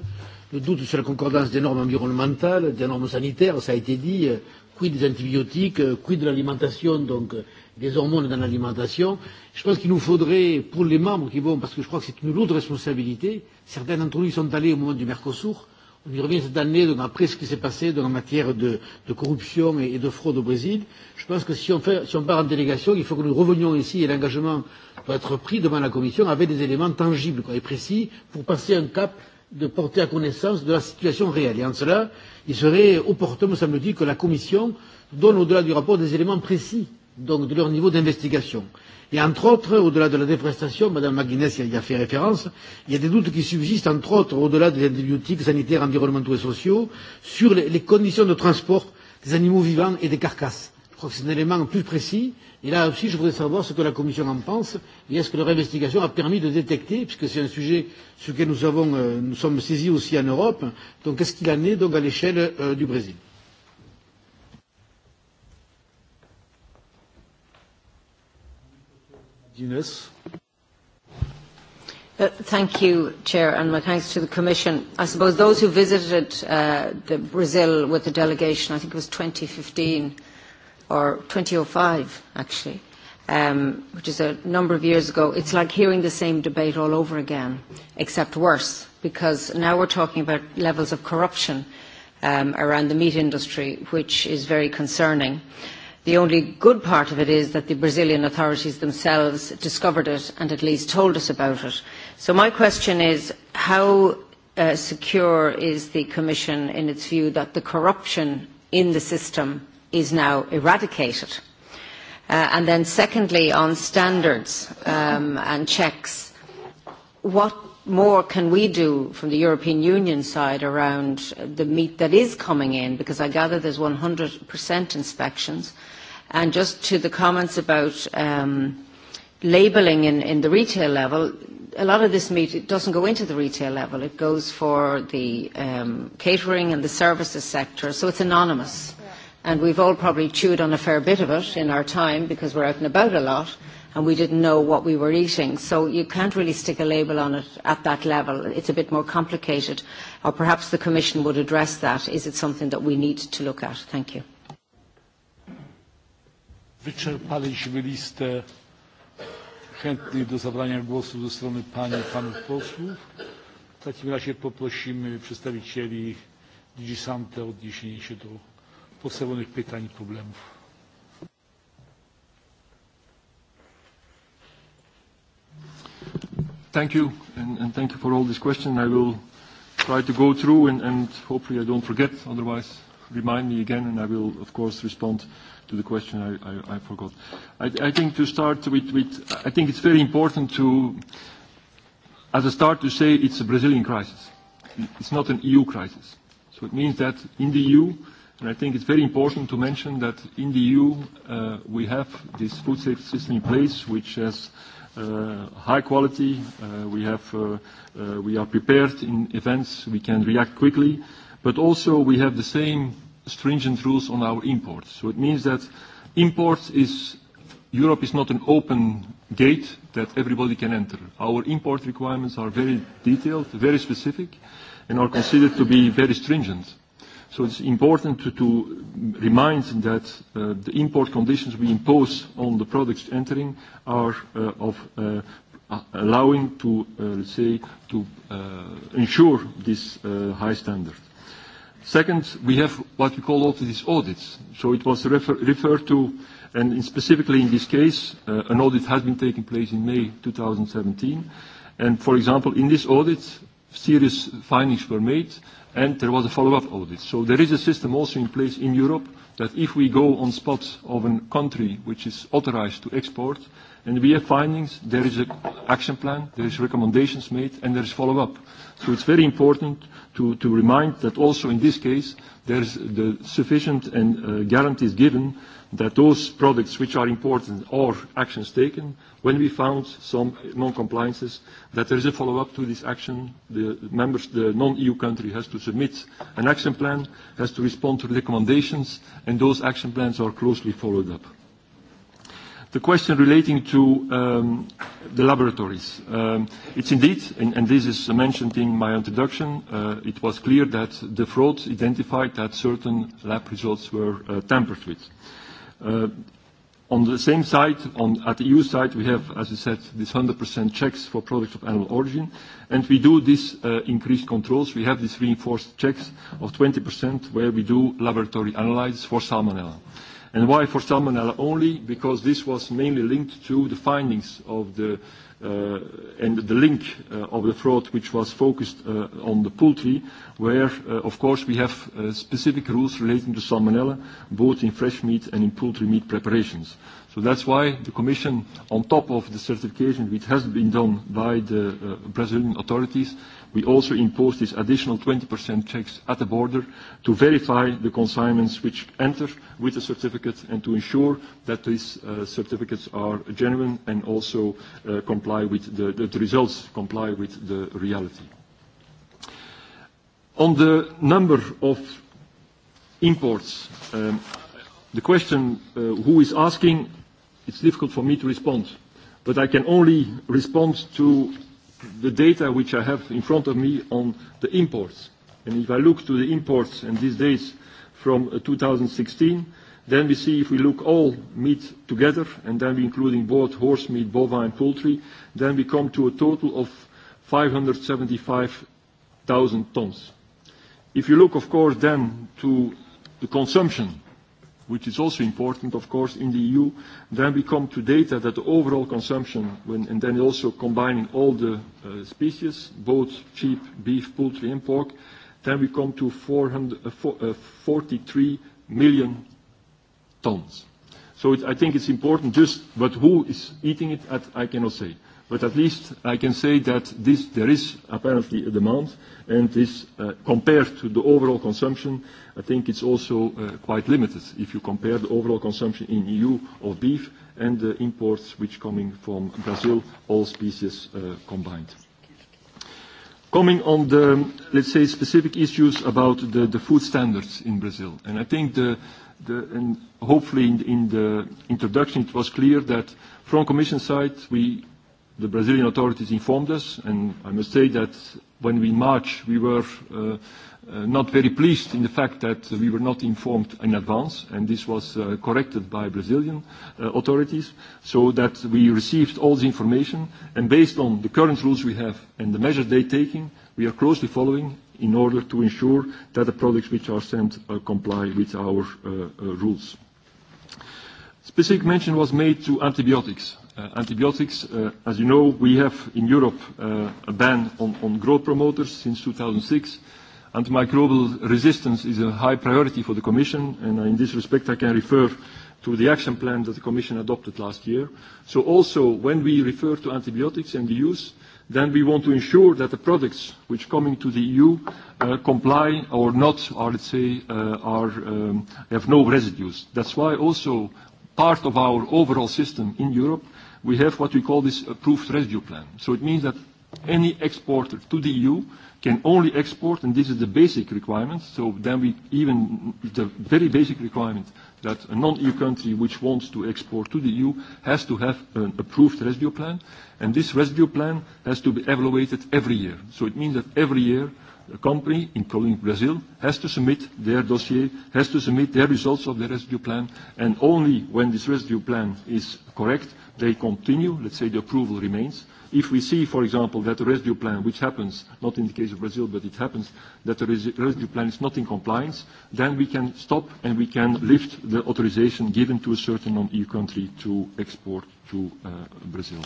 le doute sur la concordance des normes environnementales, des normes sanitaires, ça a été dit, euh, quid des antibiotiques, euh, quid de l'alimentation, donc. Euh, les hormones dans l'alimentation. Je pense qu'il nous faudrait, pour les membres qui vont, parce que je crois que c'est une lourde responsabilité, certains d'entre nous sont allés au moment du Mercosur, on y revient cette année, donc après ce qui s'est passé dans la matière de, de corruption et, et de fraude au Brésil, je pense que si on, fait, si on part en délégation, il faut que nous revenions ici et l'engagement doit être pris devant la Commission avec des éléments tangibles quoi, et précis pour passer un cap de porter à connaissance de la situation réelle. Et en cela, il serait opportun, me semble-t-il, que la Commission donne au-delà du rapport des éléments précis donc de leur niveau d'investigation. Et entre autres, au-delà de la déforestation, Madame McGuinness y a fait référence, il y a des doutes qui subsistent, entre autres, au-delà des antibiotiques sanitaires, environnementaux et sociaux, sur les, les conditions de transport des animaux vivants et des carcasses. Je crois que c'est un élément plus précis. Et là aussi, je voudrais savoir ce que la Commission en pense et est-ce que leur investigation a permis de détecter, puisque c'est un sujet sur lequel nous, avons, euh, nous sommes saisis aussi en Europe, donc qu'est-ce qu'il en est donc, à l'échelle euh, du Brésil Eunice. Uh, thank you, Chair, and my thanks to the Commission. I suppose those who visited uh, the Brazil with the delegation, I think it was 2015 or 2005, actually, um, which is a number of years ago, it's like hearing the same debate all over again, except worse, because now we're talking about levels of corruption um, around the meat industry, which is very concerning. Uh, The only good part of it is that the Brazilian authorities themselves discovered it and at least told us about it. So my question is, how uh, secure is the Commission in its view that the corruption in the system is now eradicated? Uh, and then secondly, on standards um, and checks, what more can we do from the European Union side around the meat that is coming in? Because I gather there's 100% inspections. And just to the comments about um, labeling in the retail level, a lot of this meat, it doesn't go into the retail level. It goes for the um, catering and the services sector, so it's anonymous. Yeah. We've all probably chewed on a fair bit of it in our time because we're out and about a lot, and we didn't know what we were eating. So you can't really stick a label on it at that level. It's a bit more complicated, or perhaps the commission would address that. Is it something that we need to look at? Thank you. Wyczerpaliśmy listę chętnych do zabrania głosu ze strony pań i panów posłów. W takim razie poprosimy przedstawicieli Digisante o odniesienie się do postawionych pytań i problemów. Thank you, and, and thank you for all these questions. I will try to go through, and, and hopefully I don't forget. Otherwise, remind me again, and I will, of course, respond to the question I forgot. I think to start with, I think it's very important to, as a start, to say it's a Brazilian crisis. It's not an EU crisis. So it means that in the EU, and I think it's very important to mention that in the EU, uh, we have this food safety system in place, which has uh, high quality. Uh, we have, we are prepared in events, we can react quickly, but also we have the same stringent rules on our imports. So it means that imports is Europe is not an open gate that everybody can enter. Our import requirements are very detailed, very specific, and are considered to be very stringent. So it's important to, to remind that uh, the import conditions we impose on the products entering are uh, of uh, allowing to, uh, let's say, to uh, ensure this uh, high standard. Second, we have what we call also these audits. It was referred to, and specifically in this case, uh, an audit has been taking place in May 2017. For example, in this audit, serious findings were made, and there was a follow-up audit. There is a system also in place in Europe that if we go on spot of a country which is authorized to export, And we have findings, there is an action plan, there is recommendations made, and there is follow-up. So it's very important to, to remind that also in this case, there is the sufficient and uh, guarantees given that those products which are important or actions taken, when we found some non-compliances, that there is a follow-up to this action. The members, the non-EU country has to submit an action plan, has to respond to recommendations, and those action plans are closely followed up. The question relating to um, the laboratories. Um, it's indeed, and this is mentioned in my introduction, uh, it was clear that the frauds identified that certain lab results were uh, tampered with. Uh, on the same side, at the EU side, we have, as I said, this 100% checks for products of animal origin, and we do this increased controls. We have these reinforced checks of 20% where we do laboratory analysis for Salmonella. And why for Salmonella only? Because this was mainly linked to the findings of the, uh, and the link uh, of the fraud which was focused uh, on the poultry, where uh, of course we have uh, specific rules relating to Salmonella, both in fresh meat and in poultry meat preparations. So that's why the Commission, on top of the certification which has been done by the uh, Brazilian authorities, We also imposed this additional 20% checks at the border to verify the consignments which enter with the certificate and to ensure that these uh, certificates are genuine and also uh, comply with the, that the results, comply with the reality. On the number of imports, um, the question uh, who is asking, it's difficult for me to respond. But I can only respond to the data which I have in front of me on the imports. If I look to the imports in these days from 2016, uh, then we see if we look all meat together, and then including both horse meat, bovine, poultry, then we come to a total of 575,000 tons. If you look, of course, then to the consumption, which is also important, of course, in the EU. Then we come to data that the overall consumption, when, and then also combining all the uh, species, both sheep, beef, poultry, and pork, then we come to 443 uh, uh, million tons. So I think it's important just, but who is eating it? I cannot say. But at least I can say that this, there is apparently a demand, and this, compared to the overall consumption, I think it's also uh, quite limited if you compare the overall consumption in EU of beef and the imports which coming from Brazil, all species uh, combined. Coming on the, let's say, specific issues about the, the food standards in Brazil. And I think the, the, and hopefully in the, in the introduction it was clear that from Commission side, we, the Brazilian authorities informed us, and I must say that when we march, we were uh, Uh, not very pleased in the fact that we were not informed in advance, and this was uh, corrected by Brazilian uh, authorities, so that we received all the information. Based on the current rules we have and the measures they're taking, we are closely following in order to ensure that the products which are sent comply with our rules. Specific mention was made to antibiotics. Antibiotics, as you know, we have in Europe a ban on growth promoters since 2006. Antimicrobial resistance is a high priority for the Commission, and in this respect I can refer to the action plan that the Commission adopted last year. So also, when we refer to antibiotics and the use, then we want to ensure that the products which come into the EU uh, comply or not, or let's say, uh, are, um, have no residues. That's why also part of our overall system in Europe, we have what we call this approved residue plan. So it means that Any exporter to the EU can only export, and this is the basic requirement, so then we even, the very basic requirement that a non-EU country which wants to export to the EU has to have an approved residue plan, and this residue plan has to be evaluated every year. So it means that every year, company, including Brazil, has to submit their dossier, has to submit their results of the residue plan, and only when this residue plan is correct, they continue. Let's say the approval remains. If we see, for example, that the residue plan, which happens not in the case of Brazil, but it happens that the residue plan is not in compliance, then we can stop and we can lift the authorization given to a certain non-EU country to export to uh, Brazil.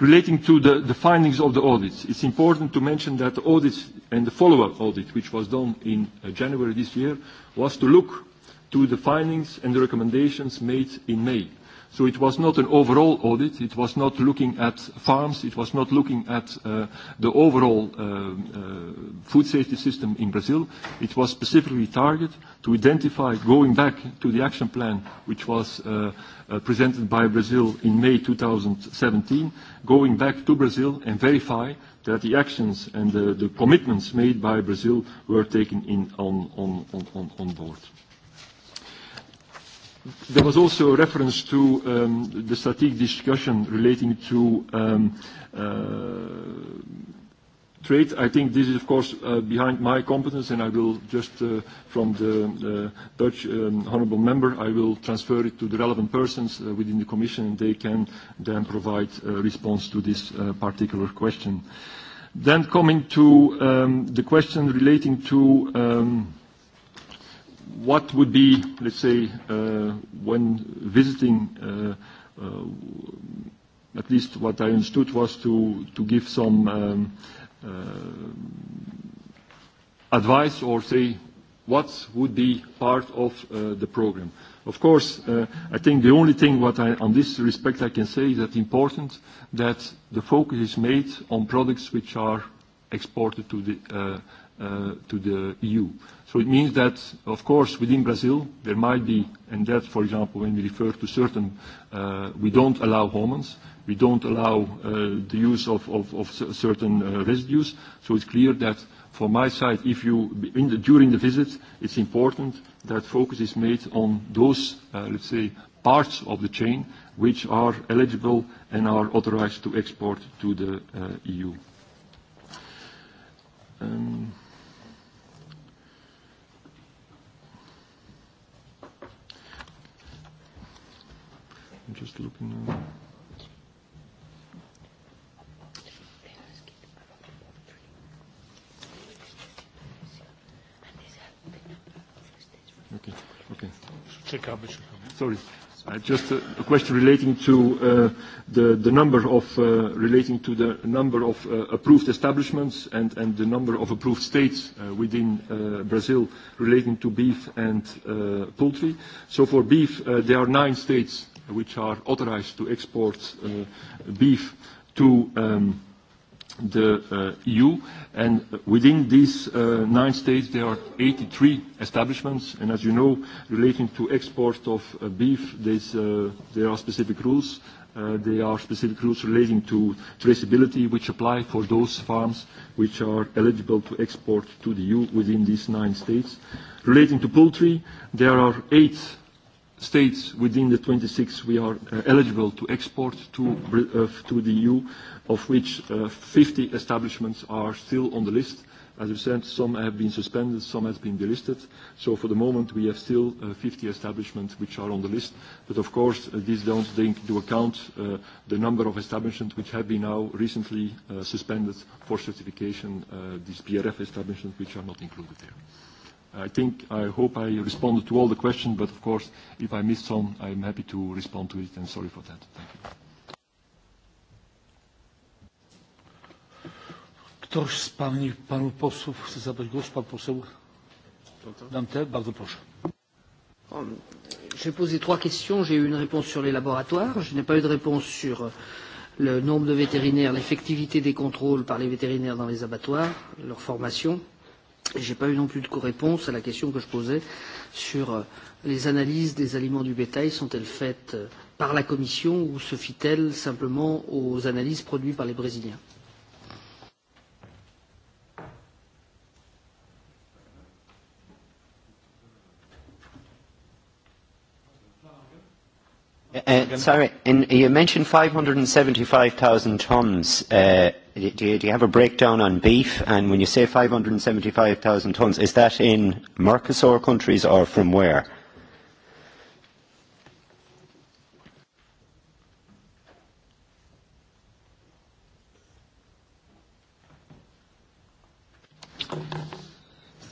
Relating to the findings of the audits, it's important to mention that the audits and the follow-up audit, which was done in uh, January this year, was to look to the findings and the recommendations made in May. It was not an overall audit. It was not looking at farms. It was not looking at uh, the overall uh, uh, food safety system in Brazil. It was specifically targeted to identify, going back to the action plan, which was presented by Brazil in May 2017, going back to Brazil and verify that the actions and the commitments made by Brazil were taken on board. There was also a reference to um, the strategic discussion relating to um, uh, trade. I think this is, of course, uh, behind my competence, and I will just, uh, from the uh, Dutch um, honorable member, I will transfer it to the relevant persons uh, within the Commission, and they can then provide a response to this uh, particular question. Then coming to um, the question relating to um, what would be, let's say, uh, when visiting, uh, uh, at least what I understood was to give some um, advice or say what would be part of the program. Of course, I think the only thing what I, on this respect, I can say that important that the focus is made on products which are exported to the Uh, to the EU. So it means that, of course, within Brazil, there might be, and that, for example, when we refer to certain, uh, we don't allow hormones, we don't allow uh, the use of, of, of certain uh, residues. So it's clear that, for my side, if you, in the, during the visit, it's important that focus is made on those, uh, let's say, parts of the chain which are eligible and are authorized to export to the uh, EU. Um, I'm just looking now. Okay, okay. Sorry. Uh, just a, a question relating to uh, the, the number of uh, relating to the number of uh, approved establishments and, and the number of approved states uh, within uh, Brazil relating to beef and uh, poultry. So for beef, uh, there are nine states which are authorized to export uh, beef to um, the uh, EU. And within these uh, nine states, there are 83 establishments. And as you know, relating to export of uh, beef, uh, there are specific rules. Uh, there are specific rules relating to traceability which apply for those farms which are eligible to export to the EU within these nine states. Relating to poultry, there are eight states within the 26 we are uh, eligible to export to uh, the EU, of which 50 uh, establishments are still on the list. As I said, some have been suspended, some has been delisted. For the moment, we have still 50 establishments which are on the list. Of course, this don't take into account the number of establishments which have been now recently suspended for certification, these BRF establishments which are not included there. I think I hope I responded to all the questions, but of course, if I missed some, I'm happy to respond to it, and sorry for that. Thank you. Ktoś z pani, panów posłów chce zabrać głos? Pan poseł Dante, bardzo proszę. Um, j'ai posé trois questions, j'ai eu une réponse sur les laboratoires, je n'ai pas eu de réponse sur euh, le nombre de vétérinaires, l'effectivité des contrôles par les vétérinaires dans les abattoirs, leur formation. Euh, Je n'ai pas eu non plus de co-réponse à la question que je posais sur euh, les analyses des aliments du bétail. Sont-elles faites euh, par la Commission ou se fit-elle simplement aux analyses produites par les Brésiliens Uh, sorry, and you mentioned 575,000 tons. Uh, do you have a breakdown on beef? And when you say 575,000 tons, is that in Mercosur countries or from where?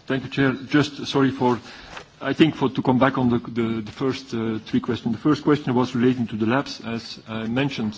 Thank you, Chair. Just sorry for I think for to come back on the, the, the first uh, three questions, the first question was relating to the labs. As I mentioned,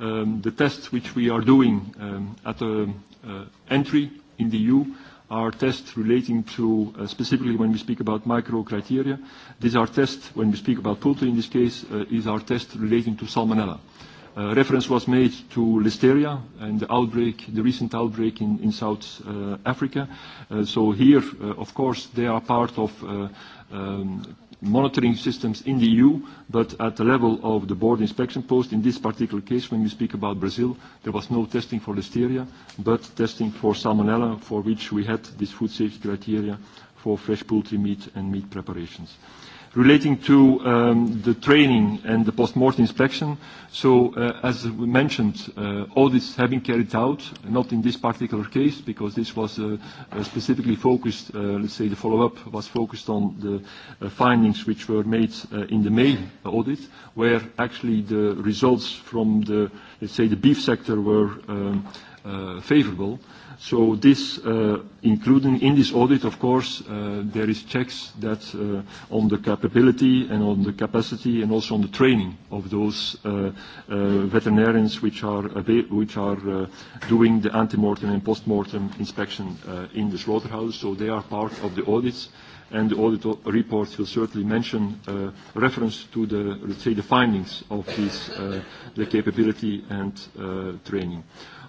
um, the tests which we are doing um, at the uh, entry in the EU are tests relating to, uh, specifically when we speak about micro-criteria, these are tests, when we speak about poultry in this case, uh, is our test relating to salmonella. Uh, Uh, reference was made to listeria and the outbreak, the recent outbreak in, in South uh, Africa. Uh, so here, uh, of course, they are part of uh, um, monitoring systems in the EU, but at the level of the border inspection post, in this particular case, when we speak about Brazil, there was no testing for listeria, but testing for salmonella, for which we had this food safety criteria for fresh poultry meat and meat preparations. Uh, relating to um, the training and the post-mortem inspection. Uh, as we mentioned, uh, audits have been carried out, not in this particular case, because this was uh, specifically focused, let's say the follow-up was focused on the findings which were made in the May audit, where actually the results from the, let's say, the beef sector were um, favorable. This, uh, including in this audit, of course, uh, there is checks that uh, on the capability and on the capacity and also on the training of those veterinarians which are doing the ante-mortem and post-mortem inspection in the slaughterhouse. They are part of the audits, and the audit reports will certainly mention reference to the, let's say, the findings of this, the capability and training.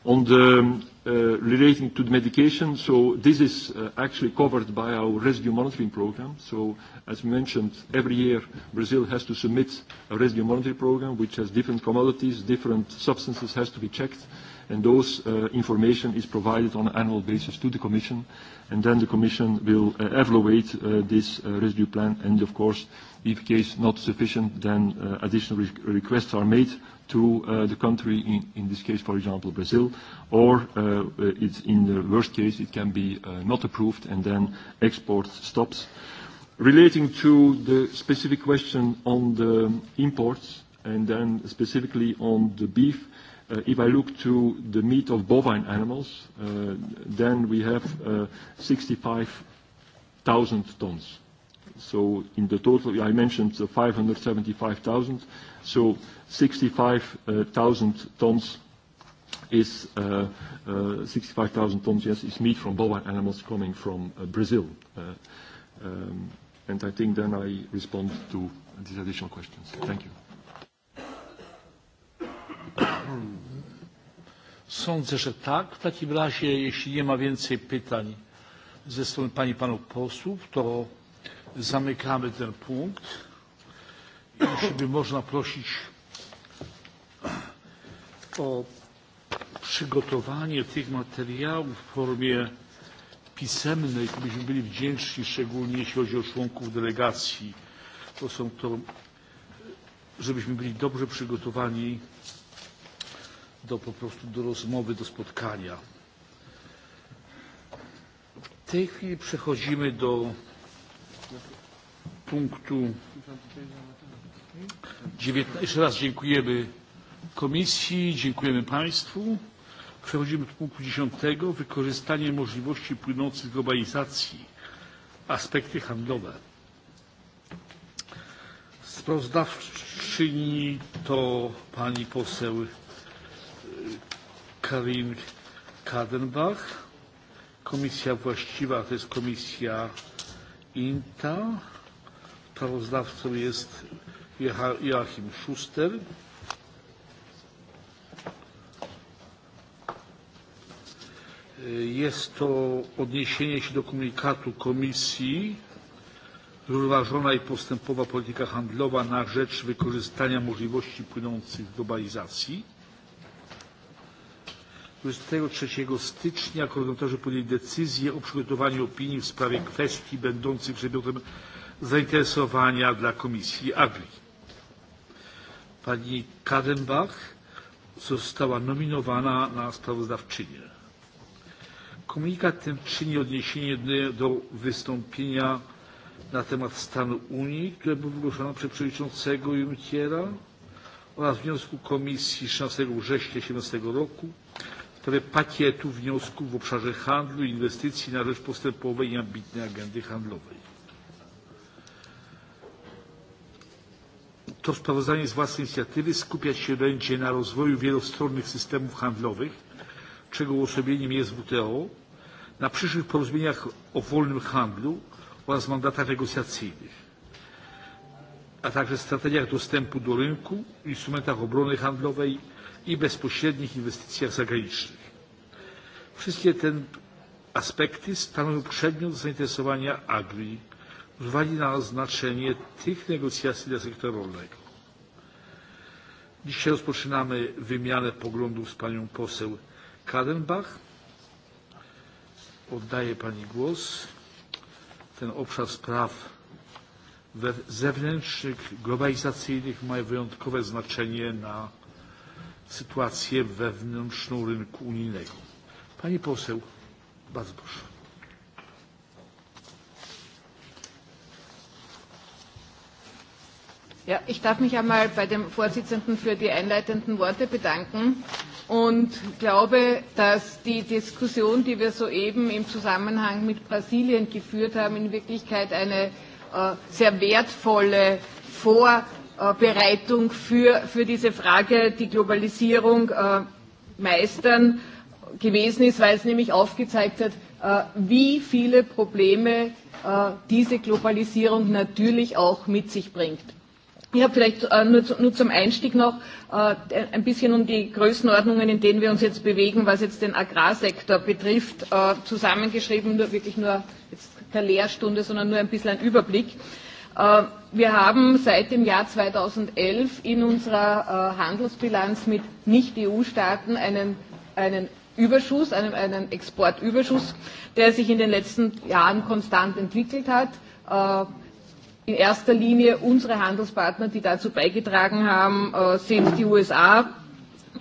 On the um, Uh, relating to the medication. So this is uh, actually covered by our residue monitoring program. So as mentioned, every year Brazil has to submit a residue monitoring program, which has different commodities, different substances has to be checked. And those uh, information is provided on an annual basis to the Commission. And then the Commission will uh, evaluate uh, this uh, residue plan and, of course, uh, if case not sufficient, then uh, additional re requests are made to uh, the country, in, in this case, for example, Brazil, or uh, it's in the worst case, it can be uh, not approved and then export stops. Relating to the specific question on the imports and then specifically on the beef, uh, if I look to the meat of bovine animals, uh, then we have uh, 65,000 tons. So in the total, I mentioned the 575,000, so 65,000 uh, tons is 65,000 uh, uh, tons, yes, is meat from bovine animals coming from Brazil. Um, and I think then I respond to these additional questions. Thank you. Sądzę, że tak. W takim razie, jeśli nie ma więcej pytań ze strony pań i panów posłów, to Zamykamy ten punkt. Jeśli by można prosić o przygotowanie tych materiałów w formie pisemnej, to byśmy byli wdzięczni, szczególnie jeśli chodzi o członków delegacji, bo są to, żebyśmy byli dobrze przygotowani do, po prostu do rozmowy, do spotkania. W tej chwili przechodzimy do punktu 19. Jeszcze raz dziękujemy Komisji, dziękujemy Państwu. Przechodzimy do punktu 10. Wykorzystanie możliwości płynących z globalizacji. Aspekty handlowe. Sprawozdawczyni to pani poseł Karin Kadenbach. Komisja właściwa to jest komisja INTA sprawozdawcą jest joachim schuster jest to odniesienie się do komunikatu komisji zrównoważona i postępowa polityka handlowa na rzecz wykorzystania możliwości płynących z globalizacji. 23 stycznia koordynatorzy podjęli decyzję o przygotowaniu opinii w sprawie kwestii będących przedmiotem zainteresowania dla Komisji Agri. Pani Kadenbach została nominowana na sprawozdawczynię. Komunikat ten czyni odniesienie do wystąpienia na temat stanu Unii, które było wygłoszone przez przewodniczącego Junckera oraz wniosku Komisji 16 września 2017 roku w sprawie pakietu wniosków w obszarze handlu i inwestycji na rzecz postępowej i ambitnej agendy handlowej. To sprawozdanie z własnej inicjatywy skupia się będzie na rozwoju wielostronnych systemów handlowych, czego uosobieniem jest WTO, na przyszłych porozumieniach o wolnym handlu oraz mandatach negocjacyjnych, a także strategiach dostępu do rynku, instrumentach obrony handlowej i bezpośrednich inwestycjach zagranicznych. Wszystkie te aspekty stanowią przedmiot zainteresowania Agri z uwagi na znaczenie tych negocjacji dla sektora rolnego. Dzisiaj rozpoczynamy wymianę poglądów z panią poseł Kadenbach. Oddaję pani głos. Ten obszar spraw zewnętrznych, globalizacyjnych ma wyjątkowe znaczenie na sytuację wewnętrzną rynku unijnego. Pani poseł, bardzo proszę. Ja, ich darf mich einmal bei dem Vorsitzenden für die einleitenden Worte bedanken und glaube, dass die Diskussion, die wir soeben im Zusammenhang mit Brasilien geführt haben, in Wirklichkeit eine äh, sehr wertvolle Vorbereitung für, für diese Frage, die Globalisierung äh, meistern, gewesen ist, weil es nämlich aufgezeigt hat, äh, wie viele Probleme äh, diese Globalisierung natürlich auch mit sich bringt. Ja, vielleicht äh, nur, nur zum Einstieg noch äh, ein bisschen um die Größenordnungen, in denen wir uns jetzt bewegen, was jetzt den Agrarsektor betrifft, äh, zusammengeschrieben, nur, wirklich nur jetzt keine Lehrstunde, sondern nur ein bisschen ein Überblick. Äh, wir haben seit dem Jahr 2011 in unserer äh, Handelsbilanz mit Nicht-EU-Staaten einen, einen Überschuss, einen, einen Exportüberschuss, der sich in den letzten Jahren konstant entwickelt hat. Äh, in erster Linie unsere Handelspartner, die dazu beigetragen haben, äh, sind die USA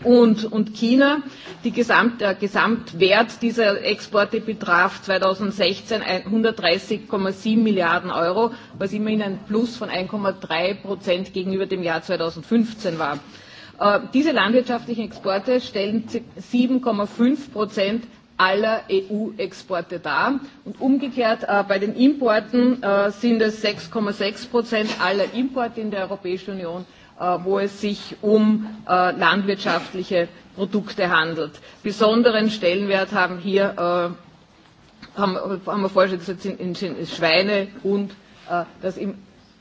und, und China. Die Gesamt, der Gesamtwert dieser Exporte betraf 2016 130,7 Milliarden Euro, was immerhin ein Plus von 1,3 Prozent gegenüber dem Jahr 2015 war. Äh, diese landwirtschaftlichen Exporte stellen 7,5 Prozent aller EU-Exporte dar. Und umgekehrt äh, bei den Importen äh, sind es 6,6 Prozent aller Importe in der Europäischen Union, äh, wo es sich um äh, landwirtschaftliche Produkte handelt. Besonderen Stellenwert haben hier, äh, haben, haben wir vorher schon gesagt, sind, sind Schweine und äh, das im,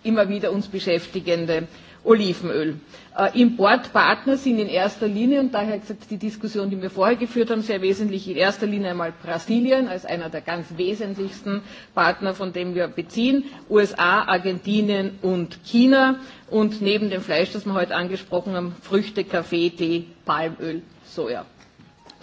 immer wieder uns beschäftigende äh, Olivenöl. Äh, Importpartner sind in erster Linie, und daher gesagt, die Diskussion, die wir vorher geführt haben, sehr wesentlich in erster Linie einmal Brasilien als einer der ganz wesentlichsten Partner, von dem wir beziehen, USA, Argentinien und China und neben dem Fleisch, das wir heute angesprochen haben, Früchte, Kaffee, Tee, Palmöl, Soja.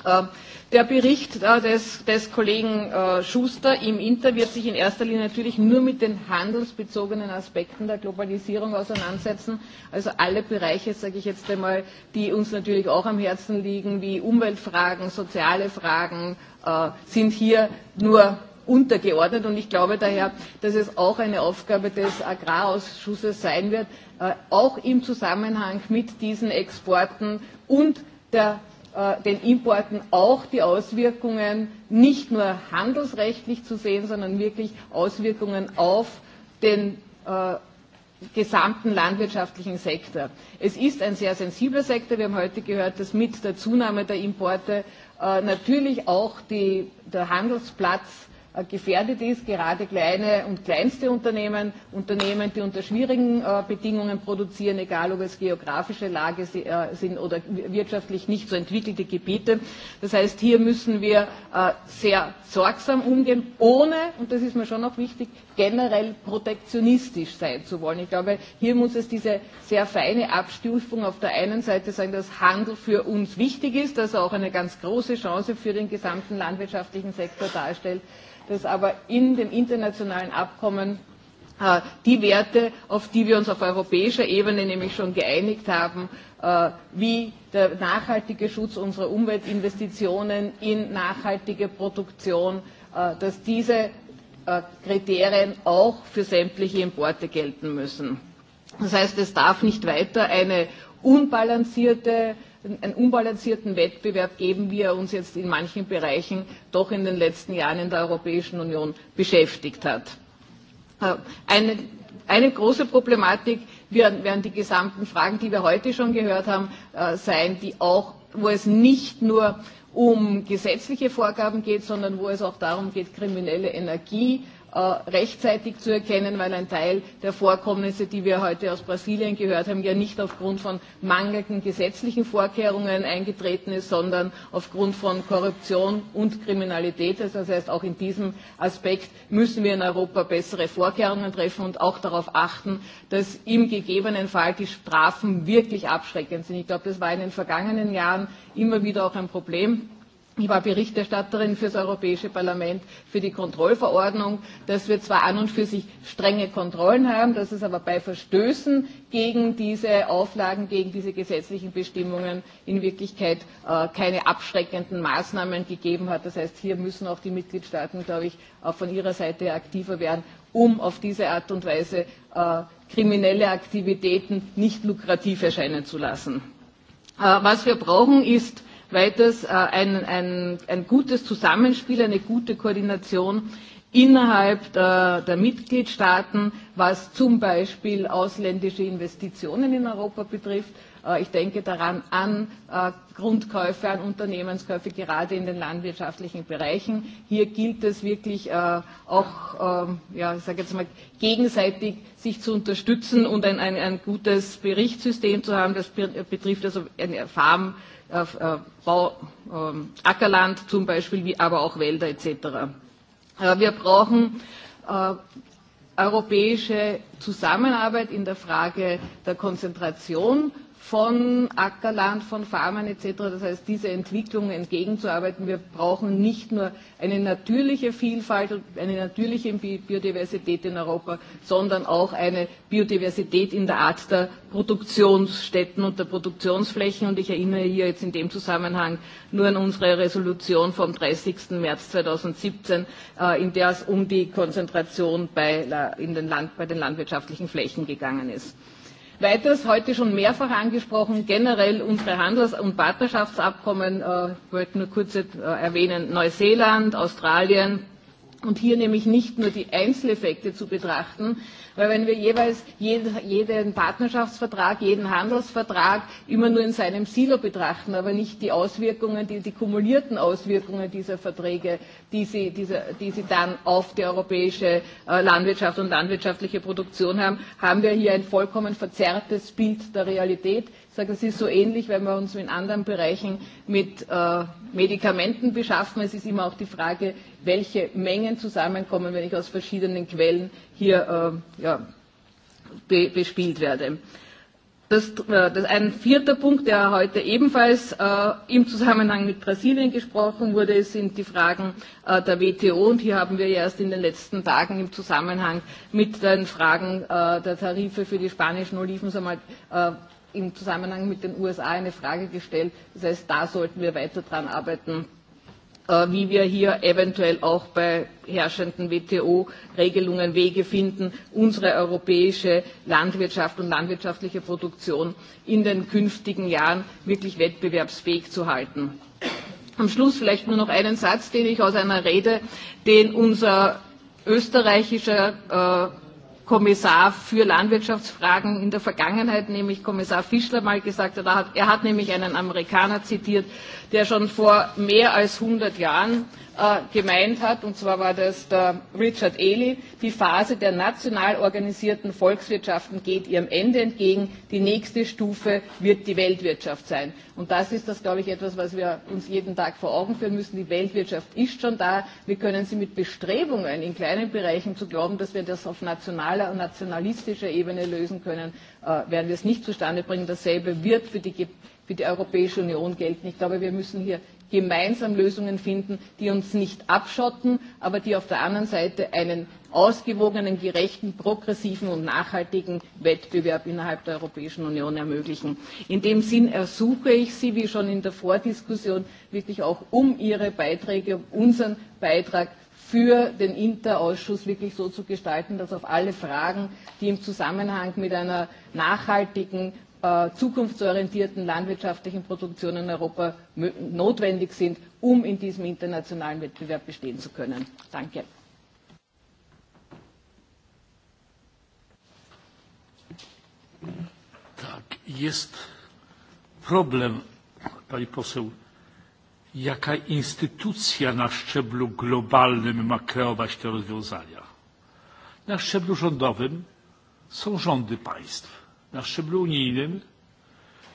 Ähm, der Bericht äh, des, des Kollegen äh, Schuster im Inter wird sich in erster Linie natürlich nur mit den handelsbezogenen Aspekten der Globalisierung auseinandersetzen. Also alle Bereiche, sage ich jetzt einmal, die uns natürlich auch am Herzen liegen, wie Umweltfragen, soziale Fragen, äh, sind hier nur untergeordnet. Und ich glaube daher, dass es auch eine Aufgabe des Agrarausschusses sein wird, auch im Zusammenhang mit diesen Exporten und der Äh, den Importen auch die Auswirkungen nicht nur handelsrechtlich zu sehen, sondern wirklich Auswirkungen auf den äh, gesamten landwirtschaftlichen Sektor. Es ist ein sehr sensibler Sektor. Wir haben heute gehört, dass mit der Zunahme der Importe äh, natürlich auch die, der Handelsplatz äh, Äh, gefährdet ist, gerade kleine und kleinste Unternehmen, Unternehmen, die unter schwierigen äh, Bedingungen produzieren, egal ob es geografische Lage äh, sind oder wirtschaftlich nicht so entwickelte Gebiete. Das heißt, hier müssen wir sehr sorgsam umgehen, ohne, und das ist mir schon auch wichtig, generell protektionistisch sein zu wollen. Ich glaube, hier muss es diese sehr feine Abstufung auf der einen Seite sein, dass Handel für uns wichtig ist, dass er auch eine ganz große Chance für den gesamten landwirtschaftlichen Sektor darstellt, dass aber in dem internationalen Abkommen äh, die Werte, auf die wir uns auf europäischer Ebene nämlich schon geeinigt haben, äh, wie der nachhaltige Schutz unserer Umweltinvestitionen in nachhaltige Produktion, äh, dass diese Äh, Kriterien auch für sämtliche Importe gelten müssen. Das heißt, es darf nicht weiter eine unbalancierte, einen unbalancierten Wettbewerb geben, wie er uns jetzt in manchen Bereichen doch in den letzten Jahren in der Europäischen Union beschäftigt hat. Äh, eine, eine große Problematik werden, werden die gesamten Fragen, die wir heute schon gehört haben, äh, sein, die auch, wo es nicht nur um gesetzliche Vorgaben geht, sondern wo es auch darum geht, kriminelle Energie Äh, rechtzeitig zu erkennen, weil ein Teil der Vorkommnisse, die wir heute aus Brasilien gehört haben, ja nicht aufgrund von mangelnden gesetzlichen Vorkehrungen eingetreten ist, sondern aufgrund von Korruption und Kriminalität ist. Das heißt, auch in diesem Aspekt müssen wir in Europa bessere Vorkehrungen treffen und auch darauf achten, dass im gegebenen Fall die Strafen wirklich abschreckend sind. Ich glaube, das war in den vergangenen Jahren immer wieder auch ein Problem. Ich war Berichterstatterin für das Europäische Parlament für die Kontrollverordnung, dass wir zwar an und für sich strenge Kontrollen haben, dass es aber bei Verstößen gegen diese Auflagen, gegen diese gesetzlichen Bestimmungen in Wirklichkeit äh, keine abschreckenden Maßnahmen gegeben hat. Das heißt, hier müssen auch die Mitgliedstaaten, glaube ich, auch von ihrer Seite aktiver werden, um auf diese Art und Weise äh, kriminelle Aktivitäten nicht lukrativ erscheinen zu lassen. Äh, was wir brauchen ist, weil das äh, ein, ein, ein gutes Zusammenspiel, eine gute Koordination innerhalb der, der Mitgliedstaaten, was zum Beispiel ausländische Investitionen in Europa betrifft, äh, ich denke daran an äh, Grundkäufe, an Unternehmenskäufe, gerade in den landwirtschaftlichen Bereichen. Hier gilt es wirklich auch, ähm, ja, ich sage jetzt mal, gegenseitig sich zu unterstützen und ein, ein, ein gutes Berichtssystem zu haben. Das betrifft also eine Farm, Äh, äh, ähm, Ackerland zum Beispiel, wie aber auch Wälder etc. Äh, wir brauchen europäische Zusammenarbeit in der Frage der Konzentration von Ackerland, von Farmen etc., das heißt, diese Entwicklung entgegenzuarbeiten. Wir brauchen nicht nur eine natürliche Vielfalt und eine natürliche Biodiversität in Europa, sondern auch eine Biodiversität in der Art der Produktionsstätten und der Produktionsflächen. Und ich erinnere hier jetzt in dem Zusammenhang nur an unsere Resolution vom 30. März 2017, äh, in der es um die Konzentration bei, in den Land, bei den landwirtschaftlichen Flächen gegangen ist. Weiters heute schon mehrfach angesprochen, generell unsere Handels- und Partnerschaftsabkommen, äh, wollte nur kurz äh, erwähnen, Neuseeland, Australien, und hier nämlich nicht nur die Einzeleffekte zu betrachten, weil wenn wir jeweils jeden Partnerschaftsvertrag, jeden Handelsvertrag immer nur in seinem Silo betrachten, aber nicht die Auswirkungen, die, die kumulierten Auswirkungen dieser Verträge, die sie, diese, die sie dann auf die europäische äh, Landwirtschaft und landwirtschaftliche Produktion haben, haben wir hier ein vollkommen verzerrtes Bild der Realität sage, es ist so ähnlich, wenn wir uns in anderen Bereichen mit äh, Medikamenten beschaffen. Es ist immer auch die Frage, welche Mengen zusammenkommen, wenn ich aus verschiedenen Quellen hier äh, ja, bespielt werde. Das, äh, das ein vierter Punkt, der heute ebenfalls äh, im Zusammenhang mit Brasilien gesprochen wurde, sind die Fragen äh, der WTO. Und hier haben wir erst in den letzten Tagen im Zusammenhang mit den Fragen äh, der Tarife für die spanischen Oliven so mal, äh, im Zusammenhang mit den USA eine Frage gestellt. Das heißt, da sollten wir weiter dran arbeiten, äh, wie wir hier eventuell auch bei herrschenden WTO-Regelungen Wege finden, unsere europäische Landwirtschaft und landwirtschaftliche Produktion in den künftigen Jahren wirklich wettbewerbsfähig zu halten. Am Schluss vielleicht nur noch einen Satz, den ich aus einer Rede, den unser österreichischer äh, Kommissar für Landwirtschaftsfragen in der Vergangenheit, nämlich Kommissar Fischler, mal gesagt hat. Er hat nämlich einen Amerikaner zitiert, der schon vor mehr als 100 Jahren äh, Äh, gemeint hat, und zwar war das der Richard Ely, die Phase der national organisierten Volkswirtschaften geht ihrem Ende entgegen, die nächste Stufe wird die Weltwirtschaft sein. Und das ist das, glaube ich, etwas, was wir uns jeden Tag vor Augen führen müssen. Die Weltwirtschaft ist schon da, wir können sie mit Bestrebungen in kleinen Bereichen zu glauben, dass wir das auf nationaler und nationalistischer Ebene lösen können, äh, werden wir es nicht zustande bringen. Dasselbe wird für die, für die Europäische Union gelten. Ich glaube, wir müssen hier gemeinsam Lösungen finden, die uns nicht abschotten, aber die auf der anderen Seite einen ausgewogenen, gerechten, progressiven und nachhaltigen Wettbewerb innerhalb der Europäischen Union ermöglichen. In dem Sinn ersuche ich Sie, wie schon in der Vordiskussion, wirklich auch um Ihre Beiträge, um unseren Beitrag für den Interausschuss wirklich so zu gestalten, dass auf alle Fragen, die im Zusammenhang mit einer nachhaltigen, Äh, zukunftsorientierten landwirtschaftlichen Produktion in Europa notwendig sind, um in diesem internationalen Wettbewerb bestehen zu können. Danke. Tak, jest problem, pani poseł, jaka instytucja na szczeblu globalnym ma kreować te rozwiązania. Na szczeblu rządowym są rządy państw na szczeblu unijnym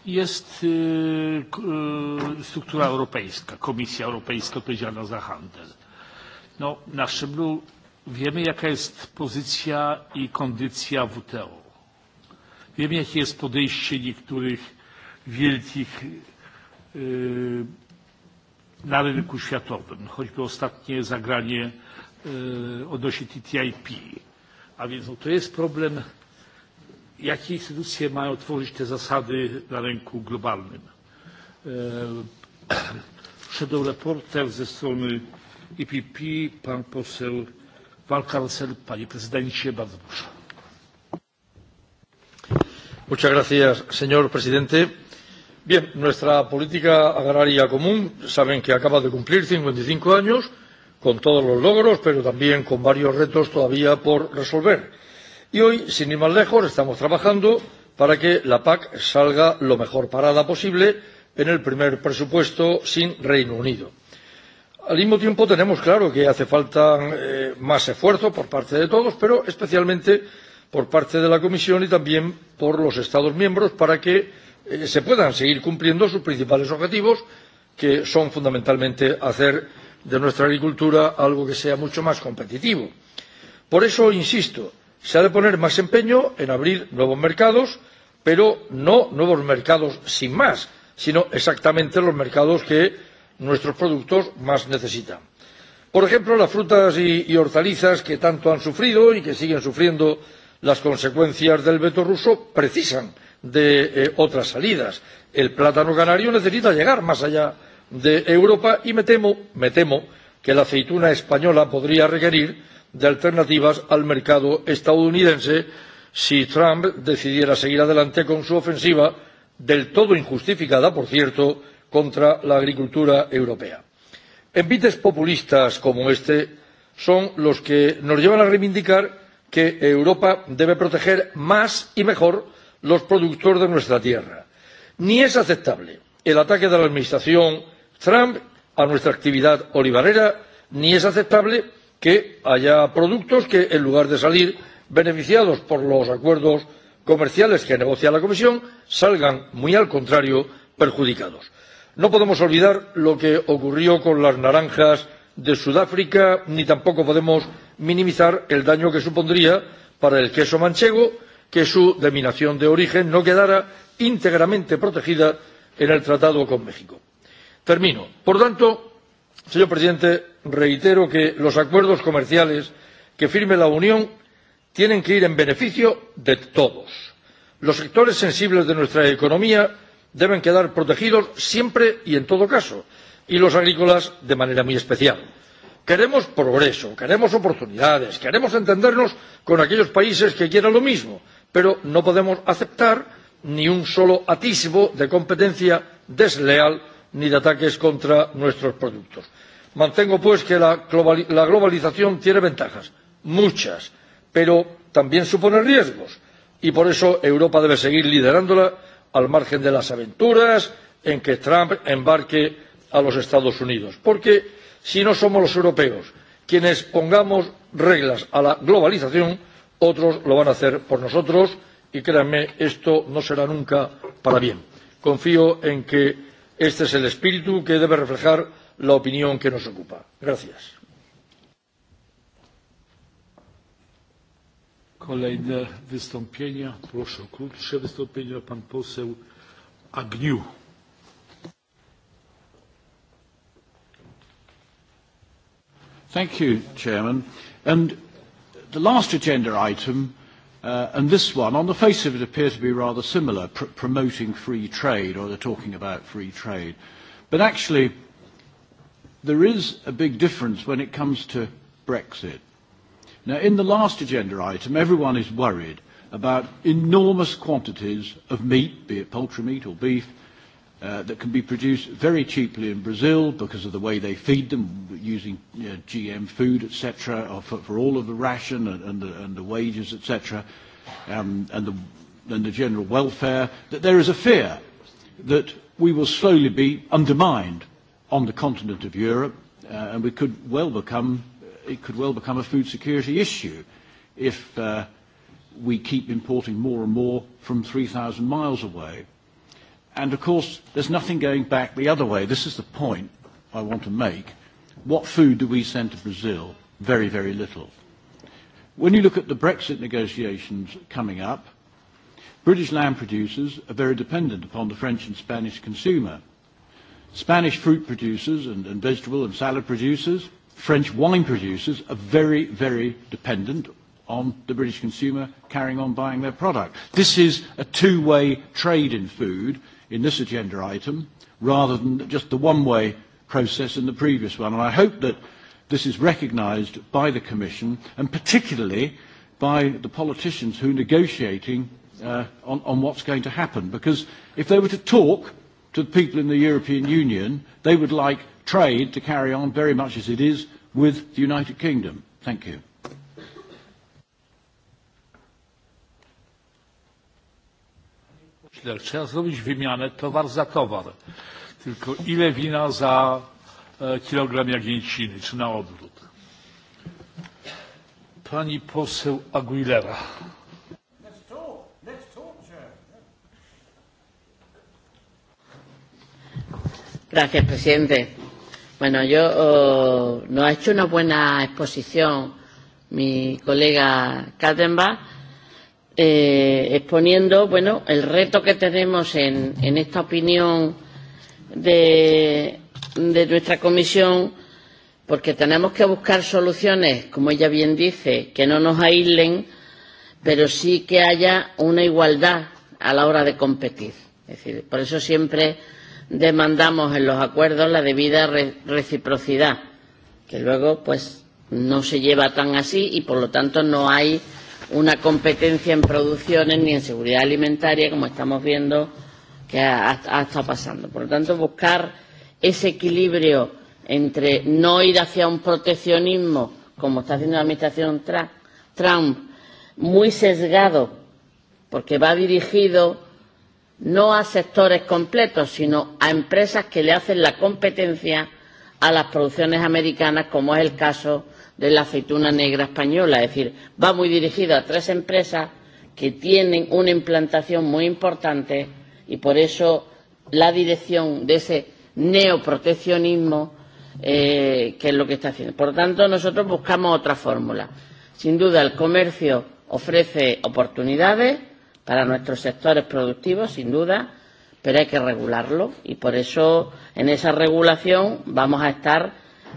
jest struktura europejska, Komisja Europejska odpowiedzialna za handel. No, na szczeblu wiemy, jaka jest pozycja i kondycja WTO. Wiemy, jakie jest podejście niektórych wielkich na rynku światowym, choćby ostatnie zagranie odnośnie TTIP. A więc no, to jest problem jakie instytucje mają tworzyć te zasady na rynku globalnym. E, Shadow reporter ze strony EPP, pan poseł Val Carcel. Panie prezydencie, bardzo proszę. Muchas gracias, señor presidente. Bien, nuestra política agraria común, saben que acaba de cumplir 55 años, con todos los logros, pero también con varios retos todavía por resolver. Y hoy, sin ir más lejos, estamos trabajando para que la PAC salga lo mejor parada posible en el primer presupuesto sin Reino Unido. Al mismo tiempo, tenemos claro que hace falta eh, más esfuerzo por parte de todos, pero especialmente por parte de la Comisión y también por los Estados miembros para que eh, se puedan seguir cumpliendo sus principales objetivos, que son fundamentalmente hacer de nuestra agricultura algo que sea mucho más competitivo. Por eso, insisto, Se ha de poner más empeño en abrir nuevos mercados, pero no nuevos mercados sin más, sino exactamente los mercados que nuestros productos más necesitan. Por ejemplo, las frutas y, y hortalizas que tanto han sufrido y que siguen sufriendo las consecuencias del veto ruso precisan de eh, otras salidas. El plátano canario necesita llegar más allá de Europa y me temo, me temo que la aceituna española podría requerir de alternativas al mercado estadounidense si Trump decidiera seguir adelante con su ofensiva, del todo injustificada, por cierto, contra la agricultura europea. Envites populistas como este son los que nos llevan a reivindicar que Europa debe proteger más y mejor los productores de nuestra tierra. Ni es aceptable el ataque de la Administración Trump a nuestra actividad olivarera, ni es aceptable que haya productos que, en lugar de salir beneficiados por los acuerdos comerciales que negocia la Comisión, salgan, muy al contrario, perjudicados. No podemos olvidar lo que ocurrió con las naranjas de Sudáfrica, ni tampoco podemos minimizar el daño que supondría para el queso manchego que su denominación de origen no quedara íntegramente protegida en el Tratado con México. Termino. Por tanto, señor presidente reitero que los acuerdos comerciales que firme la unión tienen que ir en beneficio de todos. los sectores sensibles de nuestra economía deben quedar protegidos siempre y en todo caso y los agrícolas de manera muy especial. queremos progreso queremos oportunidades queremos entendernos con aquellos países que quieran lo mismo pero no podemos aceptar ni un solo atisbo de competencia desleal ni de ataques contra nuestros productos. Mantengo, pues, que la, globali la globalización tiene ventajas, muchas, pero también supone riesgos. Y por eso Europa debe seguir liderándola al margen de las aventuras en que Trump embarque a los Estados Unidos. Porque si no somos los europeos quienes pongamos reglas a la globalización, otros lo van a hacer por nosotros y créanme, esto no será nunca para bien. Confío en que este es el espíritu que debe reflejar la opinión que nos ocupa. Gracias. Kolejne wystąpienia. Proszę o krótsze wystąpienie. Pan poseł Agniu. Thank you, Chairman. And the last agenda item, uh, and this one, on the face of it, appear to be rather similar, pr promoting free trade, or they're talking about free trade. But actually, there is a big difference when it comes to Brexit. Now, in the last agenda item, everyone is worried about enormous quantities of meat, be it poultry meat or beef, uh, that can be produced very cheaply in Brazil because of the way they feed them, using you know, GM food, etc., uh, for, for all of the ration and, and, the, and the wages, etc., um, and, the, and the general welfare, that there is a fear that we will slowly be undermined on the continent of Europe, uh, and we could well become, it could well become a food security issue if uh, we keep importing more and more from 3,000 miles away. And of course, there's nothing going back the other way. This is the point I want to make. What food do we send to Brazil? Very, very little. When you look at the Brexit negotiations coming up, British lamb producers are very dependent upon the French and Spanish consumer. Spanish fruit producers and, and vegetable and salad producers, French wine producers are very, very dependent on the British consumer carrying on buying their product. This is a two-way trade in food in this agenda item rather than just the one-way process in the previous one. And I hope that this is recognized by the Commission and particularly by the politicians who are negotiating uh, on, on what's going to happen. Because if they were to talk, to the people in the European Union, they would like trade to carry on very much as it is with the United Kingdom. Thank you. Trzeba zrobić wymianę towar za towar. Tylko ile wina za e, kilogram jagnięciny, czy na odwrót? Pani poseł Aguilera. Dziękuję. Gracias, presidente. Bueno, yo oh, nos ha hecho una buena exposición mi colega Kattenbach, eh, exponiendo bueno, el reto que tenemos en, en esta opinión de, de nuestra comisión, porque tenemos que buscar soluciones, como ella bien dice, que no nos aíslen, pero sí que haya una igualdad a la hora de competir. Es decir, por eso siempre demandamos en los acuerdos la debida re reciprocidad, que luego pues no se lleva tan así y por lo tanto no hay una competencia en producciones ni en seguridad alimentaria como estamos viendo que ha, ha estado pasando. Por lo tanto, buscar ese equilibrio entre no ir hacia un proteccionismo, como está haciendo la Administración Trump, muy sesgado, porque va dirigido no a sectores completos, sino a empresas que le hacen la competencia a las producciones americanas, como es el caso de la aceituna negra española. Es decir, va muy dirigido a tres empresas que tienen una implantación muy importante y por eso la dirección de ese neoproteccionismo eh, que es lo que está haciendo. Por tanto, nosotros buscamos otra fórmula. Sin duda, el comercio ofrece oportunidades para nuestros sectores productivos, sin duda, pero hay que regularlo y por eso en esa regulación vamos a estar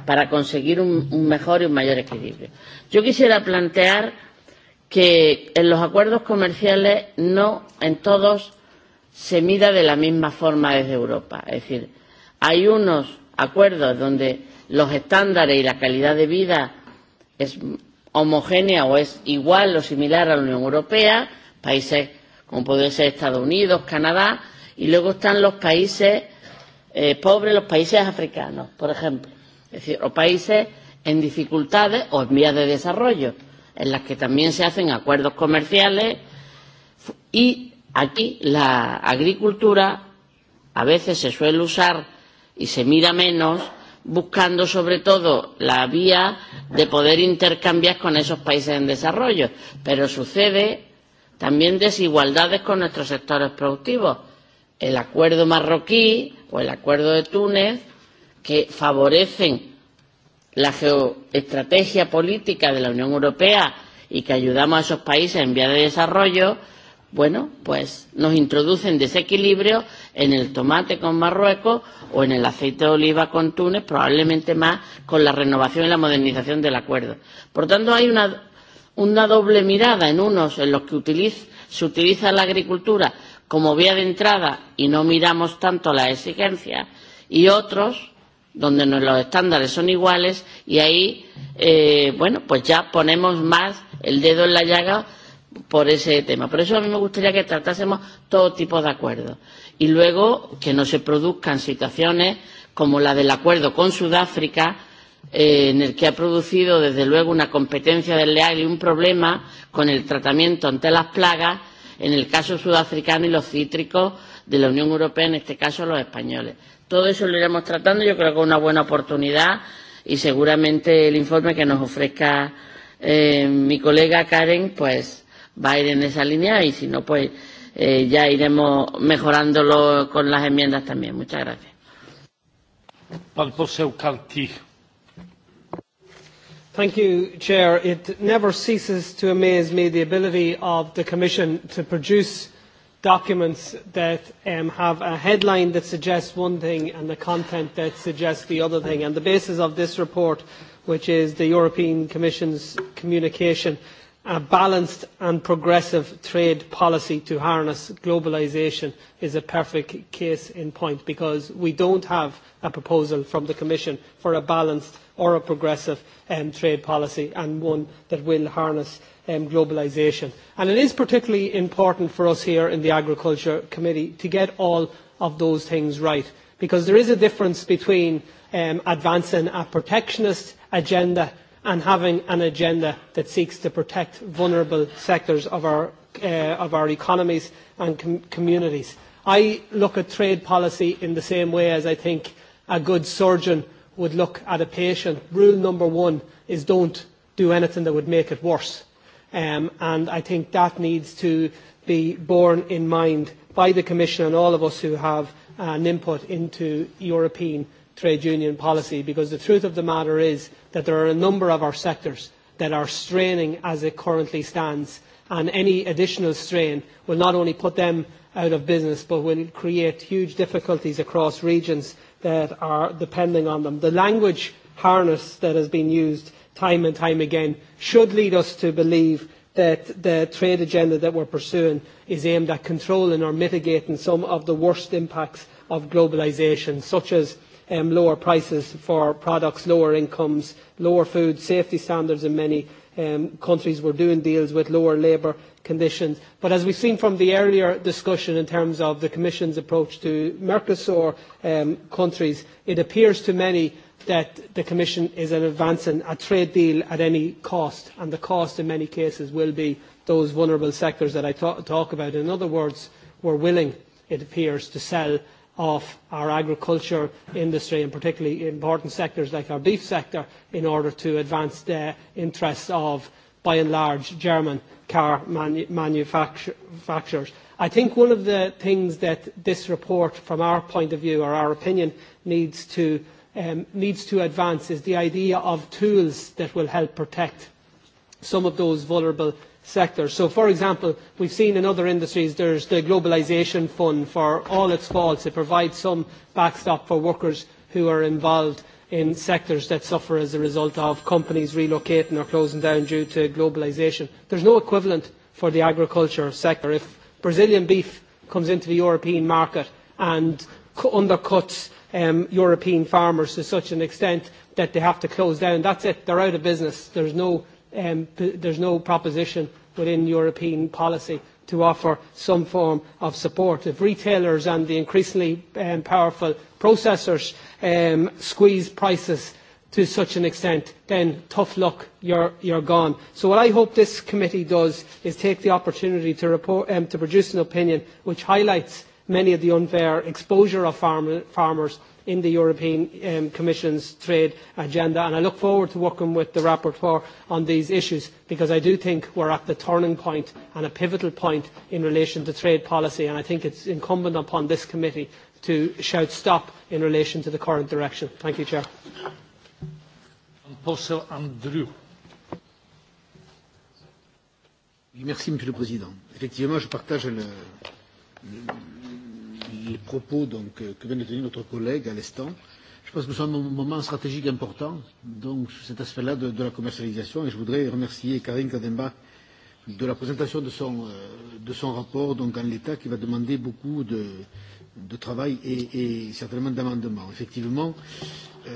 para conseguir un, un mejor y un mayor equilibrio. Yo quisiera plantear que en los acuerdos comerciales no en todos se mida de la misma forma desde Europa. Es decir, hay unos acuerdos donde los estándares y la calidad de vida es homogénea o es igual o similar a la Unión Europea, países como pueden ser Estados Unidos, Canadá, y luego están los países eh, pobres, los países africanos, por ejemplo, es decir, o países en dificultades o en vías de desarrollo, en las que también se hacen acuerdos comerciales y aquí la agricultura a veces se suele usar y se mira menos buscando sobre todo la vía de poder intercambiar con esos países en desarrollo. Pero sucede también desigualdades con nuestros sectores productivos. El acuerdo marroquí o el acuerdo de Túnez, que favorecen la geoestrategia política de la Unión Europea y que ayudamos a esos países en vía de desarrollo, bueno, pues nos introducen desequilibrio en el tomate con Marruecos o en el aceite de oliva con Túnez, probablemente más con la renovación y la modernización del acuerdo. Por tanto, hay una una doble mirada en unos en los que utiliz, se utiliza la agricultura como vía de entrada y no miramos tanto las exigencias y otros donde los estándares son iguales y ahí eh, bueno pues ya ponemos más el dedo en la llaga por ese tema. Por eso a mí me gustaría que tratásemos todo tipo de acuerdos y luego que no se produzcan situaciones como la del acuerdo con Sudáfrica, eh, en el que ha producido desde luego una competencia desleal y un problema con el tratamiento ante las plagas en el caso sudafricano y los cítricos de la Unión Europea, en este caso los españoles. Todo eso lo iremos tratando, yo creo que es una buena oportunidad y seguramente el informe que nos ofrezca eh, mi colega Karen pues va a ir en esa línea y si no pues eh, ya iremos mejorándolo con las enmiendas también. Muchas gracias. Pan poseł Kartich, mr president it never ceases to amaze me the ability of the commission to produce documents that um, have a headline that suggests one thing and the content that suggests the other thing. the basis of this report which is the european commission's communication a balanced and progressive trade policy to harness globalisation is a perfect case in point because we do not have a proposal from the commission for a balanced or a progressive um, trade policy and one that will harness um, globalisation. And it is particularly important for us here in the Agriculture Committee to get all of those things right because there is a difference between um, advancing a protectionist agenda and having an agenda that seeks to protect vulnerable sectors of our, uh, of our economies and com- communities. I look at trade policy in the same way as I think a good surgeon would look at a patient, rule number one is don't do anything that would make it worse. Um, and I think that needs to be borne in mind by the Commission and all of us who have an uh, input into European trade union policy, because the truth of the matter is that there are a number of our sectors that are straining as it currently stands, and any additional strain will not only put them out of business, but will create huge difficulties across regions that are depending on them. The language harness that has been used time and time again should lead us to believe that the trade agenda that we're pursuing is aimed at controlling or mitigating some of the worst impacts of globalisation, such as um, lower prices for products, lower incomes, lower food safety standards in many um, countries were doing deals with lower labour conditions. But as we've seen from the earlier discussion in terms of the Commission's approach to Mercosur um, countries, it appears to many that the Commission is advancing a trade deal at any cost, and the cost in many cases will be those vulnerable sectors that I talk about. In other words, we're willing, it appears, to sell of our agriculture industry, and particularly important sectors like our beef sector, in order to advance the interests of, by and large, German car manufacturers. I think one of the things that this report, from our point of view or our opinion, needs to um, advance is the idea of tools that will help protect some of those vulnerable sector. So, for example, we've seen in other industries there's the Globalisation Fund for all its faults. It provides some backstop for workers who are involved in sectors that suffer as a result of companies relocating or closing down due to globalisation. There's no equivalent for the agriculture sector. If Brazilian beef comes into the European market and undercuts um, European farmers to such an extent that they have to close down, that's it. They're out of business. There's no um, there's no proposition within European policy to offer some form of support. If retailers and the increasingly um, powerful processors um, squeeze prices to such an extent, then tough luck, you're, you're gone. So what I hope this committee does is take the opportunity to, report, um, to produce an opinion which highlights many of the unfair exposure of farm, farmers in the European um, Commission's trade agenda. And I look forward to working with the rapporteur on these issues because I do think we're at the turning point and a pivotal point in relation to trade policy. And I think it's incumbent upon this committee to shout stop in relation to the current direction. Thank you, Chair. Merci, Monsieur le Président. Effectivement, je partage le, le, le propos donc, euh, que vient de tenir notre collègue à l'instant. Je pense que nous sommes à un moment stratégique important donc, sur cet aspect-là de, de la commercialisation et je voudrais remercier Karine Kademba de la présentation de son, euh, de son rapport donc, en l'état qui va demander beaucoup de, de travail et, et certainement d'amendements. Effectivement, euh,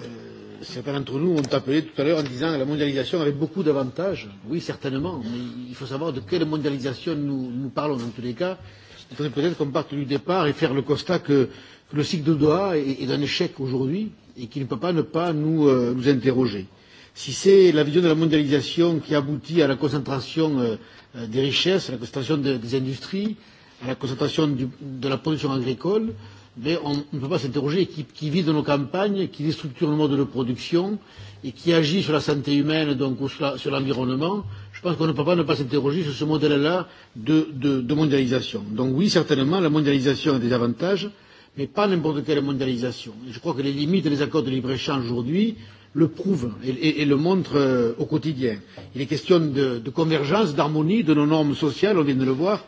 certains d'entre nous ont appelé tout à l'heure en disant que la mondialisation avait beaucoup d'avantages. Oui, certainement, mais il faut savoir de quelle mondialisation nous, nous parlons dans tous les cas. Euh, il faudrait peut-être qu'on parte du départ et faire le constat que, que le cycle de Doha est, est un échec aujourd'hui et qu'il ne peut pas ne pas nous, euh, nous interroger. Si c'est la vision de la mondialisation qui aboutit à la concentration euh, euh des richesses, à la concentration de, des industries, à la concentration du, de la production agricole, mais on ne peut pas s'interroger qui, qui vit dans nos campagnes, qui déstructure le mode de production et qui agit sur la santé humaine donc, ou sur l'environnement, la, Je pense qu'on ne peut pas ne pas s'interroger sur ce modèle-là de, de, de mondialisation. Donc oui, certainement, la mondialisation a des avantages, mais pas n'importe quelle mondialisation. Et je crois que les limites des accords de libre-échange aujourd'hui le prouvent et, et, et le montrent euh, au quotidien. Il est question de, de convergence, d'harmonie, de nos normes sociales, on vient de le voir,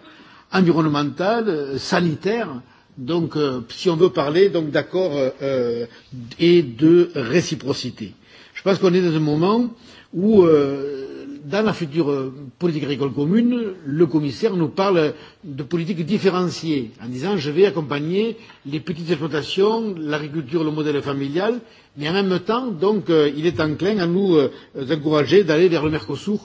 environnementales, euh, sanitaires. Donc, euh, si on veut parler donc d'accord euh, euh, et de réciprocité, je pense qu'on est dans un moment où euh, dans la future euh, politique agricole commune, le commissaire nous parle de politique différenciée, en disant je vais accompagner les petites exploitations, l'agriculture, le modèle familial, mais en même temps, donc, euh, il est enclin à nous euh, encourager d'aller vers le Mercosur,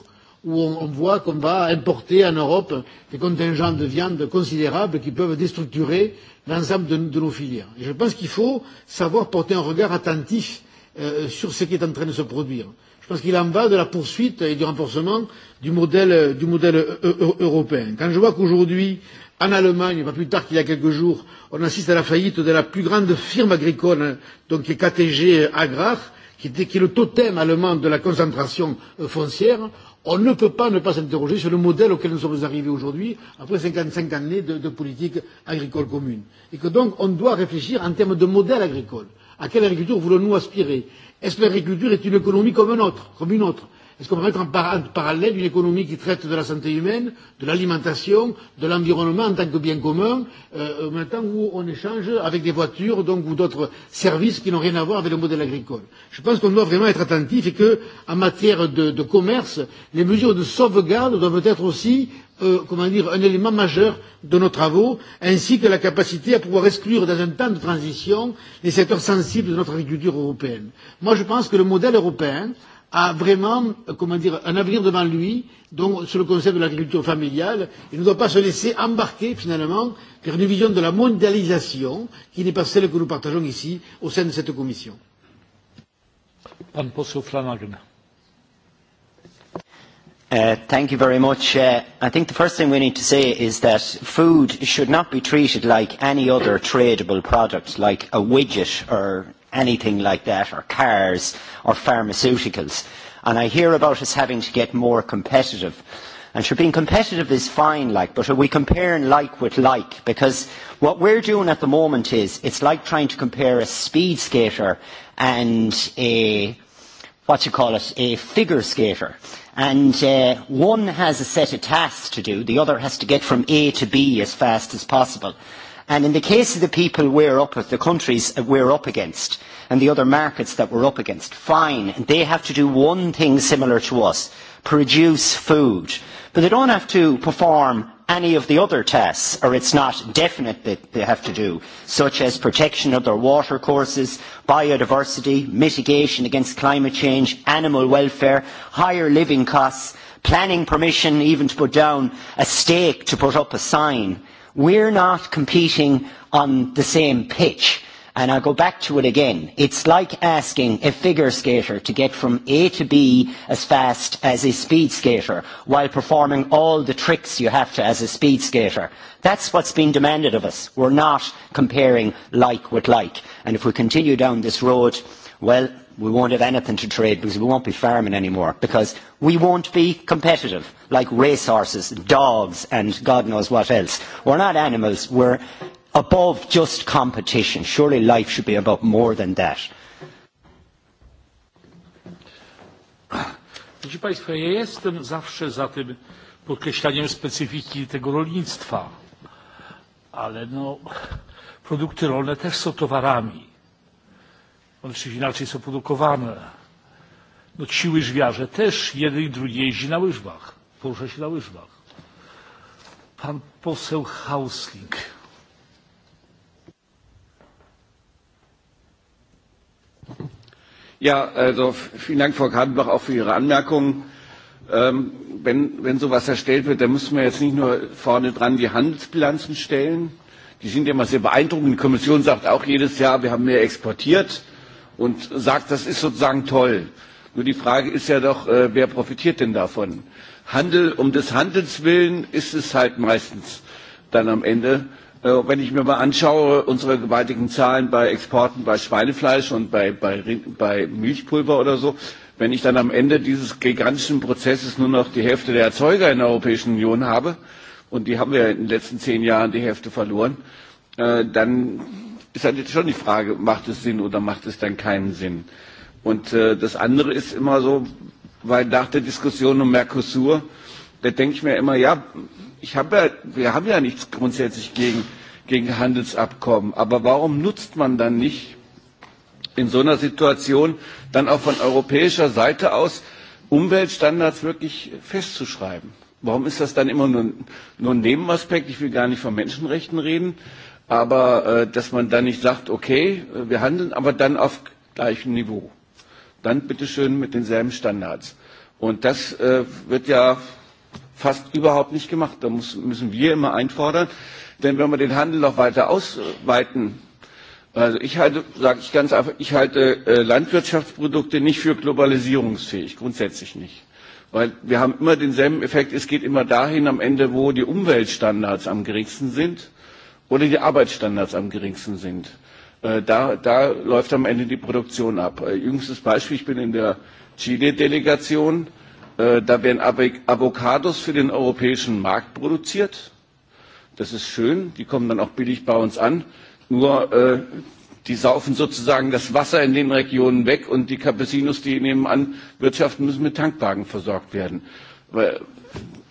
où on voit qu'on va importer en Europe des contingents de viande considérables qui peuvent déstructurer l'ensemble de, de nos filières. Et je pense qu'il faut savoir porter un regard attentif euh, sur ce qui est en train de se produire. Je pense qu'il en va de la poursuite et du renforcement du modèle, du modèle euh, européen. Quand je vois qu'aujourd'hui, en Allemagne, pas plus tard qu'il y a quelques jours, on assiste à la faillite de la plus grande firme agricole, donc qui est KTG Agrar, qui est, qui est le totem allemand de la concentration euh, foncière, on ne peut pas ne pas s'interroger sur le modèle auquel nous sommes arrivés aujourd'hui, après 55 années de, de politique agricole commune. Et que donc, on doit réfléchir en termes de modèle agricole. À quelle agriculture voulons-nous aspirer Est-ce que l'agriculture est une économie comme une autre, comme une autre Est-ce qu'on peut mettre en, par en parallèle une économie qui traite de la santé humaine, de l'alimentation, de l'environnement en tant que bien commun, euh, maintenant où on échange avec des voitures donc, ou d'autres services qui n'ont rien à voir avec le modèle agricole Je pense qu'on doit vraiment être attentif et qu'en matière de, de commerce, les mesures de sauvegarde doivent être aussi euh, comment dire, un élément majeur de nos travaux, ainsi que la capacité à pouvoir exclure dans un temps de transition les secteurs sensibles de notre agriculture européenne. Moi, je pense que le modèle européen a vraiment, euh, comment dire, un avenir devant lui, donc sur le concept de l'agriculture familiale, il ne doit pas se laisser embarquer finalement vers une vision de la mondialisation qui n'est pas celle que nous partageons ici au sein de cette commission. Pan poseł Flanagan. Uh, thank you very much. Uh, I think the first thing we need to say is that food should not be treated like any other tradable product, like a widget or anything like that, or cars or pharmaceuticals. And I hear about us having to get more competitive. And sure, being competitive is fine, like, but are we comparing like with like? Because what we're doing at the moment is it's like trying to compare a speed skater and a what you call it, a figure skater. And uh, one has a set of tasks to do, the other has to get from A to B as fast as possible. And in the case of the people we're up with, the countries we're up against, and the other markets that we're up against, fine, they have to do one thing similar to us, produce food. But they don't have to perform any of the other tests, or it's not definite that they have to do, such as protection of their watercourses, biodiversity, mitigation against climate change, animal welfare, higher living costs, planning permission even to put down a stake to put up a sign. We're not competing on the same pitch. And I'll go back to it again. It's like asking a figure skater to get from A to B as fast as a speed skater while performing all the tricks you have to as a speed skater. That's what's being demanded of us. We're not comparing like with like. And if we continue down this road, well, we won't have anything to trade because we won't be farming anymore because we won't be competitive like racehorses, dogs and God knows what else. We're not animals. We're above just competition. Surely life should be about more than that. Proszę Państwa, ja jestem zawsze za tym podkreślaniem specyfiki tego rolnictwa, ale no, produkty rolne też są towarami. Oczywiście inaczej są produkowane. No, ci łyżwiarze też jeden i drugi jeździ na łyżwach, porusza się na łyżwach. Pan poseł Hausling. Ja, also vielen Dank, Frau Kadenbach, auch für Ihre Anmerkungen. Ähm, wenn, wenn sowas erstellt wird, dann müssen wir jetzt nicht nur vorne dran die Handelsbilanzen stellen. Die sind ja immer sehr beeindruckend. Die Kommission sagt auch jedes Jahr, wir haben mehr exportiert und sagt, das ist sozusagen toll. Nur die Frage ist ja doch, äh, wer profitiert denn davon? Handel, um des Handels willen ist es halt meistens dann am Ende. Äh, wenn ich mir mal anschaue, unsere gewaltigen Zahlen bei Exporten bei Schweinefleisch und bei, bei, bei Milchpulver oder so, wenn ich dann am Ende dieses gigantischen Prozesses nur noch die Hälfte der Erzeuger in der Europäischen Union habe, und die haben wir ja in den letzten zehn Jahren die Hälfte verloren, äh, dann ist halt jetzt schon die Frage, macht es Sinn oder macht es dann keinen Sinn? Und äh, das andere ist immer so, weil nach der Diskussion um Mercosur, äh, da denke ich mir immer, ja, ich hab ja, wir haben ja nichts grundsätzlich gegen, gegen Handelsabkommen, aber warum nutzt man dann nicht in so einer Situation dann auch von europäischer Seite aus Umweltstandards wirklich festzuschreiben? Warum ist das dann immer nur, nur ein Nebenaspekt? Ich will gar nicht von Menschenrechten reden, aber äh, dass man dann nicht sagt, okay, äh, wir handeln, aber dann auf gleichem Niveau. Dann bitteschön mit denselben Standards. Und das äh, wird ja fast überhaupt nicht gemacht. Da muss, müssen wir immer einfordern. Denn wenn wir den Handel noch weiter ausweiten, also ich halte, sage ich ganz einfach, ich halte äh, Landwirtschaftsprodukte nicht für globalisierungsfähig, grundsätzlich nicht. Weil wir haben immer denselben Effekt, es geht immer dahin am Ende, wo die Umweltstandards am geringsten sind oder die Arbeitsstandards am geringsten sind. Äh, da, da läuft am Ende die Produktion ab. Äh, jüngstes Beispiel, ich bin in der Chile-Delegation, äh, Äh, da werden Avocados für den europäischen Markt produziert. Das ist schön. Die kommen dann auch billig bei uns an. Nur äh, die saufen sozusagen das Wasser in den Regionen weg und die Campesinos, die nebenan wirtschaften, müssen mit Tankwagen versorgt werden.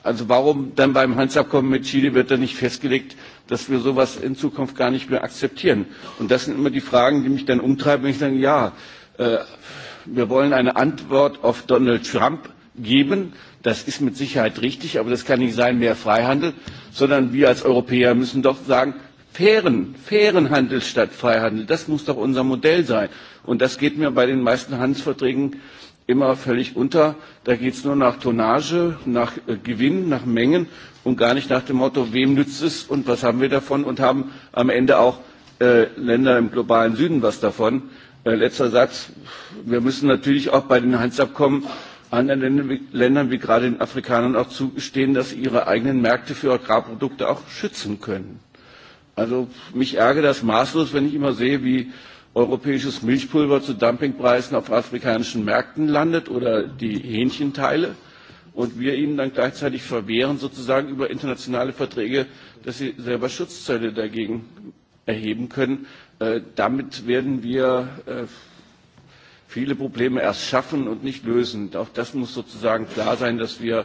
Also warum dann beim Handelsabkommen mit Chile wird da nicht festgelegt, dass wir sowas in Zukunft gar nicht mehr akzeptieren? Und das sind immer die Fragen, die mich dann umtreiben, wenn ich sage, ja, äh, wir wollen eine Antwort auf Donald Trump, äh, geben. Das ist mit Sicherheit richtig, aber das kann nicht sein mehr Freihandel, sondern wir als Europäer müssen doch sagen, fairen, fairen Handel statt Freihandel, das muss doch unser Modell sein. Und das geht mir bei den meisten Handelsverträgen immer völlig unter. Da geht es nur nach Tonnage, nach äh, Gewinn, nach Mengen und gar nicht nach dem Motto, wem nützt es und was haben wir davon und haben am Ende auch äh, Länder im globalen Süden was davon. Äh, letzter Satz, wir müssen natürlich auch bei den Handelsabkommen anderen Ländern wie, Ländern wie gerade den Afrikanern auch zugestehen, dass sie ihre eigenen Märkte für Agrarprodukte auch schützen können. Also mich ärgert das maßlos, wenn ich immer sehe, wie europäisches Milchpulver zu Dumpingpreisen auf afrikanischen Märkten landet oder die Hähnchenteile und wir ihnen dann gleichzeitig verwehren, sozusagen über internationale Verträge, dass sie selber Schutzzölle dagegen erheben können. Äh, damit werden wir äh, viele Probleme erst schaffen und nicht lösen. Auch das muss sozusagen klar sein, dass wir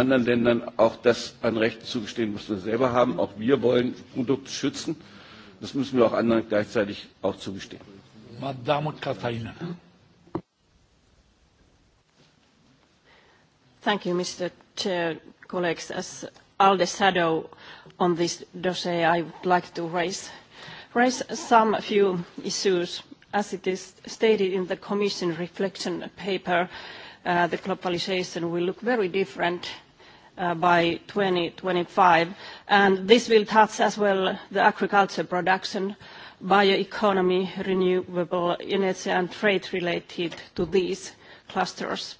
anderen Ländern auch das an Rechten zugestehen, was wir selber haben. Auch wir wollen Produkte schützen. Das müssen wir auch anderen gleichzeitig auch zugestehen. Madame Katharina. Thank you, Mr. Chair, colleagues. As Alde shadow on this dossier, I would like to raise, raise some few issues as it is stated in the Commission reflection paper, uh, the globalization will look very different uh, by 2025. And this will touch as well the agriculture production, bioeconomy, renewable energy and trade related to these clusters.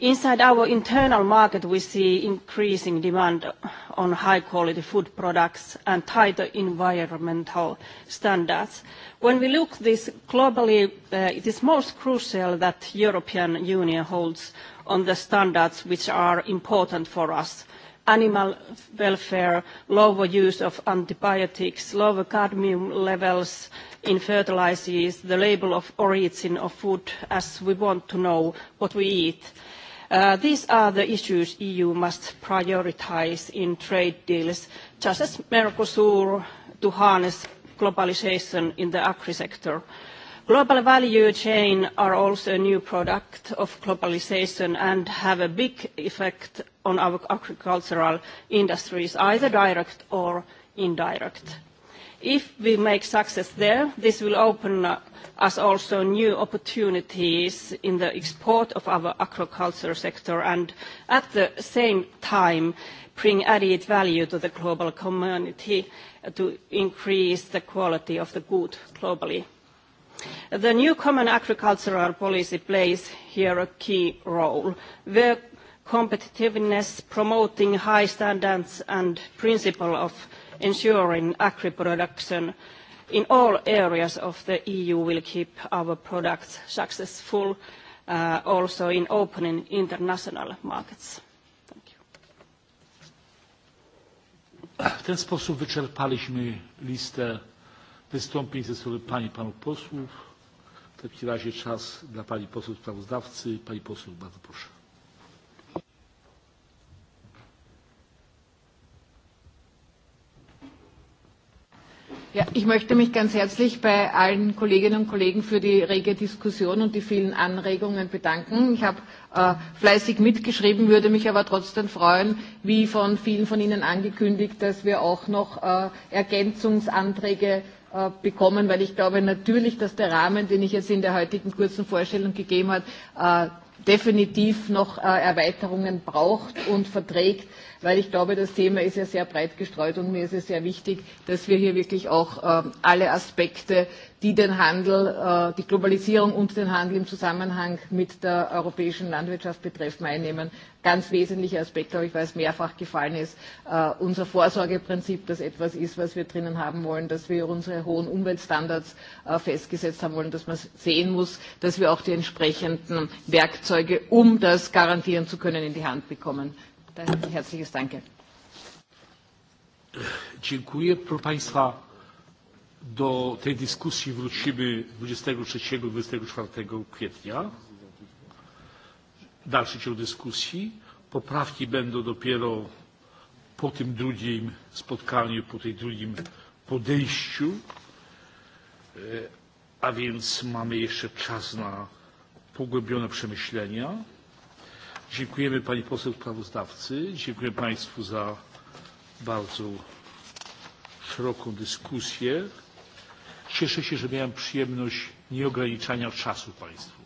Inside our internal market, we see increasing demand on high-quality food products and tighter environmental standards. When we look this globally, uh, it is most crucial that European Union holds on the standards which are important for us: animal welfare, lower use of antibiotics, lower cadmium levels in fertilizers, the label of origin of food, as we want to know what we eat. Uh, these are the issues EU must prioritize in trade deals, just as Mercosur to harness globalization in the agri sector. Global value chain are also a new product of globalization and have a big effect on our agricultural industries, either direct or indirect. If we make success there, this will open us also new opportunities in the export of our aquaculture sector and at the same time bring added value to the global community to increase the quality of the good globally. The new common agricultural policy plays here a key role, where competitiveness, promoting high standards and principle of ensuring agri production in all areas of the EU will keep our products successful uh, also in opening international markets. W ten sposób wyczerpaliśmy listę wystąpień ze strony Pani i Panów Posłów. W takim razie czas dla Pani Posłów Sprawozdawcy. Pani Posłów, bardzo proszę. Ja, ich möchte mich ganz herzlich bei allen Kolleginnen und Kollegen für die rege Diskussion und die vielen Anregungen bedanken. Ich habe äh, fleißig mitgeschrieben, würde mich aber trotzdem freuen, wie von vielen von Ihnen angekündigt, dass wir auch noch äh, Ergänzungsanträge äh, bekommen, weil ich glaube natürlich, dass der Rahmen, den ich jetzt in der heutigen kurzen Vorstellung gegeben habe, äh, definitiv noch äh, Erweiterungen braucht und verträgt, weil ich glaube, das Thema ist ja sehr breit gestreut und mir ist es sehr wichtig, dass wir hier wirklich auch ähm, alle Aspekte die den Handel, äh, die Globalisierung und den Handel im Zusammenhang mit der europäischen Landwirtschaft betreffen, einnehmen. Ganz wesentlicher Aspekt, glaube ich, weil es mehrfach gefallen ist, äh, unser Vorsorgeprinzip, das etwas ist, was wir drinnen haben wollen, dass wir unsere hohen Umweltstandards äh, festgesetzt haben wollen, dass man sehen muss, dass wir auch die entsprechenden Werkzeuge, um das garantieren zu können, in die Hand bekommen. Daher herzliches Danke. Dziękuję, proszę Państwa do tej dyskusji wrócimy 23-24 kwietnia. Dalszy ciąg dyskusji. Poprawki będą dopiero po tym drugim spotkaniu, po tej drugim podejściu. E, a więc mamy jeszcze czas na pogłębione przemyślenia. Dziękujemy Pani Poseł Sprawozdawcy. Dziękuję Państwu za bardzo szeroką dyskusję. Cieszę się, że miałem przyjemność nieograniczania czasu Państwu.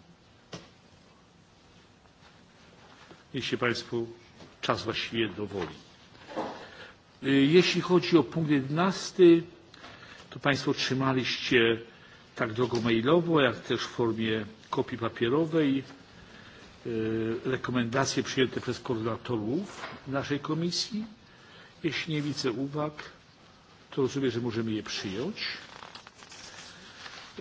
Jeśli Państwu czas właściwie dowoli. Jeśli chodzi o punkt 11, to Państwo otrzymaliście tak drogą mailową, jak też w formie kopii papierowej rekomendacje przyjęte przez koordynatorów naszej komisji. Jeśli nie widzę uwag, to rozumiem, że możemy je przyjąć.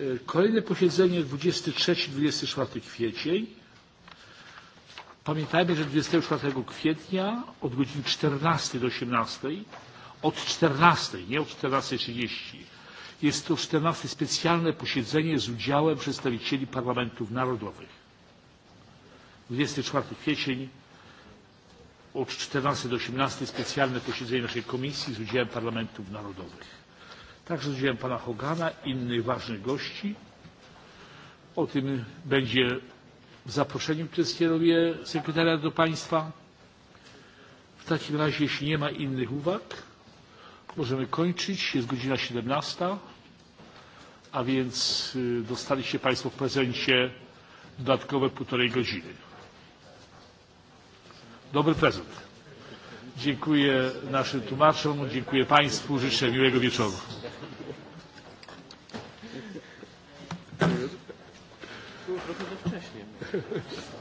E, kolejne posiedzenie 23-24 kwiecień. Pamiętajmy, że 24 kwietnia od godziny 14 do 18, od 14, nie od 14.30, jest to 14 specjalne posiedzenie z udziałem przedstawicieli parlamentów narodowych. 24 kwiecień od 14 do 18 specjalne posiedzenie naszej komisji z udziałem parlamentów narodowych. Także z udziałem pana Hogana i innych ważnych gości. O tym będzie w zaproszeniu, które skieruję sekretariat do państwa. W takim razie, jeśli nie ma innych uwag, możemy kończyć. Jest godzina 17, a więc dostaliście państwo w prezencie dodatkowe półtorej godziny. Dobry prezent. Dziękuję naszym tłumaczom, dziękuję państwu, życzę miłego wieczoru. trochę za wcześnie.